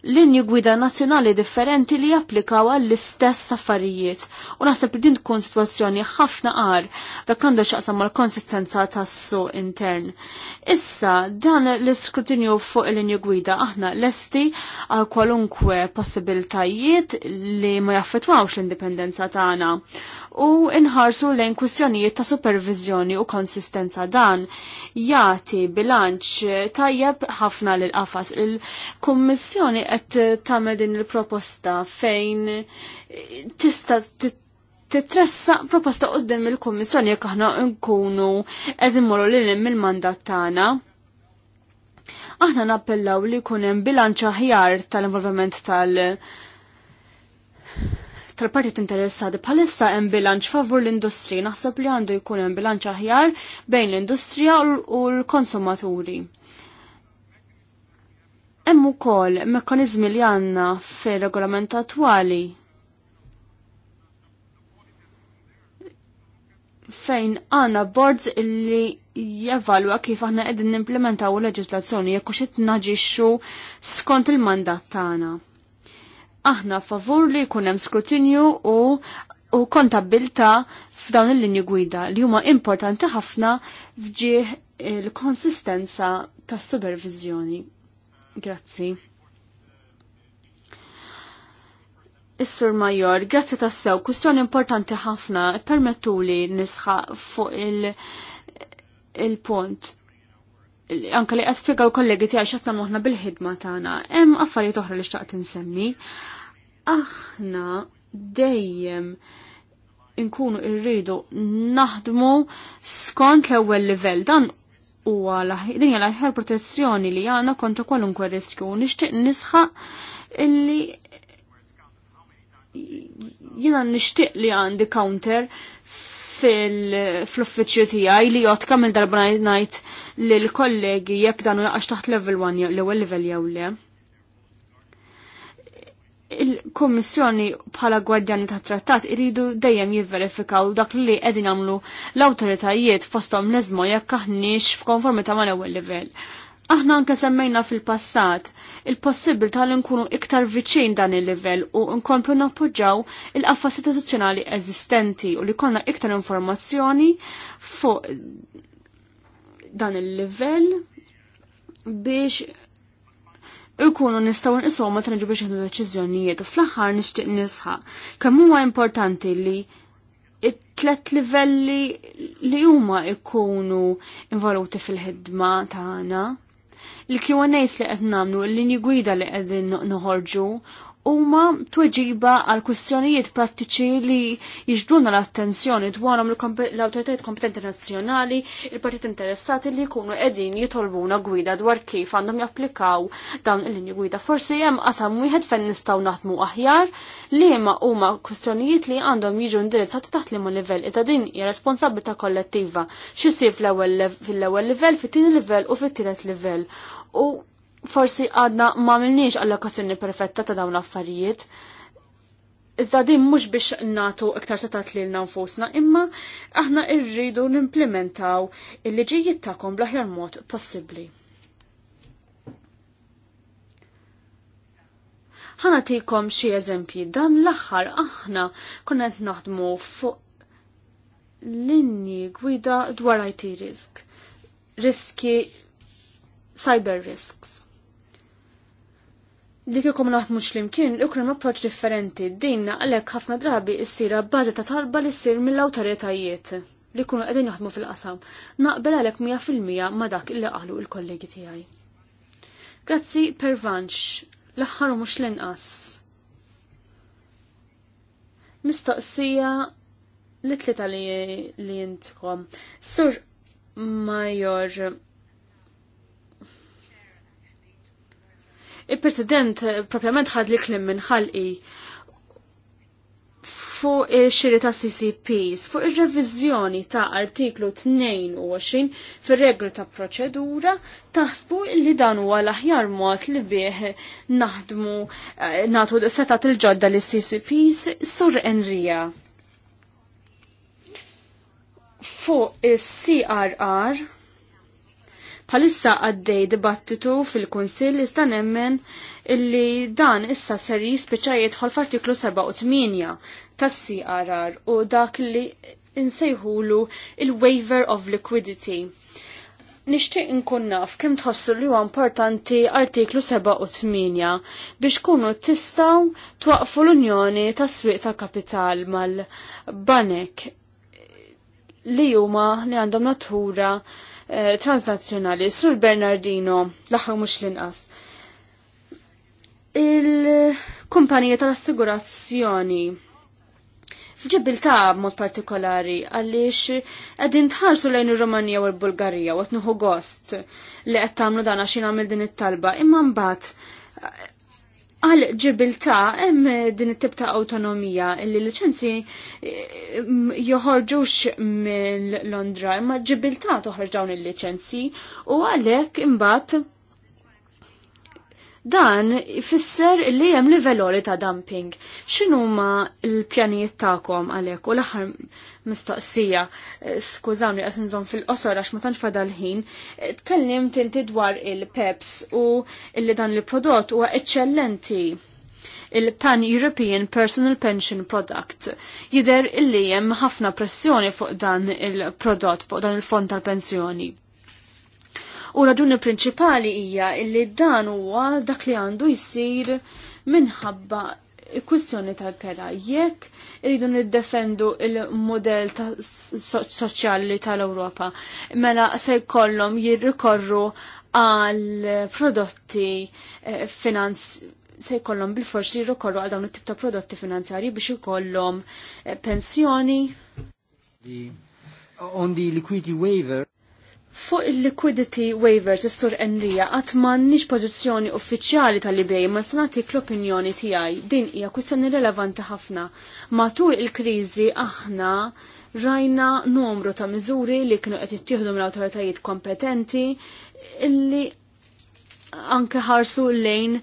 linju gwida nazzjonali differenti li japplikaw għall-istess affarijiet. U naħseb li din tkun situazzjoni ħafna qar dak għandu x'aqsam mal-konsistenza tas-su intern. Issa dan l-iskrutinju fuq il-linju gwida aħna lesti għal kwalunkwe possibiltajiet li ma jaffetwawx l-indipendenza tagħna u inħarsu lejn kwistjonijiet ta' supervizjoni u konsistenza dan jati bilanċ tajjeb ħafna lil qafas Il-Kummissjoni qed tagħmel din il-proposta fejn tista' titressa proposta qudiem il-Kummissjoni jekk aħna nkunu qed immorru lil mill-mandat tagħna. Aħna nappellaw li jkun hemm bilanċ aħjar tal-involviment tal-, -involvement tal tal-partit interessati bħalissa hemm bilanċ favur l-industri, naħseb li għandu jkun hemm bilanċ aħjar bejn l-industrija u l-konsumaturi. Hemm ukoll mekkaniżmi li għandna fir-regolament attwali fejn għanna boards illi jevalwa kif aħna qegħdin nimplementaw il-leġislazzjoni jekk hux naġixxu skont il-mandat tagħna aħna favur li jkun hemm skrutinju u u kontabilta f'dawn il-linji gwida li huma importanti ħafna fġieħ il-konsistenza ta' supervizjoni. Grazzi. Is-Sur Major, grazzi tassew, kwistjoni importanti ħafna, permettu li nisħa fuq il-punt. Il Anka li għaspiega u kollegi tiegħi xaqna moħna bil-ħidma tagħna. Hemm affarijiet oħra li xtaqt insemmi aħna dejjem inkunu irridu naħdmu skont l-ewwel livell dan huwa din hija l-aħjar protezzjoni li għandna kontra kwalunkwe riskju nixtieq nisħaq illi jiena nixtieq li għandi counter fl uffiċċju tiegħi li jotka mill darba ngħid lil kollegi jekk dan jaqax taħt level 1 l-ewwel livell jew le il-Kommissjoni bħala gwardjani ta' trattat iridu dejjem jivverifikaw dak li qegħdin jagħmlu l-awtoritajiet fosthom neżmu jekk aħniex f'konformità mal ewwel livell. Aħna anke semmejna fil-passat il-possibil tal nkunu iktar viċin dan il-livell u nkomplu nappoġġaw il-qaffas istituzzjonali eżistenti u li konna iktar informazzjoni fuq dan il-livell biex ikunu nistgħu nqishom ma tanġu biex jħadu deċiżjonijiet u fl-aħħar nixtieq nisħaq kemm huwa importanti li it-tlet livelli li huma ikunu involuti fil-ħidma tagħna. Il-Q&As li qed nagħmlu, il-linji gwida li qegħdin noħorġu huma tweġiba għal kwistjonijiet prattiċi li jiġduna l-attenzjoni dwarhom l-awtoritajiet kompetenti nazzjonali, il-partit interessati li jkunu qegħdin jitolbuna gwida dwar kif għandhom japplikaw dawn il-linji gwida. Forsi hemm qasam wieħed fejn nistgħu naħdmu aħjar li ma huma kwistjonijiet li għandhom jiġu indirizzati taħt liema livell ta' din hija responsabilità kollettiva x'isir fl fil-ewwel livell, fit-tieni livell u fit-tielet livell. U forsi għadna ma milniex allokazzjoni perfetta ta' dawn l-affarijiet. Iżda din mhux biex nagħtu iktar setat lilna nfusna, imma aħna rridu implementaw il-liġijiet tagħkom bl-aħjar mod possibbli. Ħanatikom xi eżempji dan l-aħħar aħna konna qed naħdmu fuq linji gwida dwar IT risk, riski cyber risks li kiekom naħdmu xlimkien li ukrim differenti dinna għalek ħafna drabi issira bazi ta' talba li ssir mill-awtoritajiet li kunu qegħdin jaħdmu fil-qasam. Naqbel għalek 100% ma' dak illi qalu l-kollegi tiegħi. Grazzi pervanx, l-aħħar mhux l-inqas. Mistoqsija li tlita li jintkom. Sur Major, Il-President eh, propjament ħad li klim minn ħalqi fuq il-xiri ta' CCPs, fuq il-revizjoni ta' artiklu 22 fil-reglu ta' proċedura, taħsbu li dan huwa l-aħjar mod li bih naħdmu eh, natu setat il-ġodda li CCPs sur Enrija. Fuq il-CRR, Palissa għaddej dibattitu fil-Kunsill iżda nemmen illi dan issa ser jispiċa jidħol f'artiklu 78 tas-CRR u dak li insejħulu il-waiver of liquidity. Nixtieq inkun naf kemm tħossu li huwa importanti artiklu 78 biex kunu tistgħu twaqfu l-Unjoni tas-swieq ta' kapital mal-banek li huma li għandhom natura Eh, transnazzjonali. Sur Bernardino, l-aħħar mhux l-inqas. Il-kumpanija tal-assigurazzjoni ta' mod partikolari għaliex għedin tħarsu lejn il-Romanija u l-Bulgarija u għetnuħu gost li għed tamlu dana xina għamil din it-talba imma mbagħad għal ġibilta hemm din it-tip ta' autonomija li liċenzi eh, joħorġux mill Londra, imma ġibilta toħroġ dawn il-liċenzi u għalhekk imbagħad dan ifisser li hemm livelloli ta' dumping. X'inhuma ma l-pjanijiet tagħkom għalhekk u l-aħħar mistoqsija. Eh, Skużawni għas nżom fil-qosor għax ma tanċ fadal ħin. Eh, Tkellimt inti dwar il-PEPS u illi dan il-prodott huwa eċċellenti il-Pan European Personal Pension Product. Jider illi jem ħafna pressjoni fuq dan il-prodott, fuq dan il-fond tal-pensjoni. U raġuni prinċipali hija illi dan huwa dak li għandu jsir minħabba kwistjoni ta' kera jekk iridu niddefendu il-modell ta' soċjali tal-Ewropa, mela se jkollhom jirrikorru għal prodotti eh, finanz se jkollhom bil-forsi jirrikorru għal dawn it-tip ta' prodotti finanzjarji biex ikollhom eh, pensjoni. On the liquidity waiver. Fuq il-liquidity waivers is-sur Enrija qatt m'għandniex pożizzjoni uffiċjali tal-eBay ma s nagħtik l-opinjoni tiegħi. Din hija kwistjoni rilevanti ħafna. Matul il-kriżi aħna rajna numru ta' miżuri li kienu qed jittieħdu mill-awtoritajiet kompetenti illi anke ħarsu lejn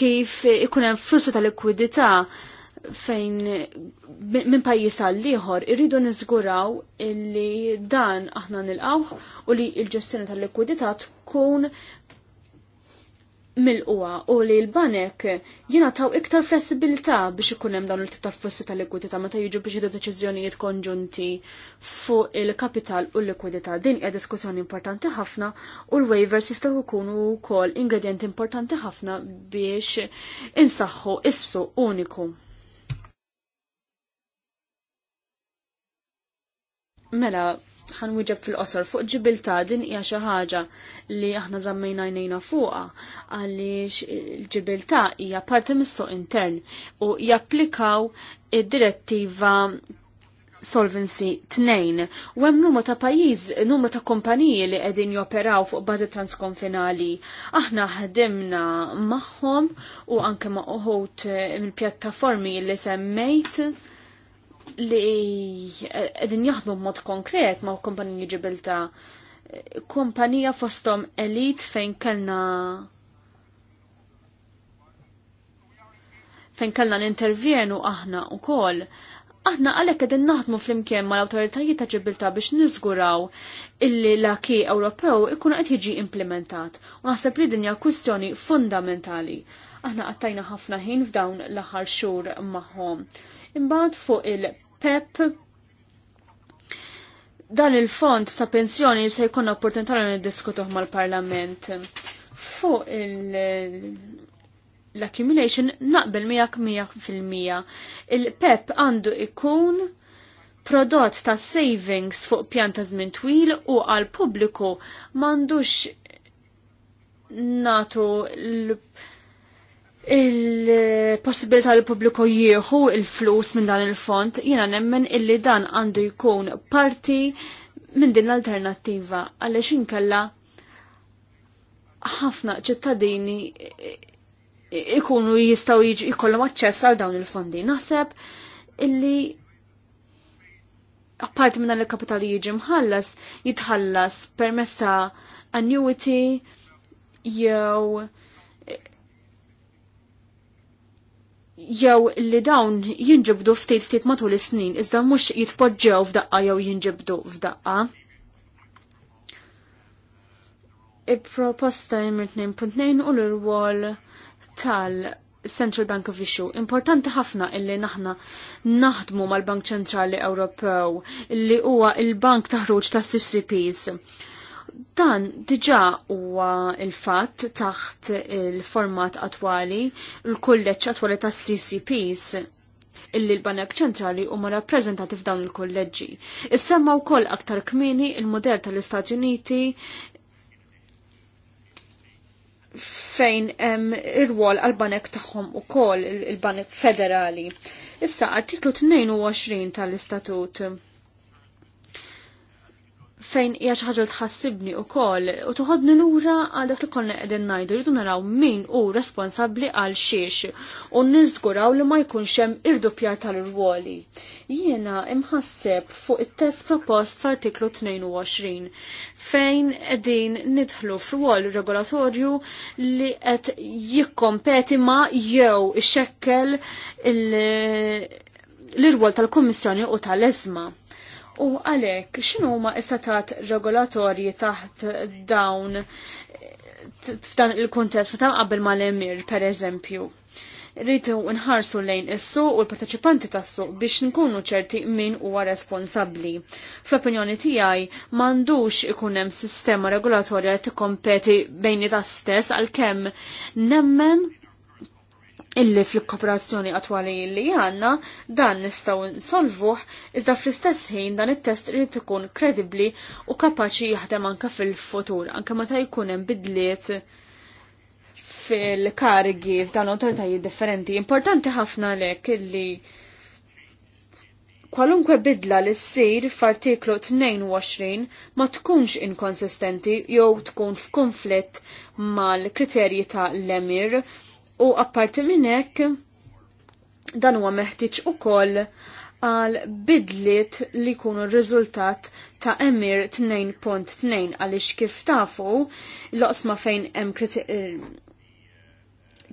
kif ikun hemm flussu ta' likwidità fejn minn pajjiż għal ieħor irridu niżguraw li dan aħna nilqaw u li l-ġestjoni tal-likwidità tkun mill-qwa u li l-banek jiena taw iktar flessibilità biex ikun hemm dawn il-tip ta' flussi tal-likwidità meta jiġu biex jidu deċiżjonijiet konġunti fuq il-kapital u l-likwidità. Din hija diskussjoni importanti ħafna u l-waivers jistgħu jkunu wkoll ingredjent importanti ħafna biex insaħħu issu uniku. Mela, ħan wieġeb fil-qosor fuq ġibilta din hija xi ħaġa li aħna żammejna jnejna fuqha għaliex il-ġibilta hija parti mis-suq intern u japplikaw id-direttiva Solvency 2 u hemm numru ta' pajjiż, numru ta' kumpaniji li qegħdin joperaw fuq bażi transkonfinali. Aħna ħdimna magħhom u anke ma' uħut mill-pjattaformi li semmejt li eh, edin jaħdmu b'mod konkret ma' kumpaniji ġibilta. Eh, kumpanija fostom elit fejn kellna fejn kellna n-intervjenu aħna u kol. Aħna għalek edin naħdmu fl-imkien ma l-autoritajiet ta' ġibilta biex nizguraw illi l-aki Ewropew ikun qed jiġi implementat. U naħseb li dinja kwistjoni fundamentali. Aħna għattajna ħafna ħin f'dawn l-aħħar xhur magħhom. Imbagħad fuq il PEP dan il-fond ta' pensjoni se jkun opportunità li niddiskutuh mal-Parlament. Fuq l-accumulation naqbel miegħek miegħek fil-mija. Il-PEP għandu ikun prodott ta' savings fuq pjan ta' żmien twil u għal pubbliku m'għandux natu il-possibilità li pubbliku jieħu il-flus minn dan il-font, jiena nemmen illi dan għandu jkun parti minn din l-alternattiva għaliex inkella ħafna ċittadini ikunu jistaw jikollu maċċess għal dawn il-fondi. Naħseb illi apart minn dan il-kapital jiġi mħallas, jitħallas permessa annuity jew jew li dawn jinġibdu ftit ftit matul is-snin, iżda mhux jitpoġġew f'daqqa jew jinġibdu f'daqqa. Il-proposta jemrit 2.2 u l-rwol tal-Central Bank of Issue. Importanti ħafna illi naħna naħdmu mal-Bank Ċentrali Ewropew, illi huwa il-bank taħruġ tas-CCPs Dan diġa huwa il-fatt taħt il-format attwali l kulleġġ attwali tas CCPs illi l-Banek ċentrali huma rappreżentati f'dawn il-kolleġġi. Issemma wkoll aktar kmini il model tal-Istati Uniti fejn hemm ir-rwol għal-banek tagħhom ukoll il-banek federali. Issa artiklu 22 tal-istatut fejn hija ħagġa tħassibni tħassibni wkoll u toħodni lura għal dak li konna qegħdin ngħidu rridu naraw min hu responsabbli għal xiex u niżguraw li ma jkunx hemm pjar tal rwoli Jiena imħasseb fuq it-test propost f'artiklu 22 fejn qegħdin nidħlu f'rwol regolatorju li qed jikkompeti ma jew ixekkel l-irwol tal-Kummissjoni u tal-Eżma U għalek, xinu ma istatat regolatorji taħt dawn f'dan il-kontest, f'dan qabel ma l-emir, per eżempju. Rritu nħarsu lejn issu u l-parteċipanti tassu biex nkunu ċerti min huwa responsabli. Fl-opinjoni tiegħi m'għandux ikun hemm sistema regolatorja li tikkompeti bejni ta' stess għalkemm nemmen illi fil-kooperazzjoni attwali li għanna dan nistaw nsolvuħ, iżda fl-istess ħin dan it-test irid ikun kredibli u kapaċi jaħdem anka fil-futur, anka meta jkun hemm bidliet fil-karigi f'dan autoritajiet differenti. Importanti ħafna lek illi kwalunkwe bidla li ssir f'artiklu 22 ma tkunx inkonsistenti jew tkun f'konflitt mal-kriterji ta' l-emir U apparti minn hekk dan huwa meħtieġ ukoll għal bidliet li jkunu r-riżultat ta' emir 2.2 għaliex kif tafu l-osma fejn hemm eh,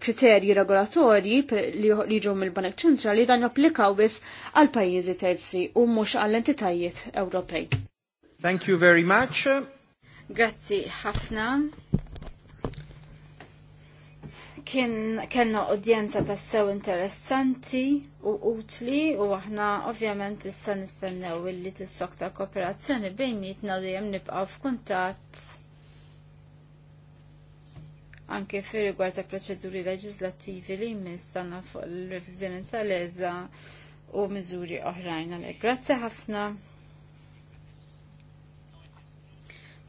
kriterji regolatorji li jiġu mill-Banek Ċentrali dan applikaw biss għal pajjiżi terzi u mhux għall entitajiet Ewropej. Thank you very much. Grazzi ħafna kien kellna udjenza ta' sew interessanti u utli u aħna ovvjament issa nistennew illi tissok ta' kooperazzjoni bejnietna li hemm nibqgħu f'kuntatt anke fi rigward ta' proċeduri leġislattivi li jmiss fuq il revizjoni tal-eża u miżuri oħrajn għalhekk. Grazzi ħafna.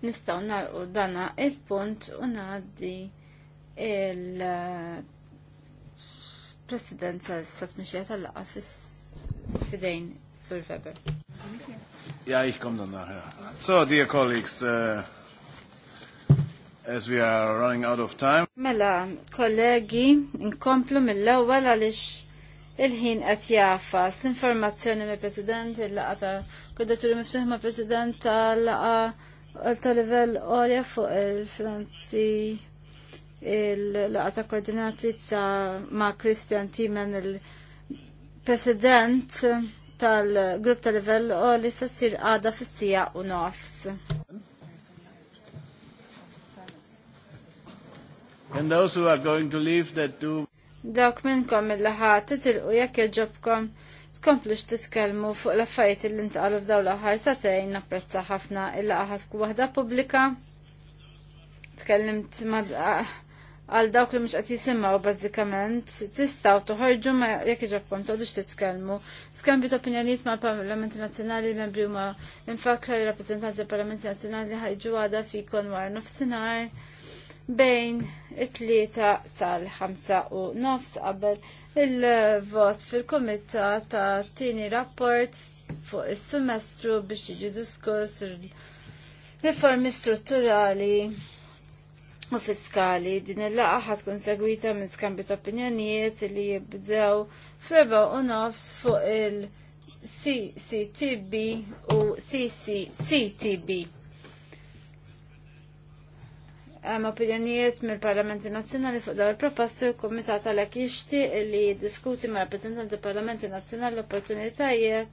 Nistgħu nagħlqu dana il-punt u ngħaddi il-President tal-Sasmixja tal-laqa fidejn Sur Weber. Ja, ich komme dann nachher. So, dear colleagues, uh, as we are running out of time. Mela, kollegi, inkomplu mill-ewwel għaliex il-ħin qed jafas l-informazzjoni me president il laqata ta' kudaturi ma' president tal-laqa tal level għalja fuq il-Franzi il-laqa ta' koordinati ma' Christian Timen il-president tal-grupp tal-level u li s-sir għada fissija u nofs. And those who are going to leave that do. Dawk minnkom il-laħat titilqu jekk jġobkom tkomplux titkellmu fuq l-affarijiet li ntqalu f'daw l-aħħar satejn napprezza ħafna il-laqgħa tkun waħda pubblika. Tkellimt ma' għal dawk li mhux qed jisimgħu bażikament tistaw toħorġu ma jekk iġobkom toqgħodux titkellmu. Skambju ta' opinjonijiet ma' Parlament Nazzjonali membri huma infakra li rappreżentanti tal-Parlament Nazzjonali ħajġu għada fikon war nofsinhar bejn it-tlieta sal-5 u nofs qabel il-vot fil komitta ta' tieni rapport fuq is-semestru biex jiġi diskuss riformi strutturali u fiskali din il-laqa kun segwita minn skambju ta' opinjonijiet li jibdew f'erba' u nofs fuq il-CCTB u CCCTB. Hemm opinjonijiet mill-Parlamenti Nazzjonali fuq dawn il-proposti u l-Kumitat għalhekk li jiddiskuti ma' rappreżentanti Parlamenti Nazzjonali l-opportunitajiet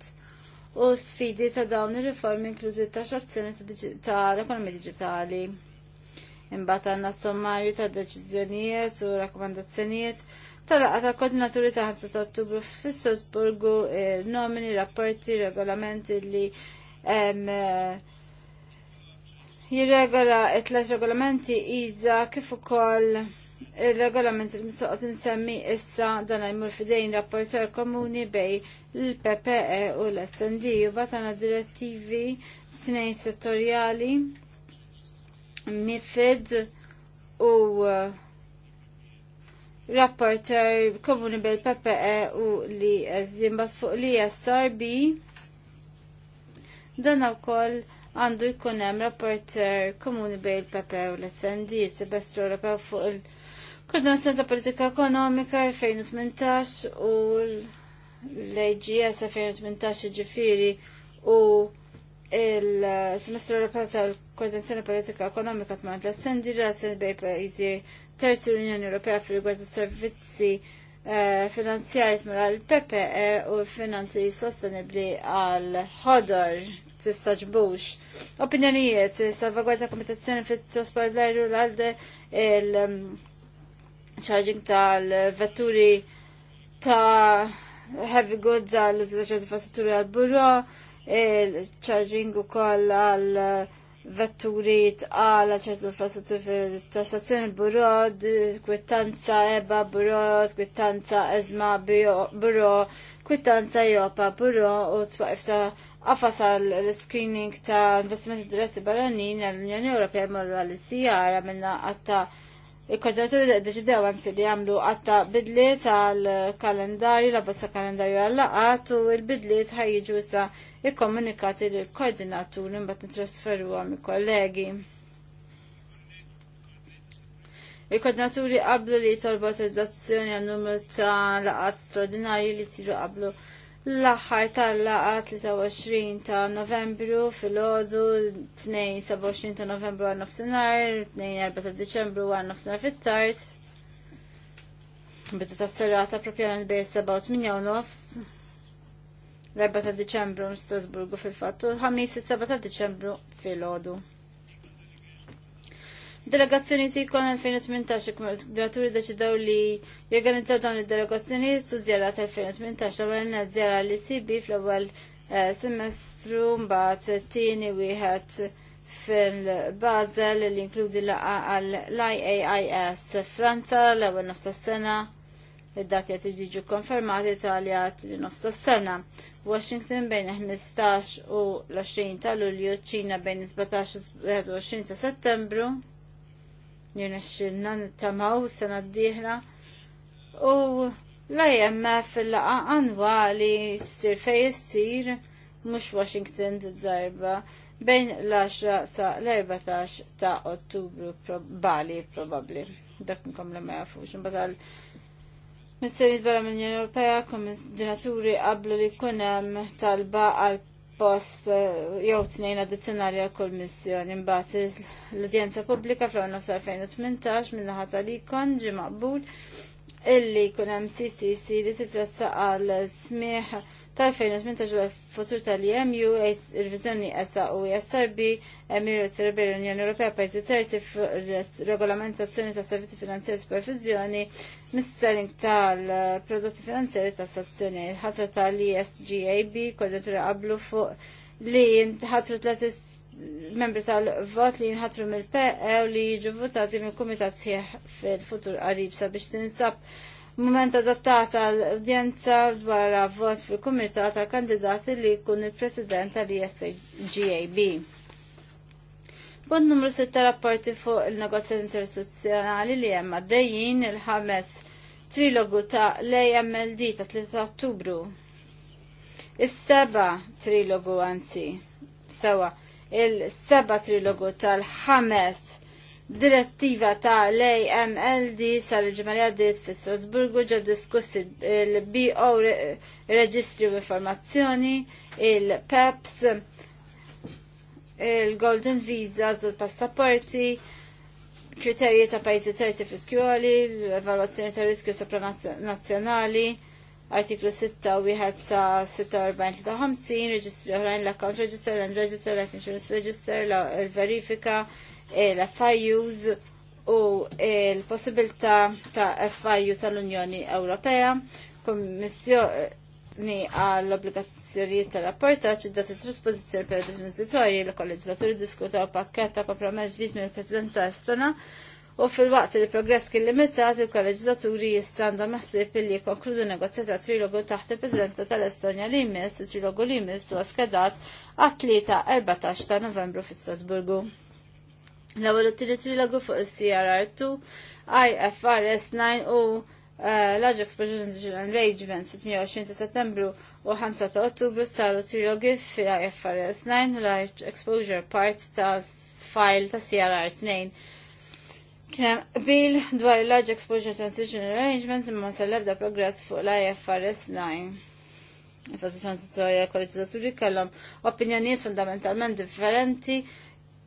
u sfidi ta' dawn ir-riformi inkluzi ta' xazzjoni ta' l ekonomi digitali. Imbagħad għandna sommarju ta' deċiżjonijiet u rakkomandazzjonijiet tal-laqgħa ta' koordinaturi ta' 5 ta' Ottubru fis-Sosburgu eh, nomini, rapporti, regolamenti li eh, jirregola it-tlet regolamenti iża kif ukoll il-regolament il-mistoqot nsemmi issa dan jmur fidejn rapporter komuni bej l-PPE u l-SND u batana direttivi t tnejn settorjali mifid u uh, rapporter komuni bil PPE u li zimbat fuq li SRB dan koll għandu jkun hemm rapporter komuni bil PPE u l-SND sebestru Ewropew fuq il koordinazzjoni ta' politika ekonomika 2018 u l-IGS 2018 ġifiri u il-semestru Ewropew tal koordinazzjoni politika ekonomika tmar l-assendi relazzjoni bej pajjiżi terzi l-Unjoni Ewropea fil rigward servizzi eh, finanzjari tmar għal PPE u finanzi sostenibli għal ħodor tistaġbux. Opinjonijiet, salvagwarda komitazzjoni fit trasport l-ajru l-għalde il-ċarġing mm, tal-vetturi ta' heavy goods għal-użitazzjoni ta' infrastruttura għal burro il-ċarġing u koll għal-, -għal vetturi għala ċertu infrastruttur fil-tassazzjoni burod, kwittanza eba burod, kwittanza ezma buro, kwittanza jopa buro u twaqif ta' għafasa l-screening ta' investimenti diretti barranin għall-Unjoni Ewropea marru għall-ICR minna għatta' il-koordinaturi deċidew anzi li għamlu għatta bidliet għal kalendarju, la bassa kalendarju għall-laqat u il-bidliet ħajġu issa komunikati li l-koordinaturi mbagħad trasferu għam kollegi Il-koordinaturi qablu li jitolbu autorizzazzjoni għal numru ta' laqat straordinarji li jsiru qablu l-aħħar tal-laqa 23 ta' novembru fil-ħodu, 27 ta' novembru għan nofsenar, 24 ta' deċembru għan nofsenar fit-tart. Bitu ta' serrata propjament bej 7 8, nofs. L-4 ta' deċembru Strasburgu fil-fattu, l-5 7 ta' deċembru fil-ħodu. Delegazzjoni tikon 2018 kmil-graturi deċidaw li jorganizzaw dawn il-delegazzjoni su zjara 2018 l għalina zjara li sibi fl-ewwel semestru mbagħad tieni wieħed fil-Basel li inkludi laqa għall-IAIS Franza l-ewwel nofsa sena id-dati għat ġiġu konfermati li nofsa s sena Washington bejn 15 u l-20 ta' ulju Ċina bejn 17 u 21 ta' Settembru nirnexxilna nittamaw sena d-dieħla u l fil il-laqa annwali s-sir fej s-sir mux Washington d-darba bejn l-10 sa l-14 ta' ottubru bali probabli. Dak nkom li ma jafux. Mbagħad Misteri barra mill-Unjoni Ewropea, dinaturi qablu li kunem talba għal post eh, jew tnejn addizzjonali għal kull missjoni imbagħad l-udjenza pubblika fl-għonofs minn minnaħa tal-ikon ġi maqbul illi kun hemm CCC li titwassaq għal smieħ tal-2018 futur tal-EMU, il-vizjoni ESA u SRB Emirat Serbi l-Unjoni Ewropea pajzi terzi regolamentazzjoni ta' servizi finanzjari supervizjoni, mis-selling tal-prodotti finanzjari ta' stazzjoni, il-ħatra tal isgab koordinatura qablu fuq li jintħatru membri tal-vot li jinħatru mill-PE u li jiġu votati mill-Kumitat fil-futur qarib sabiex tinsab Moment adattata l-udjenza dwar vot fil-Kumitat ta' kandidati li jkun il-President tal gab Punt numru 6 rapporti fuq il-negozjat interistituzzjonali li hemm għaddejjin il-ħames trilogu ta' l-AMLD ta' 3 Ottubru. Is-seba trilogu anzi, sewa, il-seba trilogu tal-ħames direttiva ta' lej MLD sar il-ġimali għaddit fi Strasburgu ġab diskussi il-BO registri u informazzjoni, il-PEPS, il-Golden Visa u l-passaporti, kriterji ta' pajzi terzi fiskjoli, l-evaluazzjoni ta' riskju sopranazzjonali, artiklu 6 wieħed sa 46-53, reġistri oħrajn l-account register, l-end register, l insurance register, l-verifika, l verifika l-FIUs u l-possibilità ta' FIU tal-Unjoni Ewropea, kommissjoni għall obbligazzjonijiet tal rapporta ċiddat il trasposizjoni per transitorji li kolleġlaturi diskutaw pakket ta' kompromess minn mill-Presidenza Estona u fil-waqt li progress kien limitat il-kolleġlaturi jistanda maħsib li konkludu negozjata trilogu taħt il-Presidenza tal-Estonja li jmiss, trilogu li jmiss u għaskadat għat tlieta 14 ta' novembru fi Strasburgu. L-ewwel trilogu fuq is-CRR2, IFRS 9 u uh, l-Ajax Provision Arrangements fit-28 ta' Settembru u 5 ta' Ottubru saru trilogi fi IFRS 9 u l-Exposure Part ta' file ta' CRR2. Kien bil dwar il-Large Exposure Transition Arrangements imma sal-ebda progress fuq l-IFRS 9 il-pozizjoni t-tora kolleġizaturi kellhom opinjonijiet fundamentalment differenti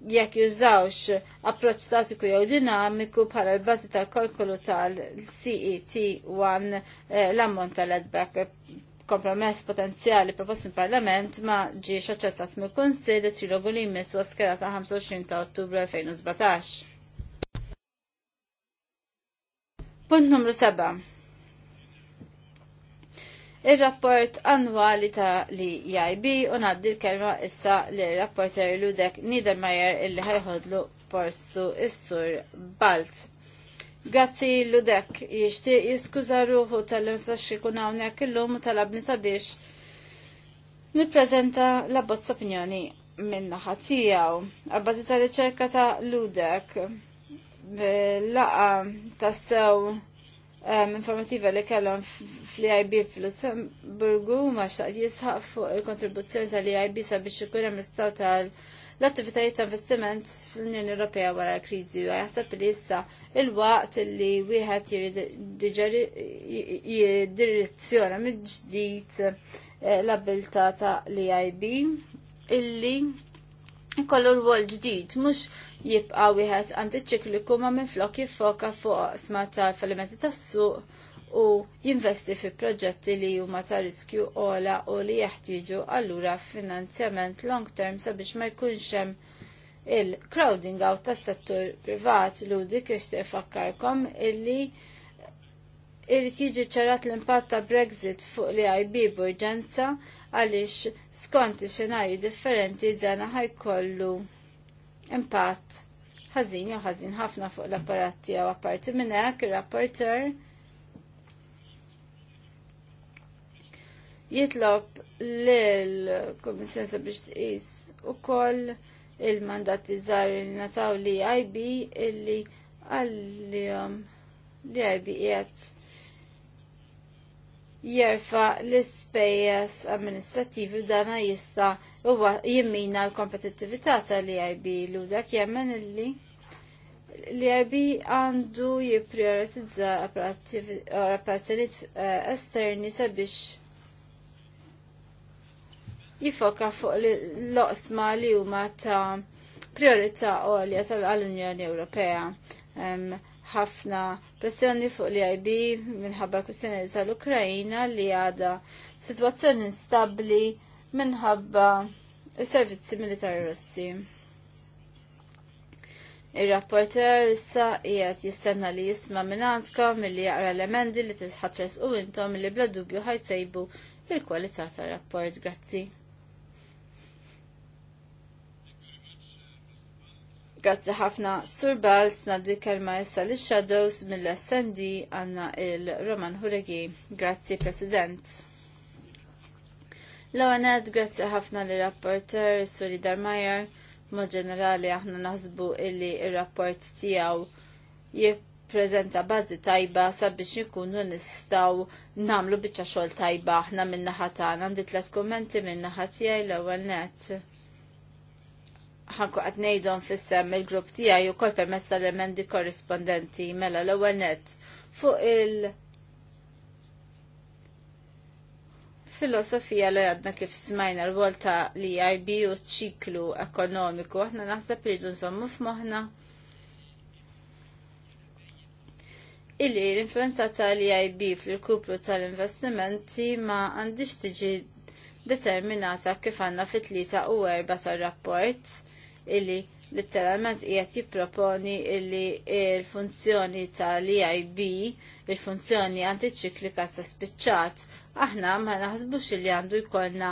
jekk jużawx approċċ statiku jew dinamiku bħala l-bażi tal-kalkolu tal-CET1 eh, l-ammont tal edbek kompromess potenzjali propost in parlament ma ġiex aċċettat mill konsil li trilogu li jmiss huwa skerata 25 ta' Ottubru 2017. Punt numru 7 il-rapport annwali ta' li jajbi u naddi l-kelma issa li rapporter Ludek Niedermayer illi ħajħodlu porstu is-sur Balz. Grazzi Ludek, jishtiq jiskuza ruħu tal-imsax ikun hawnhekk illum u talabni sabiex nippreżenta la bozza opinjoni minna ħatijaw. Għabbażi ta' riċerka ta' Ludek, laqa ta' sew informativa li kellhom fl-IB fl lussemburgu ma xtaqt jisħaq fuq il-kontribuzzjoni tal-IB sabiex ikun hemm istaw tal- l-attivitajiet ta' investiment fl-Unjoni Ewropea wara l-kriżi u jaħseb li issa il-waqt li wieħed jiddirizzjona mid-ġdid eh, l-abilità ta' l-IB illi kollur wol ġdid, mux jibqa wieħed antiċikliku ma minflok jiffoka fuq sma ta' falimenti tas-suq u jinvesti fi proġetti li huma ta' riskju ola u li jeħtieġu allura finanzjament long term sabiex ma jkunx hemm il-crowding out tas settur privat li dik ixtieq ifakkarkom illi irrid jiġi ċarat l-impatt ta' Brexit fuq li IB b'urġenza għaliex skont xenarji differenti dana ħajkollu impatt ħażin jew ħażin ħafna fuq l-apparat tiegħu apparti minn hekk ir-rapporter jitlob lil kummissjoni biex tqis ukoll il-mandati żgħar li nataw li IB illi għallihom li IB qiegħed jerfa l-ispejjeż amministrativi u dana jista' huwa jimmina l-kompetittività tal-EIB lu dak jemmen illi l irb għandu jipprioritizza operazzjonijiet uh, uh, esterni sabiex jifoka fuq l-oqsma li huma ta' priorità għolja tal-Unjoni Ewropea. Um, ħafna pressjoni fuq li IB minħabba kwistjoni tal-Ukrajina li għada situazzjoni instabli minħabba il-servizzi militari russi. Il-rapporter issa qiegħed jistenna li jisma' minn għandkom milli jaqra l-emendi li tisħatres u intom li bla dubju ħajtejbu il-kwalità tar-rapport. Grazzi. Grazzi ħafna Sur Balz naddi kelma issa li shadows mill sendi għanna il-Roman Huregi. Grazzi President. L-għanet, grazzi ħafna li rapporter Suri Darmajer, ma ġenerali aħna naħsbu illi il-rapport tijaw jipprezenta bazi tajba sabiex jikunu nistaw namlu bieċa xol tajba aħna minna ħatan. Għandi tlet kommenti minna ħatijaj l-għanet ħanku għatnejdon fissem il-grupp tijaj u kol permess tal-emendi korrispondenti mela l ewwel net fuq il- filosofija li għadna kif smajna l volta li IB u ċiklu ekonomiku, aħna naħseb li nżommu f-moħna illi l-influenza ta' li fil-kuplu tal-investimenti ma għandix tiġi determinata kif għanna fit-tlieta u erba tar-rapport illi letteralment qiegħed jipproponi illi il-funzjoni tal-EIB, il-funzjoni antiċiklika ta' spiċċat, aħna ma naħsbux li għandu jkollna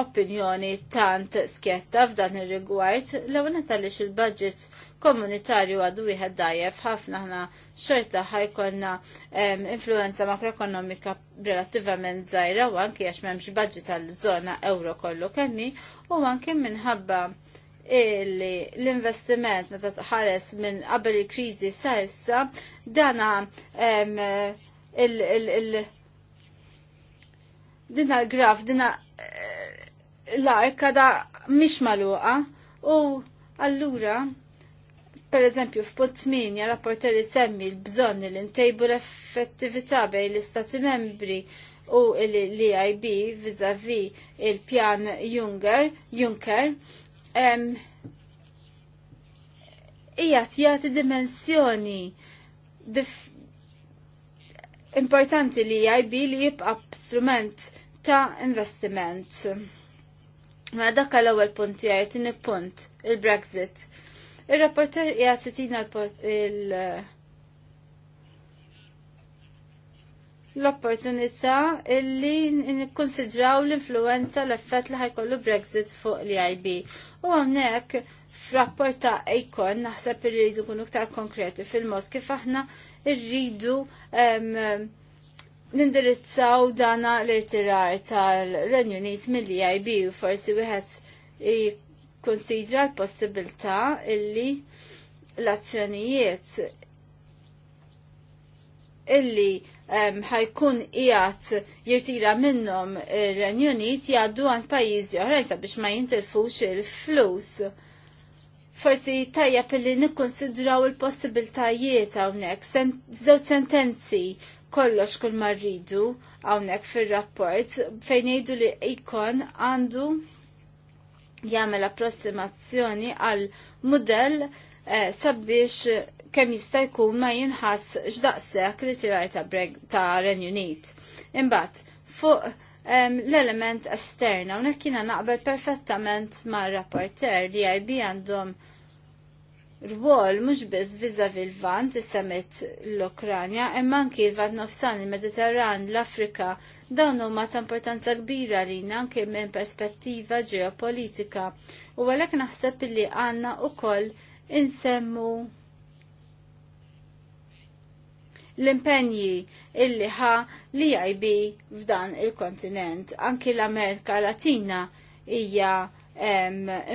opinjoni tant skjetta f'dan ir-rigward l tal lix il-budget komunitarju għadu wieħed dajjef ħafna ħna xorta ħajkonna influenza makroekonomika relattivament żgħira u anke għax m'hemmx budget tal żona euro kollu kemmi u għanki minħabba illi l-investiment meta tħares minn qabel il-kriżi sa issa dana il- dina graf dina eh, l-arka da mish maluqa u allura per eżempju f'punt 8 rapporteri semmi l-bżonn li ntejbu l-effettività bejn l-istati membri u l-EIB vis il-pjan Juncker, Juncker ija jagħti dimensjoni importanti li jajbi li jibqa' strument ta' investiment. Ma dakka l-ewwel punt jgħid punt il-Brexit. Ir-rapporter qiegħed sitina l l-opportunità illi nikkonsidraw l-influenza l-effett li ħajkollu Brexit fuq l-IB. U għonek f'rapport ta' Econ naħseb irridu kunu ktar konkreti fil-mod kif aħna irridu nindirizzaw dana l-irtirar tal-Renju Unit mill ib u forsi wieħed jikkonsidra l-possibilità illi l-azzjonijiet illi ħajkun qiegħed jirtira minnhom ir-Renju Unit jgħaddu għand pajjiżi oħrajn sabiex ma jintilfux il-flus. Forsi tajjeb li nikkonsidraw il-possibiltajiet hawnhekk, zew sentenzi kollox kull marridu hawnhekk fir-rapport fejn jgħidu li ikon għandu jagħmel approssimazzjoni għal mudell eh, sabiex kemm jista' jkun ma jinħass x'daqshekk li tirar ta' breg ta' Renjunit. Imbagħad fuq l-element esterna unek jiena naqbel perfettament mar rapporter li IB għandhom rwol mhux biss viżavi l-vant is l-Ukranja imma anki l-vant nofsan il-Mediterran l-Afrika dawn huma ta' importanza kbira lina anke minn perspettiva ġeopolitika u għalhekk naħseb li għandna wkoll insemmu l-impenji illi ħa li jajbi f'dan il-kontinent. Anki l-Amerika Latina hija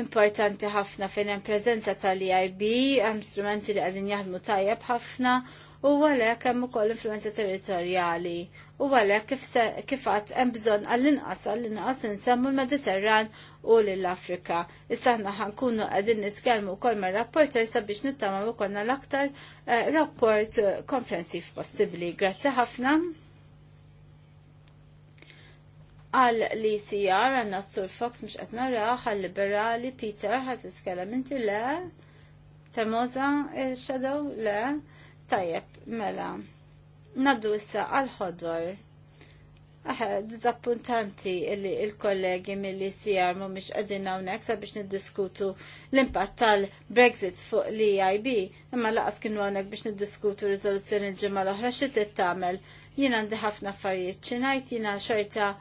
importanti ħafna fejn hemm preżenza tal-EIB, hemm strumenti li qegħdin jaħdmu tajjeb ħafna u għalhekk hemm ukoll influenza territorjali u għalhekk kif għat hemm bżonn għall-inqas għall-inqas insemmu l-Mediterran u lill-Afrika. Issa aħna ħankunu qegħdin nitkellmu wkoll mar-rapporter sabiex nittama' konna l-aktar eh, rapport komprensif possibbli. Grazzi ħafna. Għal li sijar e għanna t sur Fox mux għetna raħ għal-liberali Peter għat iskellem inti le. Termoza il-shadow le. Tajjeb, mela. Naddu issa għal-ħodor. Dizappuntanti illi il-kollegi mill-li sijar mu mux għadin għawnek sabiex niddiskutu l-impatt tal-Brexit fuq l ib imma laqas kienu għawnek biex niddiskutu rizoluzzjoni l-ġimma l-oħra xie t-tamel. Jina għandi ħafna affarijiet ċinajt, jina xorta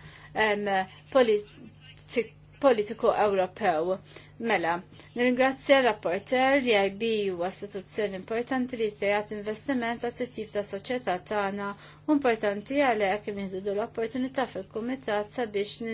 politiku Ewropew. Mela, nirringrazzja l-rapporter li IB huwa istituzzjoni importanti li jistajat investiment għat tip ta' soċjetà tagħna importanti għalhekk nieħdu l-opportunità fil-kumitat sabiex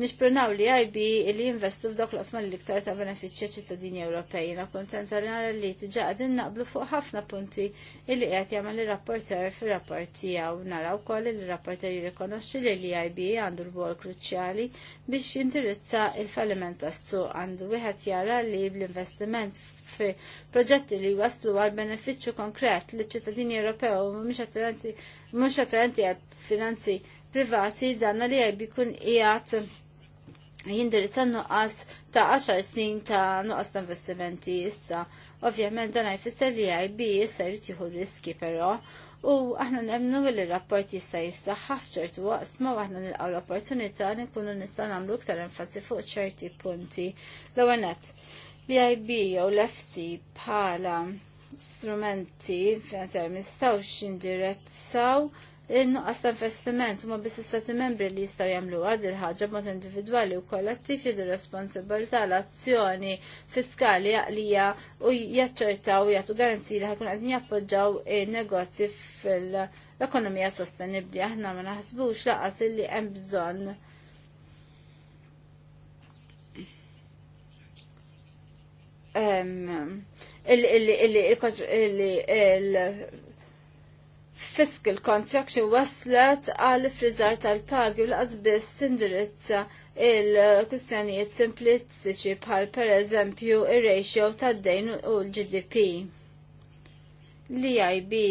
nisprunaw li IB li jinvestu f'dok l-osma l-iktar ta' benefiċċja ċittadini Ewropej. Jina kontenta li nara li tiġa għadin naqblu fuq ħafna punti illi qed jagħmel ir-rapporter fir-rapport tiegħu. Naraw ukoll li l-rapporter jirrikonoxxi li l-IB għandu l l-bol kruċjali biex jindirizza il-falliment tas-suq għandu wieħed jara li bl-investiment fi proġetti li waslu għal beneficju konkret li ċittadini Ewropew mhux attrenti għal finanzi privati danna li għaj bikun ijat jindirizza nuqqas ta' 10 snin ta' nuqqas ta' investimenti issa. Ovvjament dan jfisser li IB issa jrid jieħu riski però u aħna nemnu li l-rapport jista' jissaħħa f'ċertu waqsma u aħna nilqgħu l-opportunità li nkunu nista' nagħmlu iktar enfasi fuq ċerti punti. L-ewwel nett, li IB jew l-FC bħala strumenti finanzjari mistawx indirezzaw il-nuqqas ta' investiment huma biss istati membri li jistgħu jagħmlu għad il-ħaġa b'mod individwali u kollettiv jidu responsabilità l-azzjoni fiskali għalija u jaċċertaw jagħtu garanzi li ħakun qegħdin jappoġġaw in-negozji fil-ekonomija sostenibbli. Aħna ma naħsbux laqas illi hemm bżonn il-kontribuzzjoni fiscal contraction waslet għal frizzar tal-pagi u l-qasbis tindirizza il-kustjonijiet simplistiċi bħal per eżempju il-ratio tad-dejn u l-GDP. L-IB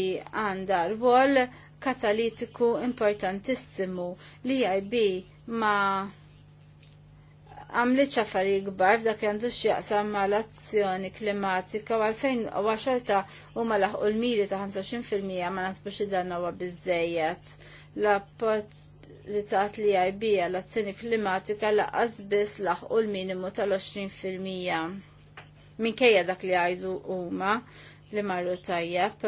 għanda rwol katalitiku importantissimu. L-IB ma għamlit ċaffari gbar f'dak li xieqsam ma' l-azzjoni klimatika u għalfejn u xorta u ma laħqu l-miri ta' 25% ma nasbux id danna u għabizzejiet. L-appoġġ li tat li għajbija l-azzjoni klimatika laqqas biss laħqu l-minimu tal-20%. Minkejja dak li għajdu huma li marru tajjeb.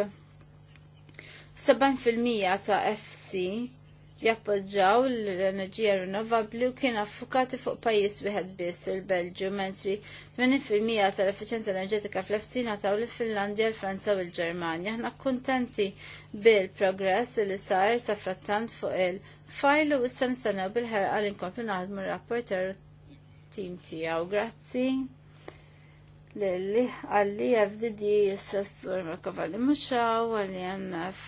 7% ta' FC jappoġġaw l-enerġija rinnovabbli u kien affukati fuq pajjiż wieħed biss il-Belġju, mentri 80% tal effiċjenza enerġetika fl-efsina taw l finlandja l-Franza u l-Ġermanja. Aħna kuntenti bil-progress li sar sa frattant fuq il fajlu u s nistennew bil-ħerqa li nkomplu naħdmu r-rapporter tim tiegħu. Grazzi li għalli FDD jessessur kavalli Muxaw, għalli MF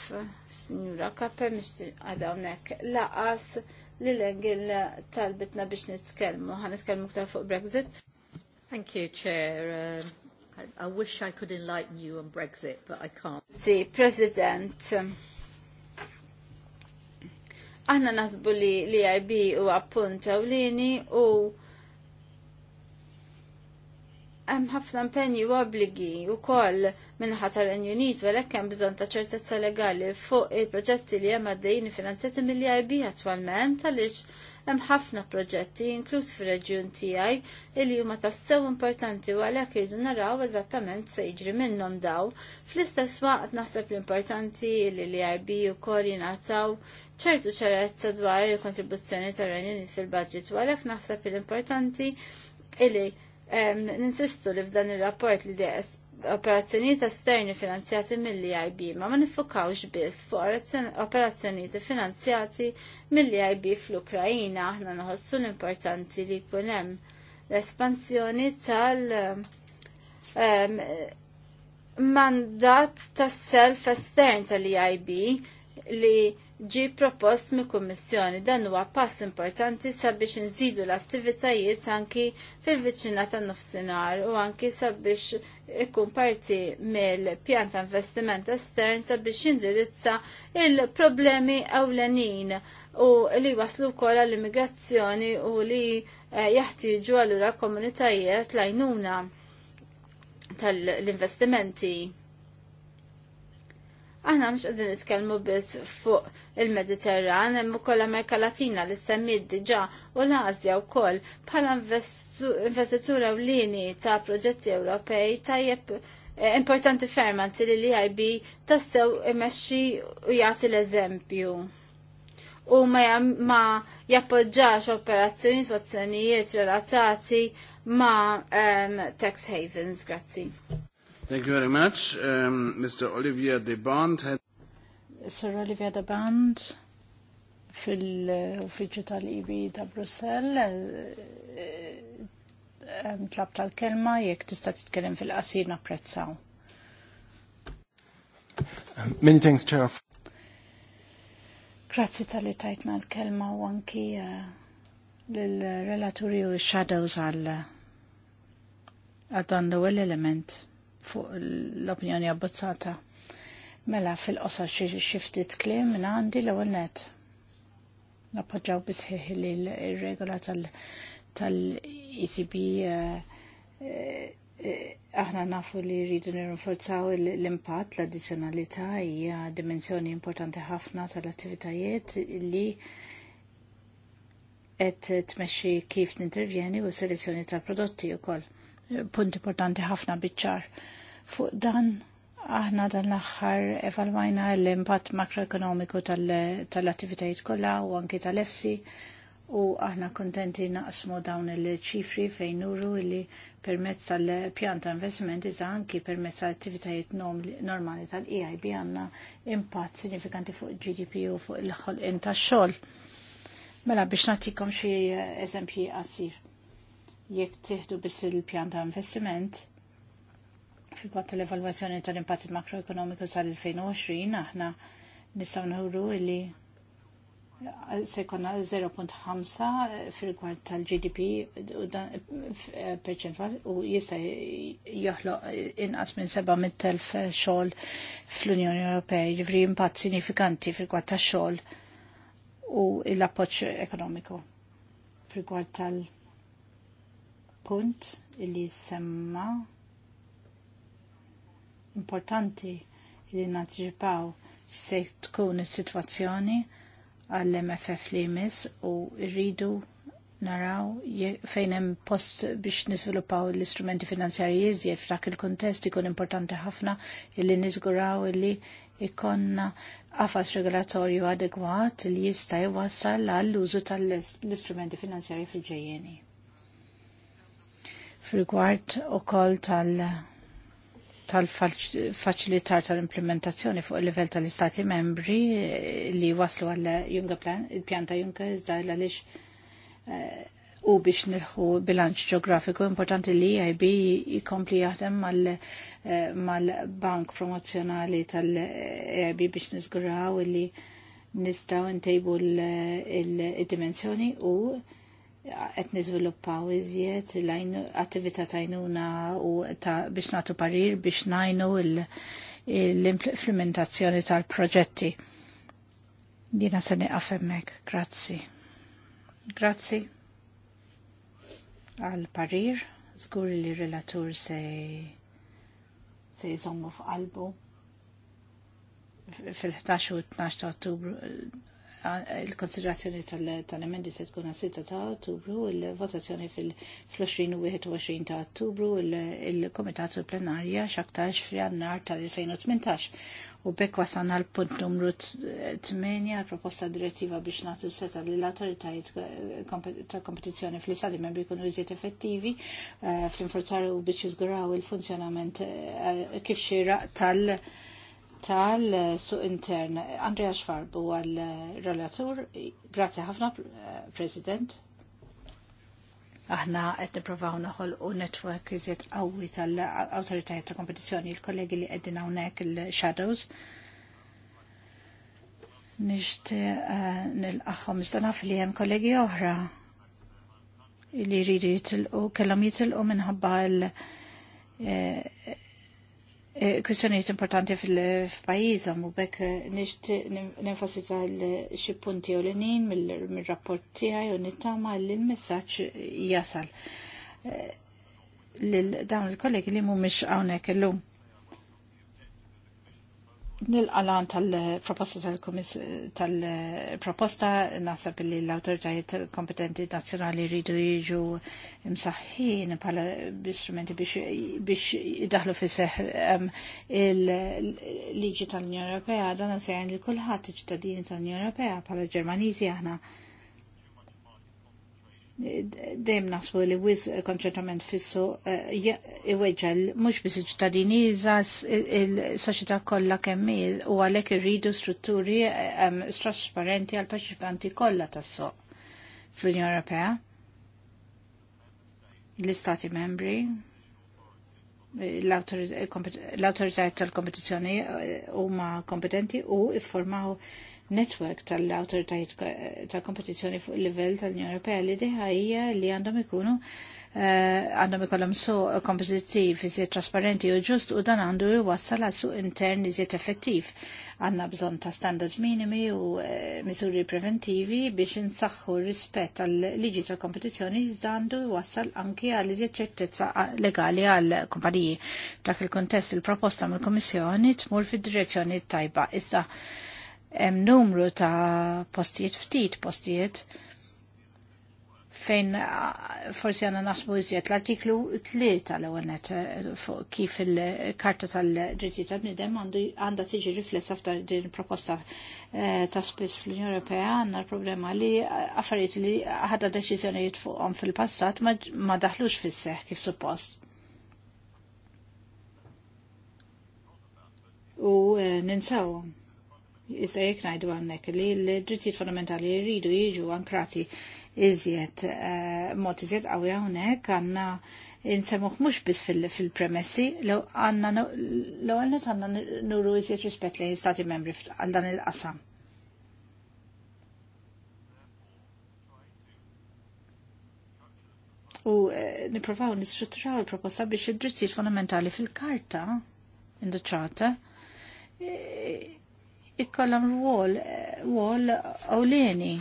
Signora Kape mux għadawnek laqas li l-engil talbitna biex nitkelmu, għan ktar fuq Brexit. Thank you, Chair. Uh, I, I wish I could enlighten you on Brexit, but I can't. Si, President. Aħna nasbu li li IB u appunta u lini u hemm ħafna impenji u obbligi wkoll minħa tar renju Unit u għalhekk hemm bżonn ta' ċertezza legali fuq il-proġetti li hemm għaddejjin finanzjati mill-IB attwalment għaliex hemm ħafna proġetti inkluż fir-reġjun tiegħi li huma tassew importanti u għalhekk iridu naraw eżattament se jiġri minnhom daw. Fl-istess waqt naħseb l-importanti li l-IB wkoll jingħataw ċertu ċerezza dwar il-kontribuzzjoni tar-Renju Unit fil-budget u għalhekk naħseb l-importanti illi ninsistu li f'dan ir-rapport li DS operazzjonijiet esterni finanzjati mill-EIB ma ma nifukawx biss fuq operazzjonijiet finanzjati mill-EIB fl-Ukrajina aħna naħossu l-importanti li jkun hemm l-espansjoni tal mandat tas self estern tal-EIB li ġi propost mi kummissjoni dan huwa pass importanti sabiex nżidu l-attivitajiet anki fil-viċina tan nofsinhar u anki sabiex ikun parti mill-pjan ta' investiment estern sabiex jindirizza il-problemi ewlenin u li waslu wkoll l-immigrazzjoni u li eh, jaħtieġu allura komunitajiet lajnuna tal-investimenti. Aħna mx qegħdin nitkelmu biss fuq il-Mediterran, hemm ukoll Amerika Latina li semmid diġà u l-Asja wkoll bħala investitura ewlieni ta' proġetti Ewropej tajjeb eh, importanti fermant li l-IB tassew imexxi u jagħti l-eżempju u ma, ma jappoġġax operazzjoni u azzjonijiet relatati ma um, tax havens, grazzi. Thank you very much. Um, Mr. Olivier de Bond had... Sir Olivier de Bond fil-uffiċu tal-IBI ta' Brussel eh, eh, eh, tlab tal-kelma jek tista' titkellem fil-qasir napprezzaw. Many thanks, Chair. Grazzi tal-li tajtna l-kelma u anki l-relaturi u shadows għal dan l-ewwel element fuq l-opinjoni abbozzata. Mela fil-qosa xiftit klim minn għandi l ewwel net. Nappoġġaw bisħiħ li l-regola tal-ECB eh, eh, aħna nafu li rridu nirrinforzaw l-impatt, l-addizjonalità hija dimensjoni importanti ħafna tal-attivitajiet li qed tmexxi kif nintervjeni u selezzjoni tal-prodotti wkoll. Punt importanti ħafna biċ-ċar Fuq dan aħna dan l-axħar evalwajna l-impatt makroekonomiku tal-attivitajiet tal kollha u anki tal-EFSI u aħna kontenti naqsmu dawn il-ċifri fejn nuru li permezz tal-pjan ta' investiment iżda anki permezz tal-attivitajiet normali tal-EIB għandna impatt sinifikanti fuq il-GDP u fuq il-ħolqien tax-xogħol. Mela biex nagħtikom xi eżempji qasir. Jekk tieħdu biss il-pjan ta' investiment, Fil-kwattu l-evalwazzjoni tal impatt makroekonomiku tal-2020, aħna nistaw nħuru illi se konna 0.5 fil kwart tal-GDP perċentwal u jista joħloq inqas minn 700.000 xogħol fl-Unjoni Ewropea, Jifri impatt sinifikanti fil kwart tax-xogħol u l-appoġġ ekonomiku fil kwart tal-punt illi semma' importanti li natripaw se tkun is-sitwazzjoni għall-MFF li jmiss u rridu naraw fejn hemm post biex niżviluppaw l-istrumenti finanzjarji iżjed f'dak il-kuntest ikun importanti ħafna illi niżguraw illi ikonna qafas regolatorju adegwat li jista' jwassal għall użu tal-istrumenti finanzjarji fil-ġejjeni. Fil-gwart ukoll tal- tal-faċilitar tal-implementazzjoni fuq il-livell tal-Istati membri eh, li waslu għal Junga Plan, il-pjanta Junga iżda għalix eh, u biex nilħu bilanċ ġeografiku importanti li IB jikompli jaħdem mal-bank eh, promozjonali tal-IB biex nizguraw li nistaw ntejbu l-dimensjoni u qed niżviluppaw iżjed l-attività tajnuna u biex nagħtu parir biex najnu l-implementazzjoni tal-proġetti. Dina se nieqaf hemmhekk, grazzi. Grazzi għal parir, żgur li relatur se se jżommu f'qalbu fil-11 u 12 ta' Ottubru il-konsiderazzjoni tal-emendi se tkun għas 6 ta' ottubru, il-votazzjoni fil-21 u 21 ta' ottubru, il-komitatu plenarja xaktax fi għannar tal-2018. U bekk wasan għal punt numru 8 proposta direttiva biex natu seta li l-autoritajiet eh, ta' kompetizjoni fl-istati membri kunu iżiet effettivi eh, fl-inforzar u biex jizguraw il-funzjonament eh, kif xira tal- tal-suq intern. Andrea Xfarbu għal-relatur, grazie ħafna, President. Aħna qed nippruvaw noħolqu netwerk iżjed qawwi tal-awtoritajiet ta' kompetizzjoni il-kollegi li qegħdin hawnhekk il-shadows. Nixtieq eh, nilqaħħom iżda naf li hemm kollegi oħra li jridu jitilqu kellhom jitilqu minħabba l- eh, Eh, kwistjonijiet importanti fil-pajizom u bekk eh, nenfasizza l-xi punti u l nin mill-rapport tiegħi u nittama li l-messaġġ jasal eh, lil dawn il-kollegi li mhumiex hawnhekk illum nil-qalan tal-proposta tal-proposta nasab li l-autoritajiet kompetenti nazjonali rridu jiġu msaħħin pala istrumenti biex idaħlu fi seħ il-liġi tal-Unjon Ewropea dan sejn li kullħat iġtadini tal-Unjon Ewropea pala Ġermaniżi aħna dejjem naħsbu li wiz konċentrament fissu eh, iweġġel mhux biss iċ-ċittadini iżas il-soċjetà kollha kemm u għalhekk irridu strutturi eh, trasparenti għal paċipanti kollha tas-soq fl-Unjoni Ewropea. L-Istati membri, l-autoritajiet tal-kompetizzjoni eh, huma kompetenti u iffurmaw netwerk tal-autoritajiet tal-kompetizzjoni fuq il-livell tal-Unjoni Ewropea li diħa hija li għandhom ikunu eh, għandhom ikollhom so kompetittiv iżjed trasparenti u ġust u dan għandu jwassal għal suq intern iżjed effettiv. Għanna bżonn ta' standards minimi u eh, miżuri preventivi biex insaħħu rispett għal liġi tal-kompetizzjoni iżda għandu jwassal anki għal iżjed ċertezza legali għal kumpaniji. Dak il-kontest il-proposta mill komissjoni tmur fid-direzzjoni tajba. Iżda hemm numru ta' postijiet ftit postijiet fejn forsi għanna naħsbu iżjed l-artiklu 3 tal-għonet eh, fuq kif il-karta tal drittijiet tal-bnidem għanda tiġi riflessa f'dan din proposta eh, ta' spis fl-Unjoni Ewropea għanna problema li eh, affarijiet li ħadda deċiżjonijiet fuqhom fil-passat ma daħlux fis-seħ kif suppost. U ninsawhom Issa jek najdu għannek li l-drittijiet fondamentali jiridu jiġu ankrati iżjed eh, mod iżjed għaw hawnhekk għanna insemmuh mux bis fil-premessi lo għanna lo għanna għandna nuru iżjed rispet li stati membri għal dan il-qasam. U eh, niprofaw nistrutturaw il-proposta biex id-drittijiet fondamentali fil-karta, in the charter, eh, ikkollhom wall, wol ewleni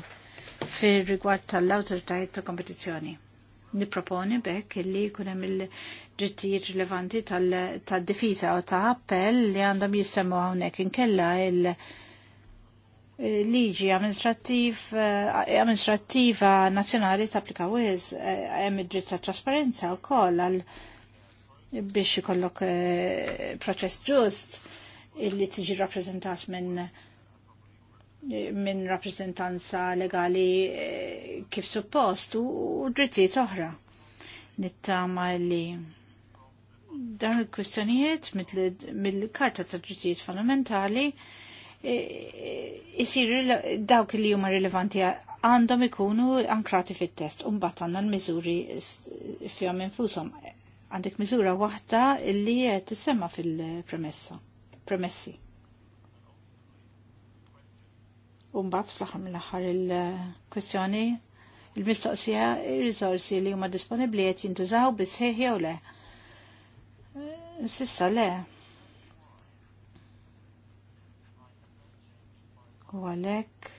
fir-rigward tal-awtoritajiet ta' kompetizzjoni. Niproponi bekk illi jkun hemm il ġittijiet rilevanti tad-difiża u ta' appell li għandhom jissemmu hawnhekk inkella il- liġi amministrattiva eh, nazzjonali tapplika wiz eh, hemm id-dritt ta' trasparenza wkoll għal biex jikollok eh, proċess ġust illi tiġi rappresentat minn minn rappresentanza legali eh, kif suppost u drittijiet oħra. Nittama li dan il-kwistjonijiet mill-Karta ta' Drittijiet Fundamentali jisir eh, dawk li huma rilevanti għandhom ikunu ankrati fit-test u mbagħad għandna l-miżuri fihom infushom. Għandek miżura waħda li qed tissemma fil-premessa premessi. Umbat fl-ħam l-ħar il-kwestjoni, il-mistoqsija, il-rizorsi li huma disponibli għet jintużaw bisħieħ jew le. Sissa le. U għalek,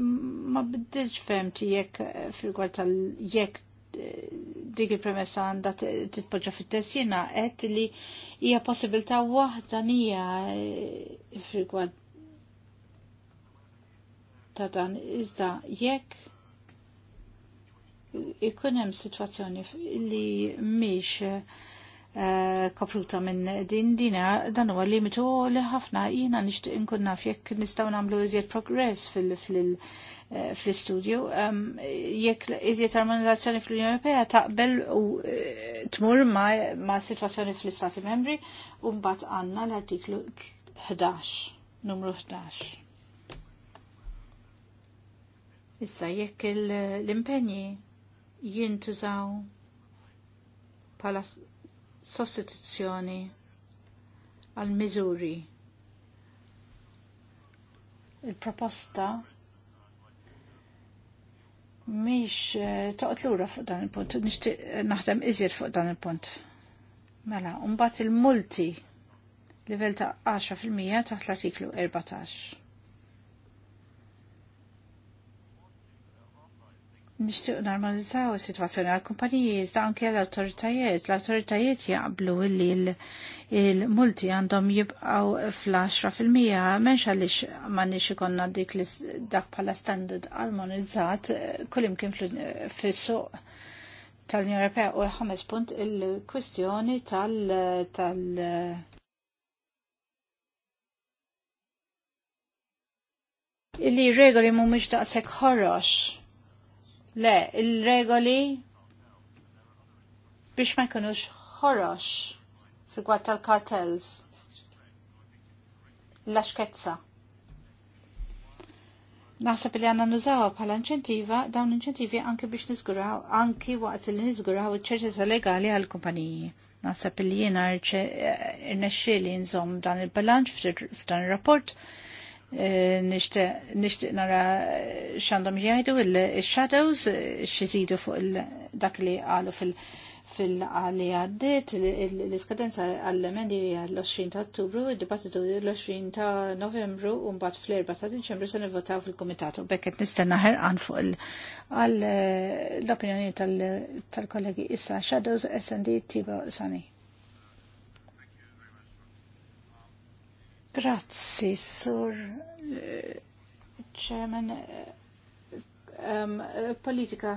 ma bdiġ femti jekk fil-gwar tal-jekk dik il-premessa għandha titpoġġa fit-test jiena qed li hija possibilità waħda nija eh, frigwad ta' dan iżda jekk ikun hemm sitwazzjoni li mhix eh, kopruta minn din dina dan huwa limitu li ħafna jiena nixtieq inkun naf jekk nistgħu nagħmlu iżjed progress fil-, fil, fil Eh, fl-istudju. Um, jekk iżjed armonizzazzjoni fl-Unjoni Ewropea taqbel u eh, tmur ma' situazzjoni fl-Istati membri u mbagħad għandna l-artiklu 11, numru 11. Issa jekk l-impenji jintużaw bħala sostituzzjoni għal miżuri il-proposta Miex eh, toqgħod lura fuq dan il-punt, nixtieq eh, naħdem iżjed fuq dan il-punt. Mela, mbagħad il-multi livell ta' 10% taħt l-artiklu 14. nishtiq normalizzaw is-sitwazzjoni għall-kumpaniji iżda anke l-awtoritajiet. L-awtoritajiet jaqblu li il-multi għandhom jibqgħu fl-10 fil-mija m'hemmx għaliex m'għandniex ikonna dik li dak bħala standard armonizzat eh, kullimkien fis-suq tal-Unjoni Ewropea u ħames punt il-kwistjoni tal-, tal illi regoli mu mux daqseg ħorox Le, il-regoli biex ma jkunux ħorox fil tal-kartels. L-axkezza. Naħseb li għanna nużawa bħala inċentiva, dawn inċentivi anki biex nizguraw, anki waqt li nizguraw iċ-ċertezza legali għal kumpaniji. Naħseb li jena irnexxieli nżomm dan il-bilanċ f'dan ir-rapport. il balanċ f'dan rapport il fdan ir rapport Eh, nishtiq nara xandom jgħidu il-shadows eh, xizidu fuq dak li għalu fil-għali għaddit l-iskadenza għall-emendi għall-20 ta' ottubru, id-dibattitu l-20 ta' novembru, un-bat fl-4 ta' dinċembru se nivvotaw fil-komitatu. Bekket nistenna għan fuq eh, l-opinjoni tal-kollegi issa shadows SD Tibo Sani. Grazzi, sur ċermen eh, um, eh, eh, politika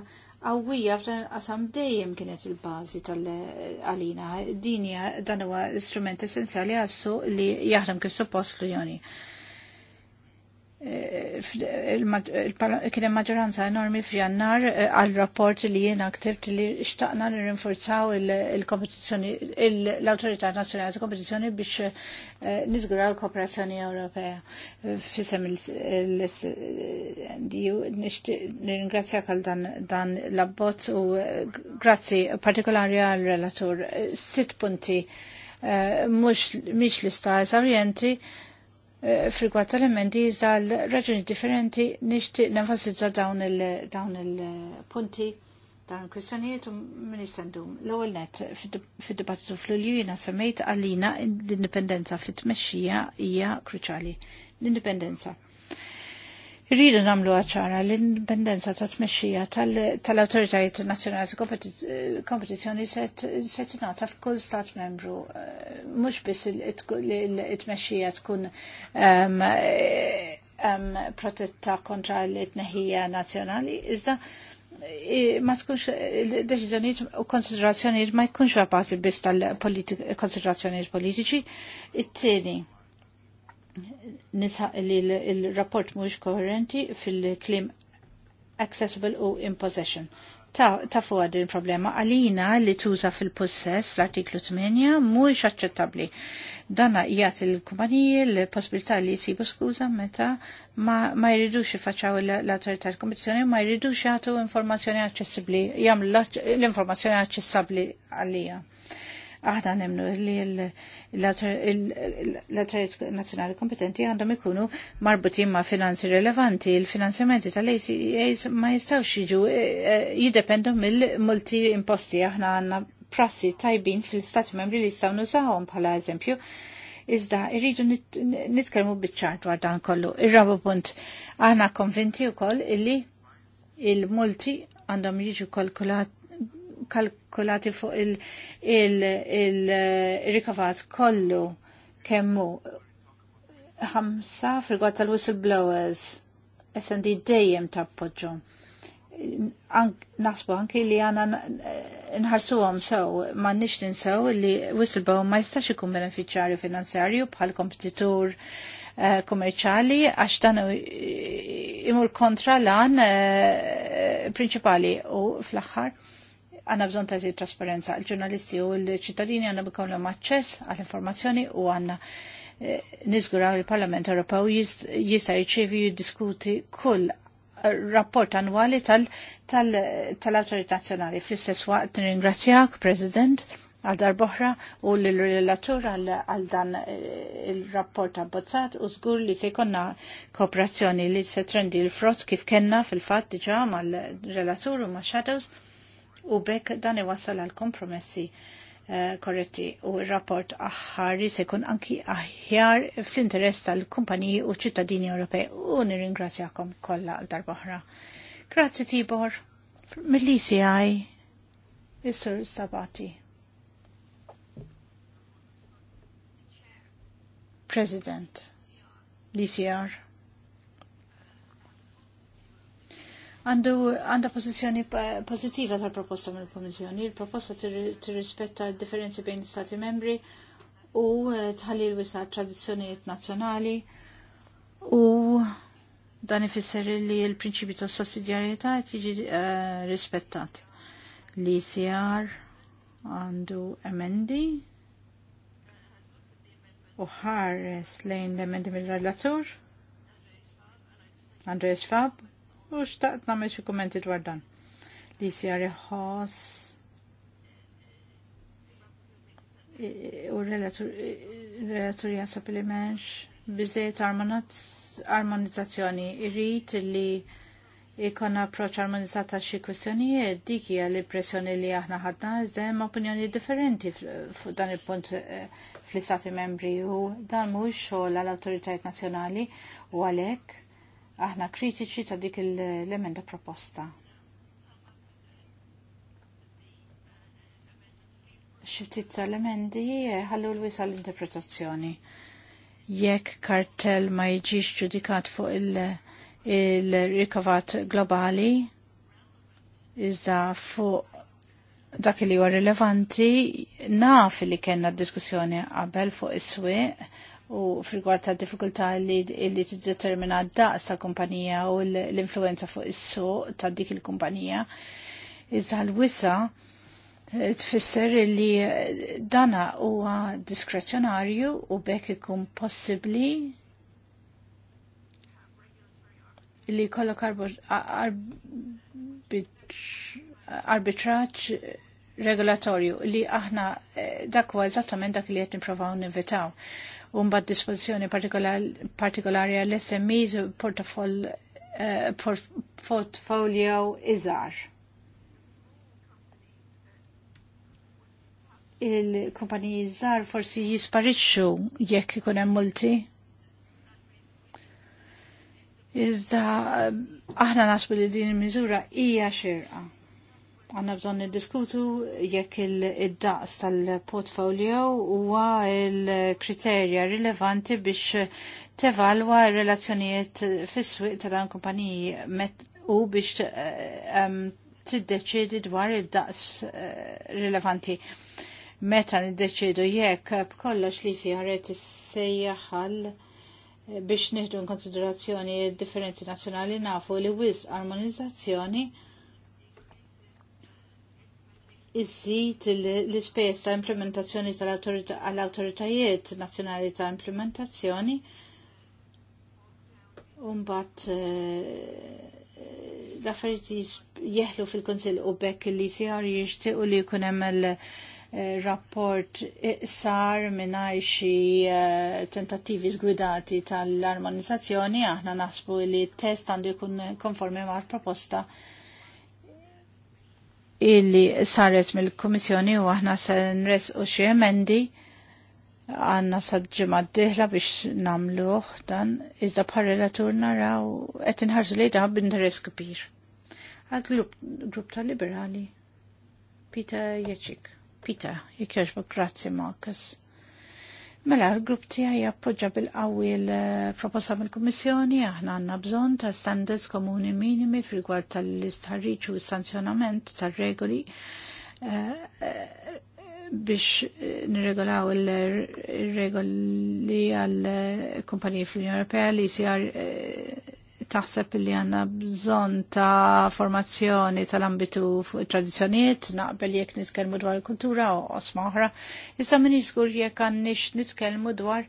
għawija f'dan qasam dejjem kienet il-bażi tal-għalina. Dinja dan huwa istrument essenzjali għassu li jaħdem kif suppost fl-Unjoni kienem maġoranza enormi f'jannar eh, għal rapport li jiena ktibt li xtaqna nirrinforzaw il l-autorità nazjonali ta' Kompetizzjoni biex eh, nizguraw kooperazzjoni Ewropea. Fisem l-SDU, nirringrazzja għal dan l-abbozz u eh, grazzi partikolari għal relatur. Sitt punti, mux l-istar orienti, Eh, frigwat elementi emendi raġuni differenti nishti nefasizza dawn il-punti dawn il eh, kwissjoniet u minn sendum. L-ewwel net fid-dibattitu fl-ulju jiena semmejt għalina l-indipendenza fit-tmexxija hija kruċali. L-indipendenza. Rridu namlu għacħara l-indipendenza ta' tmexxija tal-autoritajiet nazzjonali kompetizjoni se tingħata f'kull stat membru. Eh, mhux biss it-tmexxija tkun protetta kontra l-tneħija nazzjonali, iżda eh, ma tkunx eh, deċiżjonijiet u konsiderazzjonijiet ma jkunx għapasi biss tal-konsiderazzjonijiet politiċi. it tini nisħaq li l-rapport mhux koherenti fil-klim accessible u in possession. Ta' fuq din problema għalina li tuża fil-possess fl-artiklu 8 mhux aċċettabbli. Dana jgħat il-kumpaniji l-possibilità li jisibu skuża meta ma jridux ifaċċaw l-autorità l-Komissjoni ma jridux jagħtu informazzjoni aċċessibbli, jagħmlu l-informazzjoni aċċessabbli għalija. Aħna nemnu li l- l-autorit nazjonali kompetenti għandhom ikunu marbutin ma' finanzi rilevanti. Il-finanzjamenti tal-ACAs ma jistawx jiġu eh, eh, jidependu mill-multi imposti. Aħna għanna prassi tajbin fil-stati membri li jistaw nużawhom bħala eżempju. Iżda, irridu nitkellmu biċ-ċar dwar dan kollu. Ir-raba punt, aħna konvinti wkoll illi il-multi għandhom jiġu kalkulat kalkulati fuq il-rikavat kollu kemmu ħamsa fil-għat tal-whistleblowers SND dejjem tappoġġu. Naħsbu anki li għana nħarsu għom sew, ma nix ninsew li whistleblower ma jistax ikun beneficjarju finanzjarju bħal kompetitur eh, kummerċali għax dan imur kontra lan eh, principali u fl-axħar għanna bżon ta' trasparenza. Il-ġurnalisti u l-ċittadini għanna bikollhom aċċess għall-informazzjoni u għanna eh, nizguraw il-Parlament Ewropew jista' jirċievi jiddiskuti kull rapport annwali tal awtorit Nazzjonali. Fl-istess waqt nirringrazzjak, President, għal boħra u l-relatur għal dan eh, il-rapport abbozzat u zgur li se konna kooperazzjoni li se trendi l-frott kif kenna fil-fat diġa mal-relatur u ma' shadows u bekk dan iwassal għal kompromessi eh, korretti u rapport aħħari se jkun anki aħjar fl-interess tal-kumpaniji u ċittadini Ewropej u nirringrazzjakom kollha għal darbohra. Grazzi Tibor, mill-lisi għaj, Isser Sabati. President, l għandu għanda pozizjoni pozitiva tal-proposta mill komissjoni Il-proposta tirrispetta differenzi bejn stati membri u eh, tħalli l-wisa tradizzjonijiet nazzjonali u dan ifisser li l-prinċipju ta' sussidjarjetà tiġi eh, rispettat. L-ICR għandu emendi u ħares lejn l-emendi mill-relatur Andres Fab u xtaqt namel xie kommenti dwar dan. Li sjar ħos. u relatur jasab li menx Bizzet armonizzazzjoni irrit li ikon approċ armonizzata xie kwestjonijiet dik hija l-impressjoni li aħna ħadna zem opinjoni differenti fuq dan il-punt eh, fl-istati membri u dan mhuwiex xogħol għall-awtoritajiet nazzjonali u għalhekk Aħna kritiċi ta' dik l-emenda proposta. Xiftit tal-emendi ħallu l-wisa l-interpretazzjoni. Jekk kartell ma jiġix ġudikat fuq il-rikavat globali, iżda fuq dak li huwa rilevanti naf li kellna diskussjoni qabel fuq is-swieq u fil-gwar ta' diffikultà li, t-determina daqs ta' kumpanija u l-influenza fuq is-suq ta' dik il-kumpanija. Iżda l-wisa eh, tfisser li dana huwa diskrezjonarju u bekk ikun possibbli li kollok arbitraċ regolatorju li aħna eh, dakwa eżattament dak li qed nipprovaw nivitaw un mbagħad dispożizzjoni partikolari għall-SMEs u eh, portfolio iżgħar. il-kumpaniji iżar forsi jisparixxu jekk ikun hemm multi. Iżda eh, aħna nasbu li din il-miżura hija xirqa għanna bżon diskutu jekk il-daqs tal-portfolio huwa il-kriterja rilevanti biex tevalwa relazzjonijiet fis-swieq ta' dan kumpaniji u biex eh, tiddeċidi dwar il-daqs eh, rilevanti. Meta niddeċidu jekk b'kollox li sigaret s sejjaħal eh, biex nieħdu konsiderazzjoni differenzi nazzjonali nafu li wiz armonizzazzjoni iż-żid l-ispejjeż ta' implementazzjoni tal-awtoritajiet nazzjonali ta' implementazzjoni Umbat eh, l-affarijiet jeħlu fil-Konsil u bekk li sigħar jixtiequ li jkun hemm eh, rapport iqsar mingħajr xi eh, tentattivi żgwidati tal-armonizzazzjoni, aħna naħsbu li t-test għandu jkun konformi mal proposta illi saret mill-Komissjoni u aħna se nresqu xi emendi għanna saġġima d-dihla biex namluħ dan, iżda bħal-relatur naraw qed inħarġu li dan b'interess kbir. Għal-grupp tal-liberali, Pita Jeċik, Pita, jekk jaġbok, grazzi Marcus. Mela, l-grupp tiegħi jappoġġa bil-qawwi l-proposta mill-Kummissjoni, aħna għandna bżonn ta' standards komuni minimi fil-gwad tal-istħarriġ u s-sanzjonament tar-regoli eh, biex eh, nirregolaw il-regoli għal kumpaniji fl-Unjoni Ewropea li jsir taħseb li għanna bżon ta' formazzjoni tal-ambitu tradizjoniet, naqbel jek nitkelmu dwar il-kultura u osma oħra. Issa minni jiskur jek għannix nitkelmu dwar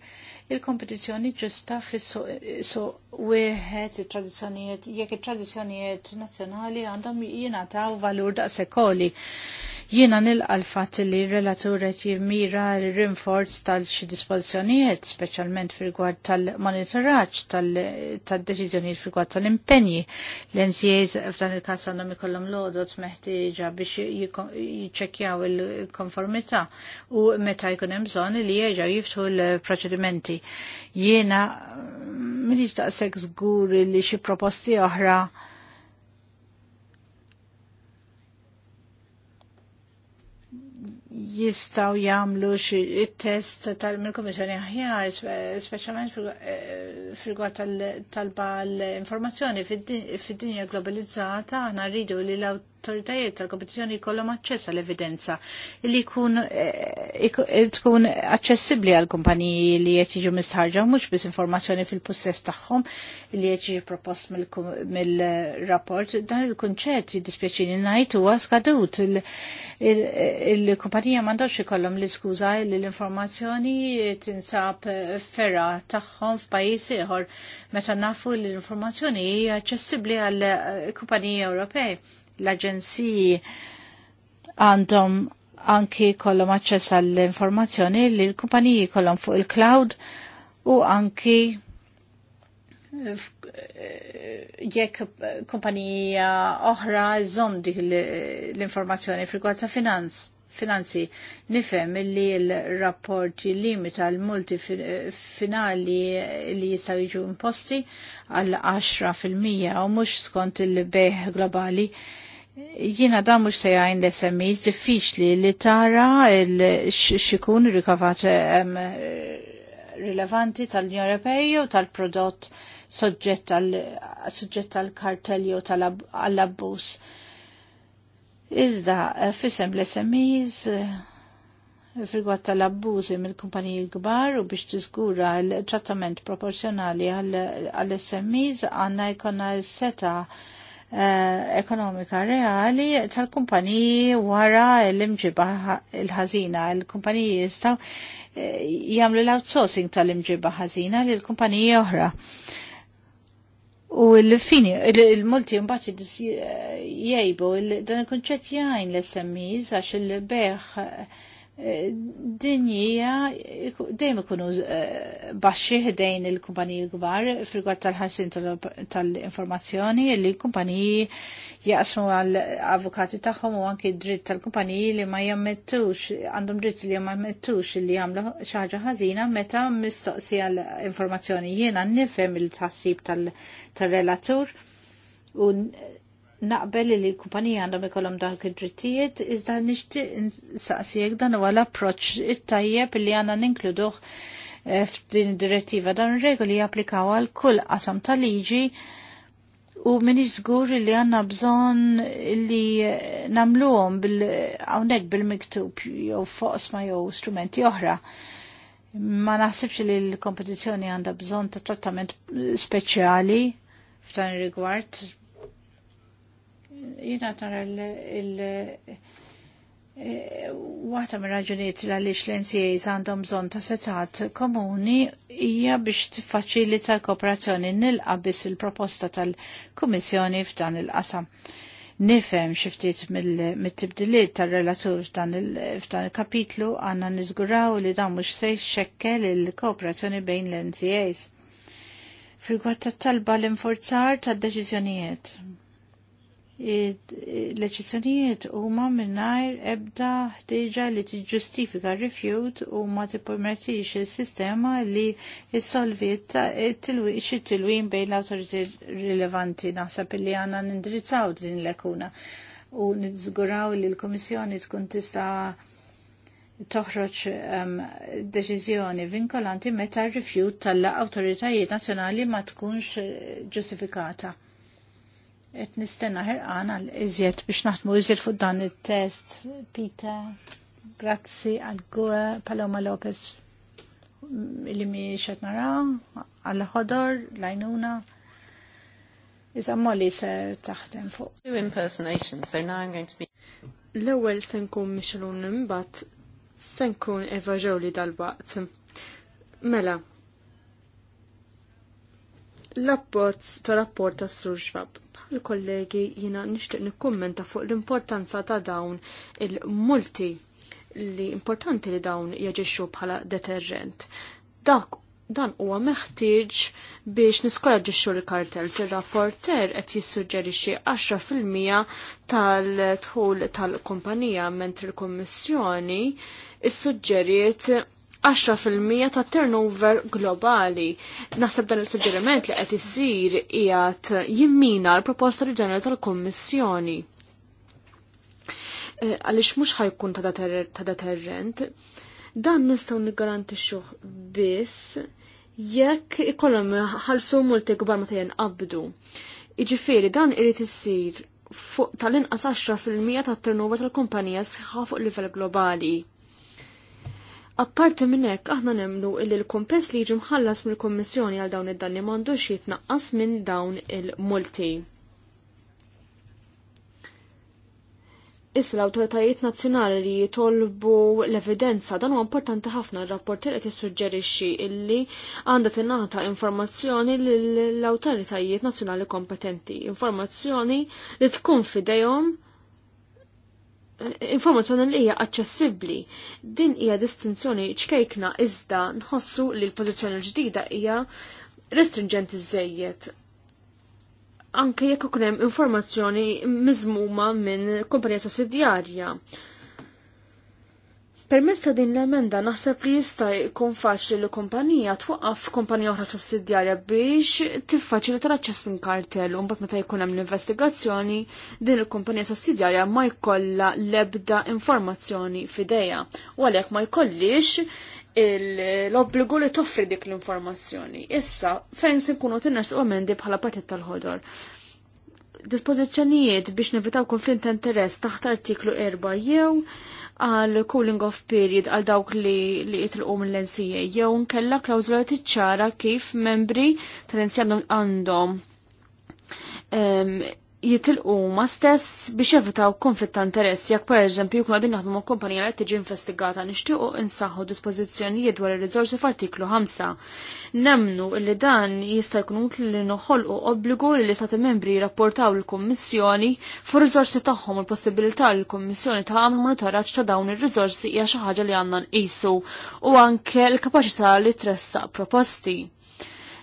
il-kompetizjoni ġusta fissu wieħed il-tradizjoniet, jekk il-tradizjoniet nazjonali għandhom jingħataw valur da' sekoli. Jiena nilqa l-fatt li r-relatur qed jimmira l-rinforz tal-xi dispożizzjonijiet, speċjalment fil-gwad tal-monitoraġġ tad-deċiżjonijiet fil-gwad tal-impenji. L-NCAs f'dan il-każ għandhom ikollhom lodot meħtieġa biex jiċċekkjaw il-konformità u meta jkun hemm bżonn li jerġgħu jiftħu l-proċedimenti. Jiena mm, m'iniex daqshekk żgur li xi proposti oħra jistaw jamlu it-test tal-mil-komissjoni ħjar, specialment eh, frigwa tal-talba l-informazzjoni fid-dinja globalizzata għana rridu li l-autoritajiet tal-kompetizjoni kollom aċċess għall-evidenza li eh, eh, tkun aċċessibbli għal-kumpaniji li jtiġu mistħarġa mux bis informazzjoni fil-possess tagħhom li jiġi propost mill-rapport dan il-kunċett jiddispjaċini ngħid huwa skadut il-kumpanija mandoċ ikollhom l-iskuża li l-informazzjoni tinsab ferra tagħhom f'pajjiżi ieħor meta nafu li l-informazzjoni hija aċċessibbli għal eh, kumpaniji Ewropej. L-aġenziji għandhom anki kollhom aċċess għall informazzjoni li l-kumpaniji kollhom fuq il-cloud u anki eh, jekk kumpanija oħra żomm dik l-informazzjoni fil ta' finanz finanzi nifhem illi l rapporti limita l-multi finali li jistgħu jiġu imposti għal 10% u mhux skont il-beħ globali jina da mux sejajn l-SMEs diffiċli li tara xikun rikavat rilevanti tal-Unjon Ewropej u tal-prodott soġġett tal-kartelli u tal-abbus. Iżda eh, fisem l-SMEs eh, frigwat tal-abbużi mill-kumpaniji kbar u biex tiżgura l-trattament proporzjonali għall-SMEs għanna jkonna seta eh, ekonomika reali tal-kumpaniji wara l-imġiba l ħazina l kumpaniji jistaw jamlu l-outsourcing tal-imġiba ħazina l-kumpaniji oħra. U l-fini, il-multi dis eh, jiejbu, dan il konċet jgħin l-SMEs għax il-beħ dinjija dejjem ikunu eh, baxxi ħdejn il-kumpaniji kbar fil gwatt tal-ħarsin tal-informazzjoni li l-kumpaniji jaqsmu għal avukati tagħhom u anki dritt tal-kumpaniji li ma jammettux għandhom dritt li ma jammettux li jagħmlu xi ħaġa ħażina meta mistoqsi għal informazzjoni jiena nifhem il-tħassib tal-relatur u naqbel li l-kumpanija għandhom ikollhom dak id-drittijiet, iżda nixtieq saqsijek dan huwa l-approċċ it-tajjeb li għandna ninkluduh eh, f'din id-direttiva dan regoli japplikaw għal kull qasam tal-liġi u minix żgur li għandna bżonn li nagħmluhom bil hawnhekk bil-miktub jew foqsma jew strumenti oħra. Ma naħsibx li l-kompetizzjoni għandha bżonn ta' trattament speċjali f'dan ir-rigward jina tara il- eh, Waħda mir raġunijiet l għaliex l-NCAs għandhom bżonn ta' setat komuni hija biex tiffaċilita l-kooperazzjoni nilqa biss il-proposta tal-Kummissjoni f'dan il-qasam. Nifhem xi ftit mit-tibdiliet tar-relatur f'dan il-kapitlu għandna niżguraw li dan mhux se jxekkel il-kooperazzjoni bejn l-NCAs. fil tat-talba l-infurzar tad-deċiżjonijiet l-eċezzjonijiet huma mingħajr ebda ħtieġa li tiġġustifika r-rifjut u ma tippermettix is-sistema li jissolvi xi tilwim bejn l-awtoriti rilevanti naħseb li għandna nindirizzaw din l-ekuna u niżguraw li l-Kummissjoni tkun tista' toħroġ um, deċiżjoni vinkolanti meta r-rifjut tal-awtoritajiet nazzjonali ma tkunx ġustifikata Et nistenna ħerqan għal iżjed biex naħtmu iżjed fuq dan il-test. Pita, grazzi għal Gua Paloma Lopez li mi xed nara għal ħodor lajnuna. Iza molli se taħdem fuq. Two impersonations, so now I'm going to be... L-ewel senkun nkun imbat se Eva Joli dal baqt Mela, l-abbozz ta' rapport ta' l-kollegi jina nishtiq nikkummenta fuq l-importanza ta' dawn il-multi li importanti li dawn jaġixxu bħala deterrent. Dak dan huwa meħtieġ biex niskoraġġixxu l-kartels. Ir-rapporter qed jissuġġerixxi 10% tal-dħul tal-kumpanija mentri l-Kummissjoni issuġġeriet 10% ta' turnover globali. Nasab dan il-suġġeriment li qed iżżir qiegħed jimmina l-proposta li ġenerali tal-Kommissjoni. Eh, għaliex mhux ħajkun ta' deterrent, dan nistgħu niggarantixxuh biss jekk ikollhom ħalsu multi kbar ta jinqabdu. Jiġifieri dan irid isir fuq tal-inqas 10% ta' turnover tal-kumpanija sħiħa fuq livell globali Apparti minn hekk aħna nemlu li l-kumpens li jiġi mħallas mill-Kummissjoni għal dawn id-danni m'għandux jitnaqqas minn dawn il-multi. Issa l-autoritajiet nazzjonali li jitolbu l-evidenza dan huwa importanti ħafna r-rapporter qed jissuġġerixxi illi għandha tingħata informazzjoni lill-awtoritajiet nazzjonali kompetenti, informazzjoni li tkun fidejhom informazzjoni li hija aċċessibbli. Din hija distinzjoni ċkejkna iżda nħossu li l-pożizzjoni l-ġdida hija restringenti żejjed. Anke jekk ikun hemm informazzjoni miżmuma minn kumpanija sussidjarja Permezz ta' din l-emenda naħseb li jista' jkun faċli li kumpanija twaqqaf kumpanija oħra sussidjarja biex tiffaċilita l-aċċess minn kartel u mbagħad meta jkun hemm l-investigazzjoni din il-kumpanija sussidjarja ma jkollha l-ebda informazzjoni f'idejha u għalhekk ma jkollix l-obbligu li toffri dik l-informazzjoni. Issa fejn se nkunu tinnes u emendi bħala partit tal-ħodor dispożizzjonijiet biex nevitaw konflitt ta' interess taħt artiklu 4 jew għal cooling off period għal dawk li li jitlqu mill-NCA jew nkella klawżola tiċċara kif membri tal-NCA għandhom jitilqu ma stess biex jevitaw konflitt ta' interess jekk pereżempju jkun għadin naħdmu kompanija li tiġi investigata nixtiequ insaħħu dispożizzjonijiet dwar ir-riżorsi f'artiklu 5. Nemnu li dan jista' jkun utli li noħolqu obbligu li l-istati membri jirrapportaw l kummissjoni fuq riżorsi tagħhom u l-possibilità li l-Kummissjoni tagħmel monitoraġġ ta' dawn ir-riżorsi hija xi ħaġa li għandna nqisu u anke l-kapaċità li tressaq proposti.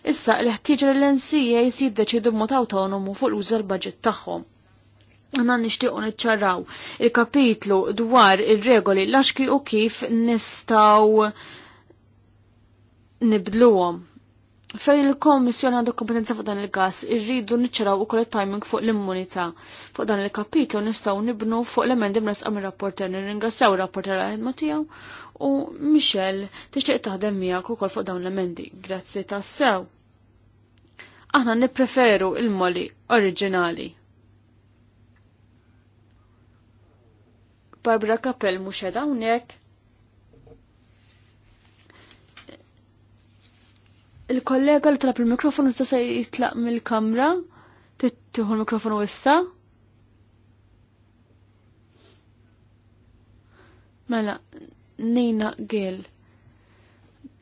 Issa l ħtieġ l-NCA jisid deċidu mod autonomu fuq l-uża l-budget tagħhom. Għanna nishtiqo nitċarraw il-kapitlu dwar il-regoli laxki u kif nistaw nibdluwom. Fejn il-Komissjoni għandu kompetenza fuq dan il-gas, irridu niċċaraw ukoll it-timing fuq l-immunità. Fuq dan il-kapitlu nistgħu nibnu fuq l-emendi mresqa mir-rapporter, nirringrazzjaw ir-rapporter għal tiegħu u Michel tixtieq taħdem miegħek ukoll fuq dawn l-emendi. Grazzi tassew aħna nippreferu il-moli oriġinali. Barbara Kapel mhux qed hawnhekk. Il-kollega li talab il-mikrofonu issa se jitlaq mill-kamra, tittieħu l-mikrofonu issa. Mela, Nina Gill.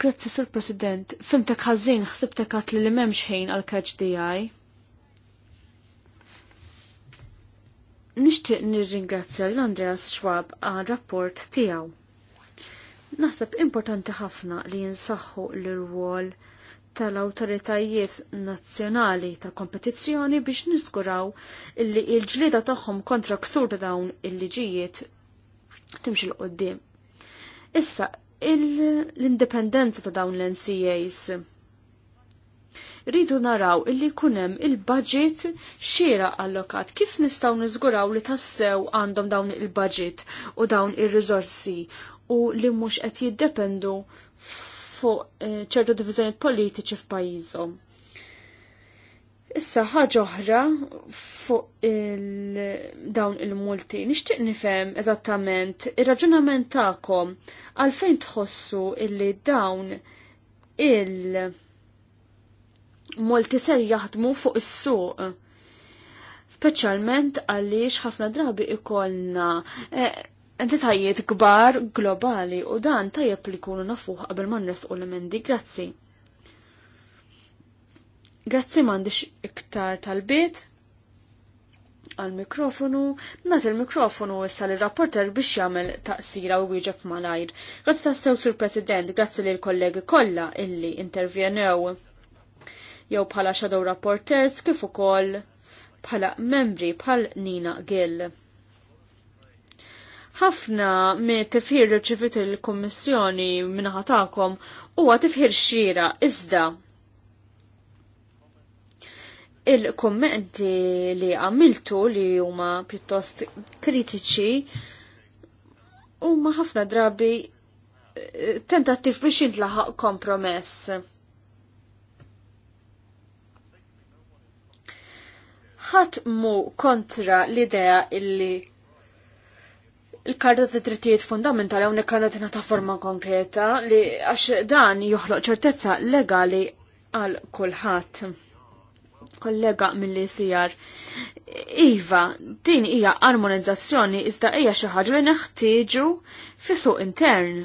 Grazzi sur President, fimtek ħażin ħsibtek għat li li memx ħin għal kaċ DI. Nishtiq nirringrazzja l-Andreas Schwab għal rapport tijaw. Naħseb importanti ħafna li jinsaħħu l-rwol tal-autoritajiet nazzjonali ta' kompetizzjoni biex niskuraw illi il-ġlida tagħhom kontra ksur ta' dawn il-liġijiet timxil qoddim. Issa, l-indipendenza ta' dawn l-NCAs. Ridu naraw illi kunem il-budget xira allokat. Kif nistaw nizguraw li tassew għandhom dawn il-budget u dawn il-rizorsi u li mux qed jiddependu fuq eh, ċertu divizjoniet politiċi f'pajjiżhom. Issa ħaġa oħra fuq il dawn il-multi, nixtieq nifhem eżattament ir-raġunament tagħkom għalfejn tħossu illi dawn il-multi ser jaħdmu fuq is-suq. Speċjalment għaliex ħafna drabi ikollna eh, entitajiet kbar globali u dan tajjeb li jkunu nafuħ qabel ma nresqu l-emendi. Grazzi. Grazzi m'għandix iktar tal-bit għal-mikrofonu, nat il-mikrofonu issa l-rapporter biex jagħmel taqsira u wieġeb malajr. Grazzi tassew sur President, grazzi l kollegi kollha illi intervjenew jew bħala shadow rapporters kif ukoll bħala membri bħal Nina Gill ħafna me tifhir riċivit il kummissjoni minħatakom huwa tifhir xira iżda il-kommenti li għamiltu li huma pjuttost kritiċi huma ħafna drabi eh, tentattiv biex jintlaħaq kompromess. ħadd mu kontra l-idea illi il-karta ta' drittijiet fundamentali hawnhekk għandha tingħata forma konkreta li għax dan joħloq ċertezza legali għal kulħadd kollega mill-ICR. Iva, din hija armonizzazzjoni iżda hija xi ħaġa li neħtieġu fi suq intern.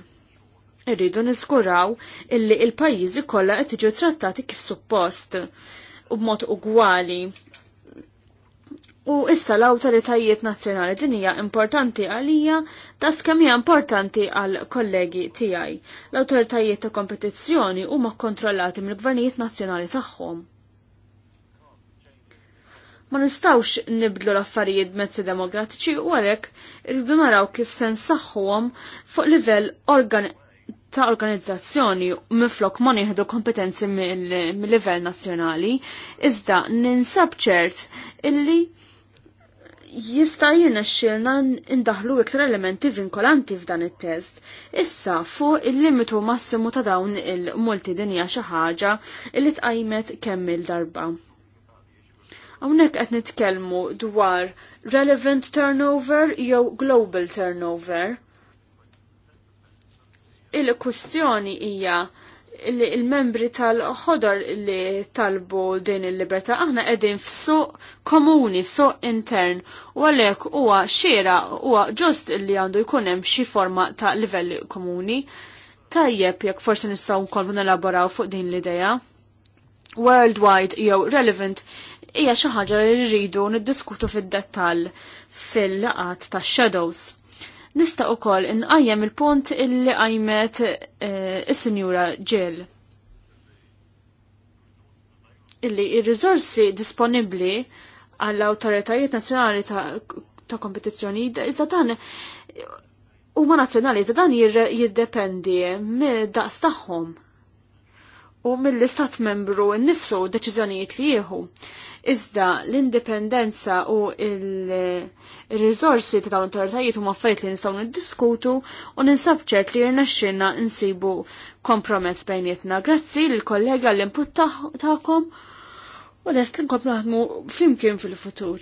Irridu niskuraw illi il-pajjiżi kollha qed jiġu trattati kif suppost u b'mod ugwali. U issa l-awtoritajiet nazzjonali din hija importanti għalija ta' hija importanti għal kollegi tiegħi. L-awtoritajiet ta' kompetizzjoni huma kkontrollati mill-gvernijiet nazzjonali tagħhom. Ma nistawx nibdlu l-affarijiet mezzi demokratiċi u għalhekk irridu naraw kif se nsaħħuhom fuq livell organ ta' organizzazzjoni miflok ma nieħdu kompetenzi mill-livell nazzjonali, iżda ninsab ċert illi jista' jirna xilna indaħlu iktar elementi vinkolanti f'dan it-test. Issa fuq il-limitu massimu ta' dawn il-multi dinja xi ħaġa li tqajmet kemm il-darba. Hawnhekk qed nitkellmu dwar relevant turnover jew global turnover. Il-kwistjoni hija il-membri tal-ħodor li talbu din il-libertà aħna qegħdin f'suq komuni, f'suq intern u għalhekk huwa xiera huwa ġust li għandu jkun hemm xi forma ta' livelli komuni. Tajjeb jekk forsi nistgħu nkollu nelaboraw fuq din l-idea. Worldwide jew relevant hija xi ħaġa li rridu niddiskutu fid-dettall fil-laqat tax-shadows. Nista' ukoll inqajjem il-punt illi qajmet eh, is-Sinjura Ġiel. Illi ir-riżorsi disponibbli għall-awtoritajiet nazzjonali ta' kompetizzjoni iżda dan huma nazzjonali iżda dan jiddependi mid-daqs tagħhom u mill-istat membru nifsu deċiżjonijiet li jieħu. Iżda l-indipendenza u il-rizorsi ta' dawn autoritajiet huma maffajt li nistgħu niddiskutu u ninsab ċert li rnexxinna nsibu kompromess bejnietna. Grazzi lill kollega l-input tagħkom u lest li nkomplu naħdmu flimkien fil-futur.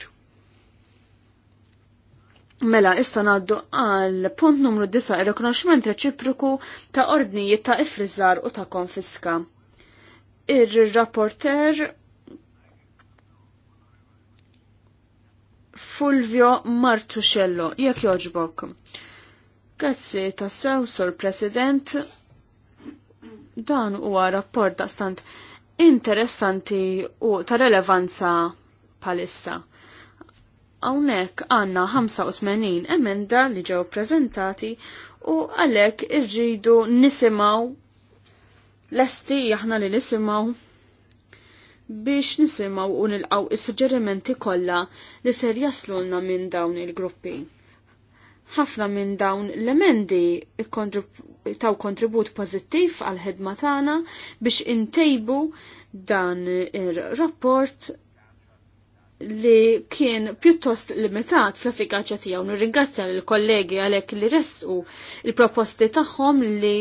Mela, issa naddu għal punt numru 9 il-rekonoxment reċiproku ta' ordnijiet ta' ifrizzar u ta' konfiska. Ir-rapporter Fulvio Martuscello, jekk joġbok. Grazzi tassew, Sur President. Dan huwa rapport stant interessanti u ta' relevanza palissa. Hawnhekk għandna 85 emenda li ġew prezentati u għalhekk irridu nisimgħu Lesti jahna li nisimgħu biex nisimgħu u nilqgħu is-suġġerimenti kollha li ser jaslulna minn dawn il-gruppi. Ħafna minn dawn l-emendi taw kontribut pożittiv għal ħidma tagħna biex intejbu dan ir-rapport li kien pjuttost limitat fl efikaċa tiegħu. Nirringrazzja lill kollegi għalhekk li resqu il-proposti tagħhom li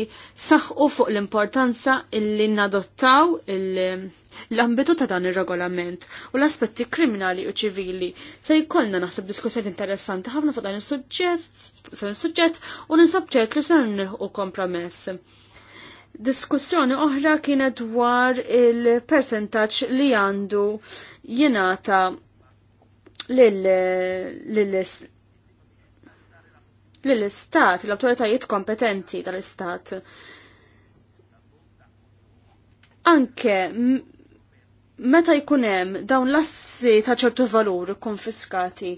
saħqu fuq l-importanza illi nadottaw l-ambitu ta' dan ir-regolament u l-aspetti kriminali u ċivili. Se jkollna naħseb diskussjoni interessanti ħafna fuq dan is-suġġett u ninsab ċert li ser nilħu kompromess. Diskussjoni oħra kienet dwar il-percentaċ li għandu jenata lill-istat, l-autoritajiet kompetenti tal-istat. Anke meta jkunem dawn l-assi ta' ċertu valur konfiskati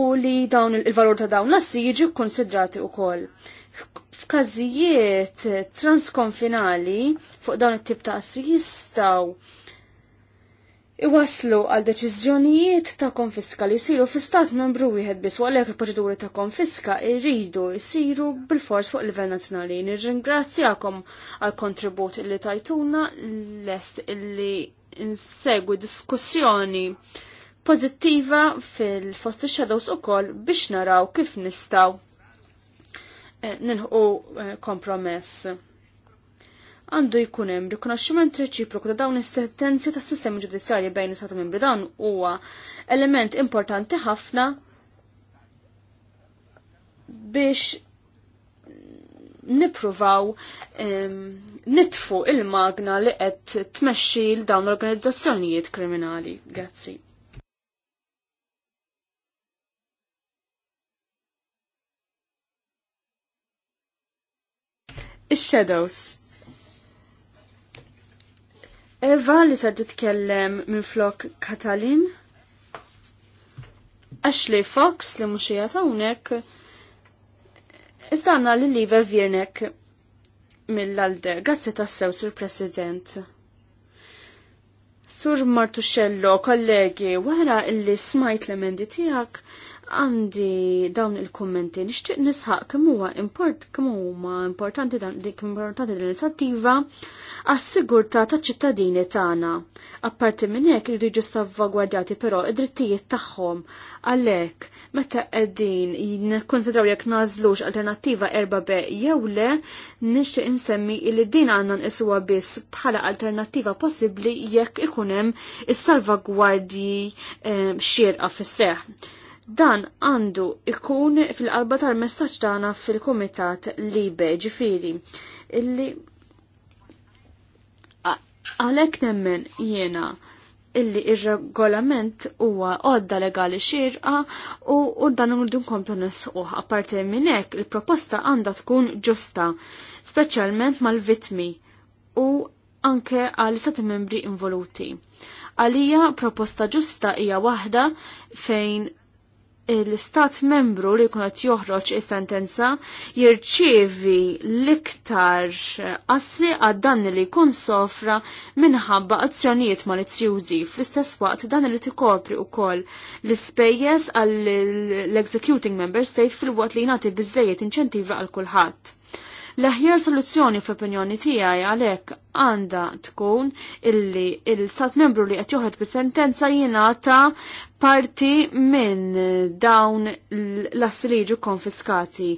u li dawn il-valur ta' dawn l-assi jiġi konsidrati u koll. F'każijiet transkonfinali fuq dawn it-tip ta' assi jistaw iwaslu għal deċiżjonijiet ta' konfiska li jsiru fi stat membru wieħed biss għalhekk il-proċeduri ta' konfiska jridu jsiru bil-fors fuq livell nazzjonali. Nirringrazzjakom għal kontribut li tajtuna lest li insegwi diskussjoni pozittiva fil-fost shadows u koll biex naraw kif nistaw eh, nilħu eh, kompromess għandu jkun hemm rikonoxximent reċiproku ta' dawn is-sentenzi tas-sistemi ġudizzjarji bejn is-Stati membri dan huwa element importanti ħafna biex nipruvaw nitfu il-magna li qed tmexxi l dawn l-organizzazzjonijiet kriminali. Grazzi. Ix-shadows. Eva li sa titkellem minn flok Katalin. Ashley Fox li muxija ta' unek. Iżdanna li live virnek mill-alde. Grazzi ta' sew, Sur President. Sur Martuxello, kollegi, wara illi smajt l-emendi tijak, għandi dawn il-kommenti nixtieq nisħaq kemm huwa import kemm huma importanti dan dik importanti din l-inizjattiva għas-sigurtà taċ-ċittadini tagħna. Apparti minn hekk irid jiġu salvagwardjati però id-drittijiet tagħhom għalhekk meta qegħdin nikkonsidraw jekk nażlux alternattiva erba' be' jew le nixtieq insemmi li din għandna nqisuha biss bħala alternattiva possibbli jekk ikun hemm is-salvagwardji eh, xierqa fis-seħħ Dan għandu ikun fil-qalba tal messaċ tagħna fil-Kumitat Libe ġifieri illi għalhekk nemmen jiena illi ir-regolament huwa għodda legali xirqa u, u dan irridu nkomplu nisquh. Apparti minn hekk il-proposta għandha tkun ġusta, speċjalment mal-vitmi u anke għal stati membri involuti. Għalija proposta ġusta hija waħda fejn l-istat membru li jkun qed joħroġ is-sentenza jirċievi l-iktar assi għad danni li jkun sofra minħabba azzjonijiet malizzjużi fl-istess waqt dan li tikopri wkoll l-ispejjeż għall-executing member state fil-waqt li jingħati biżejjed inċentivi għal kulħadd. L-aħjar soluzzjoni fl-opinjoni tiegħi għalhekk għandha tkun illi l-Stat membru li qed joħroġ bis-sentenza jingħata parti minn dawn l-assi li konfiskati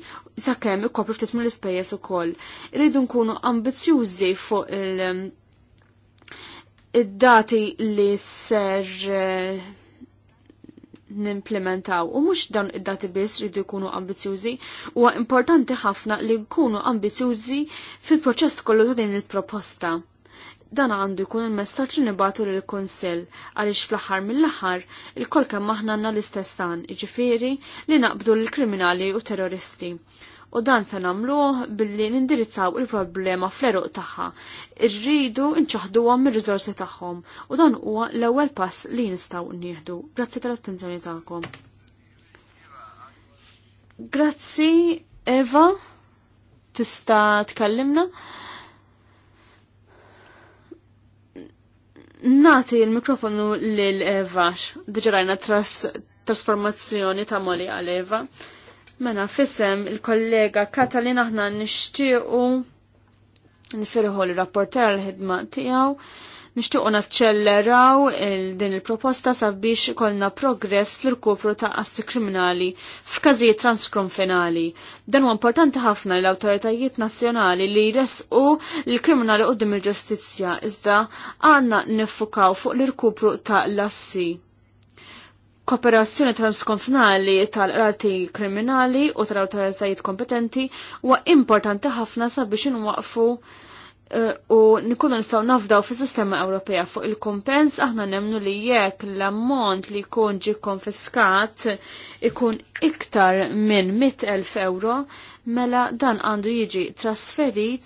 sakemm ikopru ftit mill-ispejjeż ukoll. Irridu nkunu ambizzjużi fuq il- dati li ser eh, nimplementaw u mhux dawn id-dati biss rridu jkunu ambizjużi huwa importanti ħafna li nkunu ambizjużi fil-proċess kollu ta' din il-proposta dan għandu jkun il-messaġġ li nibatu lil kunsill għaliex fl-aħħar mill-aħħar il-kol kemm aħna għandna l-istess tan, jiġifieri li naqbdu lill-kriminali u terroristi. U dan se nagħmluh billi nindirizzaw il-problema fl-eruq tagħha. Irridu nċaħduhom mir-riżorsi tagħhom u dan huwa l-ewwel pass li nistgħu nieħdu. Grazzi tal-attenzjoni tagħkom. Grazzi Eva tista' tkellimna. Nati il-mikrofonu l evax diġerajna tras trasformazzjoni ta' moli għal-Eva. Mena fissem il-kollega Katalin aħna nishtiqu nifirħu l rapportar l ħidma tijaw Nixtiequ naċċelleraw din il-proposta sabiex kolna progress fl-rkupru ta' qasti kriminali f'każijiet finali. Dan huwa importanti ħafna l awtoritajiet nazzjonali li jresqu l-kriminali dim il-ġustizzja iżda għandna nifukaw fuq l-irkupru ta' l-assi kooperazzjoni transkonfinali tal-rati kriminali u tal-autoritajiet kompetenti huwa importanti ħafna sabiex inwaqfu u nikunu nistgħu nafdaw fis-sistema Ewropea fuq il-kumpens aħna nemnu li jekk l-ammont li jkun ġi konfiskat ikun iktar minn 100,000 euro mela dan għandu jiġi trasferit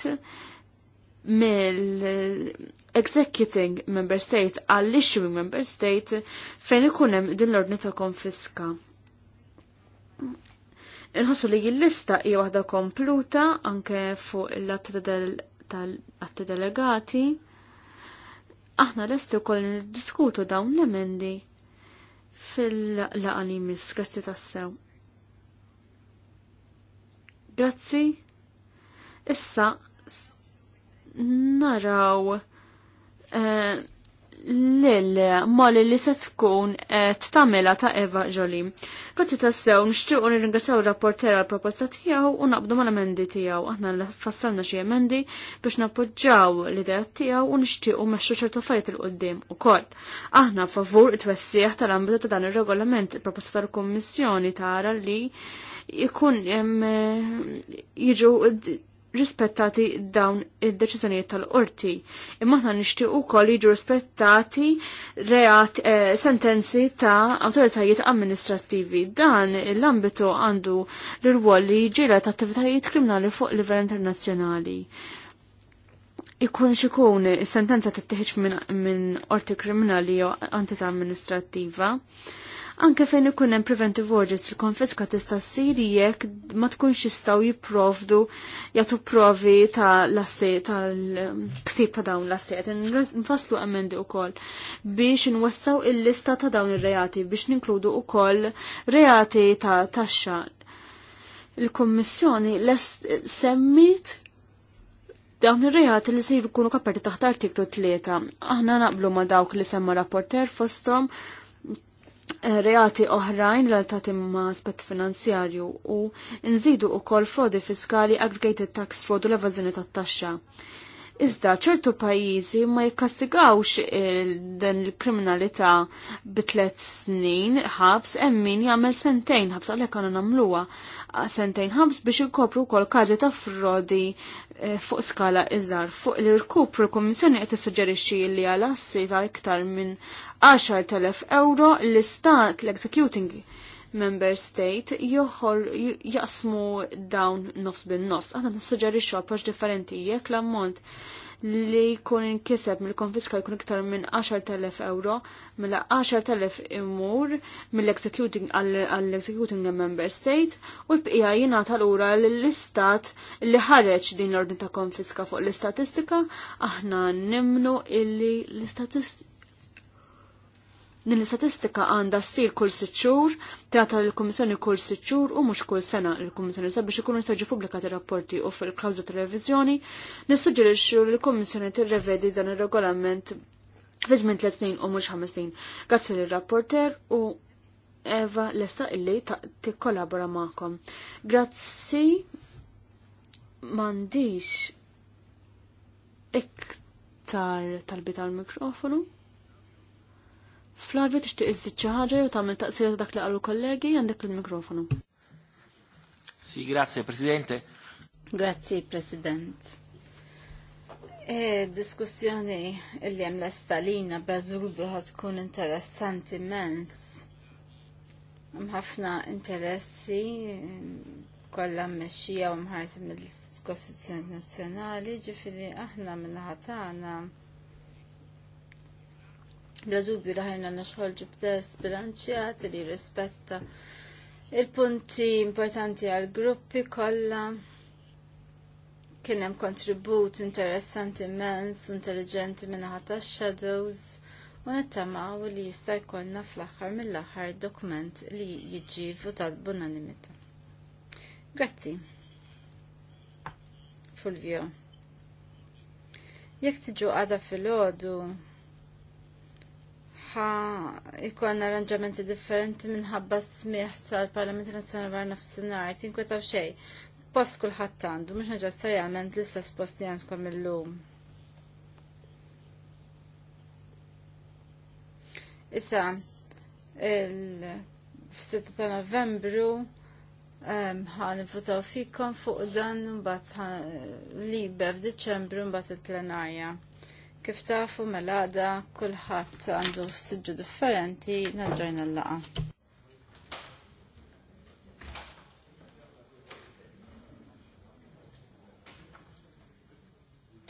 mill-executing member state għall-issuing member state fejn ikun hemm din l-ordni ta' konfiska. Nħossu li l-lista hija waħda kompluta anke fuq il-latta del tal delegati, aħna l-esti u koll diskutu dawn l-emendi fil-laqali mis, grazzi tassew. Grazzi, issa naraw eh, Lille Molly li se tkun eh, t-tamela ta' Eva Jolim. Grazzi tassew nixtiequ nirringrazzjaw ir rapportera għall-proposta tiegħu u naqbdu mal-emendi tiegħu. Aħna fassalna xi emendi biex nappoġġaw l-idea tiegħu u nixtiequ meċċu ċertu affarijiet il u ukoll. Aħna favur it-twessieħ tal-ambitu ta' dan ir-regolament il-proposta tal-Kummissjoni tara li jkun jiġu rispettati dawn id-deċiżjonijiet tal-qorti. Imma ħna nixtiequ wkoll jiġu rispettati reat eh, sentenzi ta' awtoritajiet amministrattivi. Dan l-ambitu għandu l-rwol li ġiela ta' attivitajiet kriminali fuq livell internazzjonali. Ikun xikun sentenza tittieħiġ minn qorti kriminali jew antita amministrattiva Anke fejn ikun hemm preventive orders il-konfiska tista' ssir jekk ma tkunx jistgħu jipprovdu jagħtu provi ta' l tal-ksib ta' dawn l-assiet. Nfasslu emendi wkoll biex inwassaw il-lista ta' dawn ir-reati biex ninkludu wkoll reati ta' taxxa. Il-Kommissjoni semmit dawn ir-reati li se jkunu kaperti taħt artiklu 3. Aħna naqblu ma' dawk li semma rapporter fosthom Eh, reati oħrajn relatat imma aspett finanzjarju u nżidu kol frodi fiskali aggregated tax fraud u l-evażjoni tat-taxxa. Iżda ċertu pajjiżi ma jikkastigawx eh, din il-kriminalità bi tliet snin ħabs hemm min jagħmel sentejn ħabs għalhekk għandna nagħmluha ah, sentejn ħabs biex ikopru wkoll każi ta' frodi eh, fuq skala iżgħar fuq l-irkupru l-Kummissjoni qed tissuġġerixxi li għal assi ta' iktar minn 10.000 euro l-istat l-executing member state joħor jaqsmu dawn nofs bin nofs. Aħna xo approċċ differenti jekk l-ammont li jkun inkiseb mill-konfiska jkun iktar minn 10.000 euro, mela 10.000 imur mill-executing għall-executing member state u l-bqija jingħata lura l-istat li ħareġ din l ordin ta' konfiska fuq l-istatistika aħna nimnu illi l-istatistika Din l-istatistika għandha ssir kull sitt xhur, tingħata lill-Kummissjoni kull sitt xhur u mhux kull sena lill-Kummissjoni sabiex ikunu jistgħu pubblikati rapporti u fil-klawża tal revizjoni nissuġġerixxu li l-Kummissjoni tirrevedi dan ir-regolament fi żmien tliet snin u mhux ħames snin. Grazzi lir-rapporter u Eva lesta illi t-kollabora magħkom. Grazzi m'għandix iktar talbi tal-mikrofonu. Flavio tixtieq iżżid xi ħaġa jew tagħmel taqsira ta' dak li qalu kollegi għandek il-mikrofonu. Si, grazie Presidente. Grazie President. E, diskussjoni li hemm l-estalina beżubi ħad tkun interessanti immens. ħafna interessi kollha mmexxija u mħarsi mill-Kostituzzjoni Nazzjonali, ġifieri aħna min tagħna Bla dubju li ħajna naxħolġu bilanċjat li rispetta il-punti importanti għal gruppi kollha kien hemm kontribut interessanti immens intelligenti intelligenti minn tax shadows u nittamaw li jista' jkollna fl-aħħar mill-aħħar dokument li jiġi votat b'unanimità. Grazzi. Fulvio. Jekk tiġu għada fil-ħodu ħa ikon arranġamenti differenti minħabba smiħ tal-Parlament Nazzjonali bar nafsinhar, għaw xejn. Post kulħadd għandu, mhux neġessarjament l-istess post li għandkom illum. Issa, il-6 ta' Novembru ħan votaw fikom fuq dan li libe f'Diċembru mbagħad il-plenarja. Kif tafu mela da kulħadd għandu siġġu differenti naġġorna l-laqa.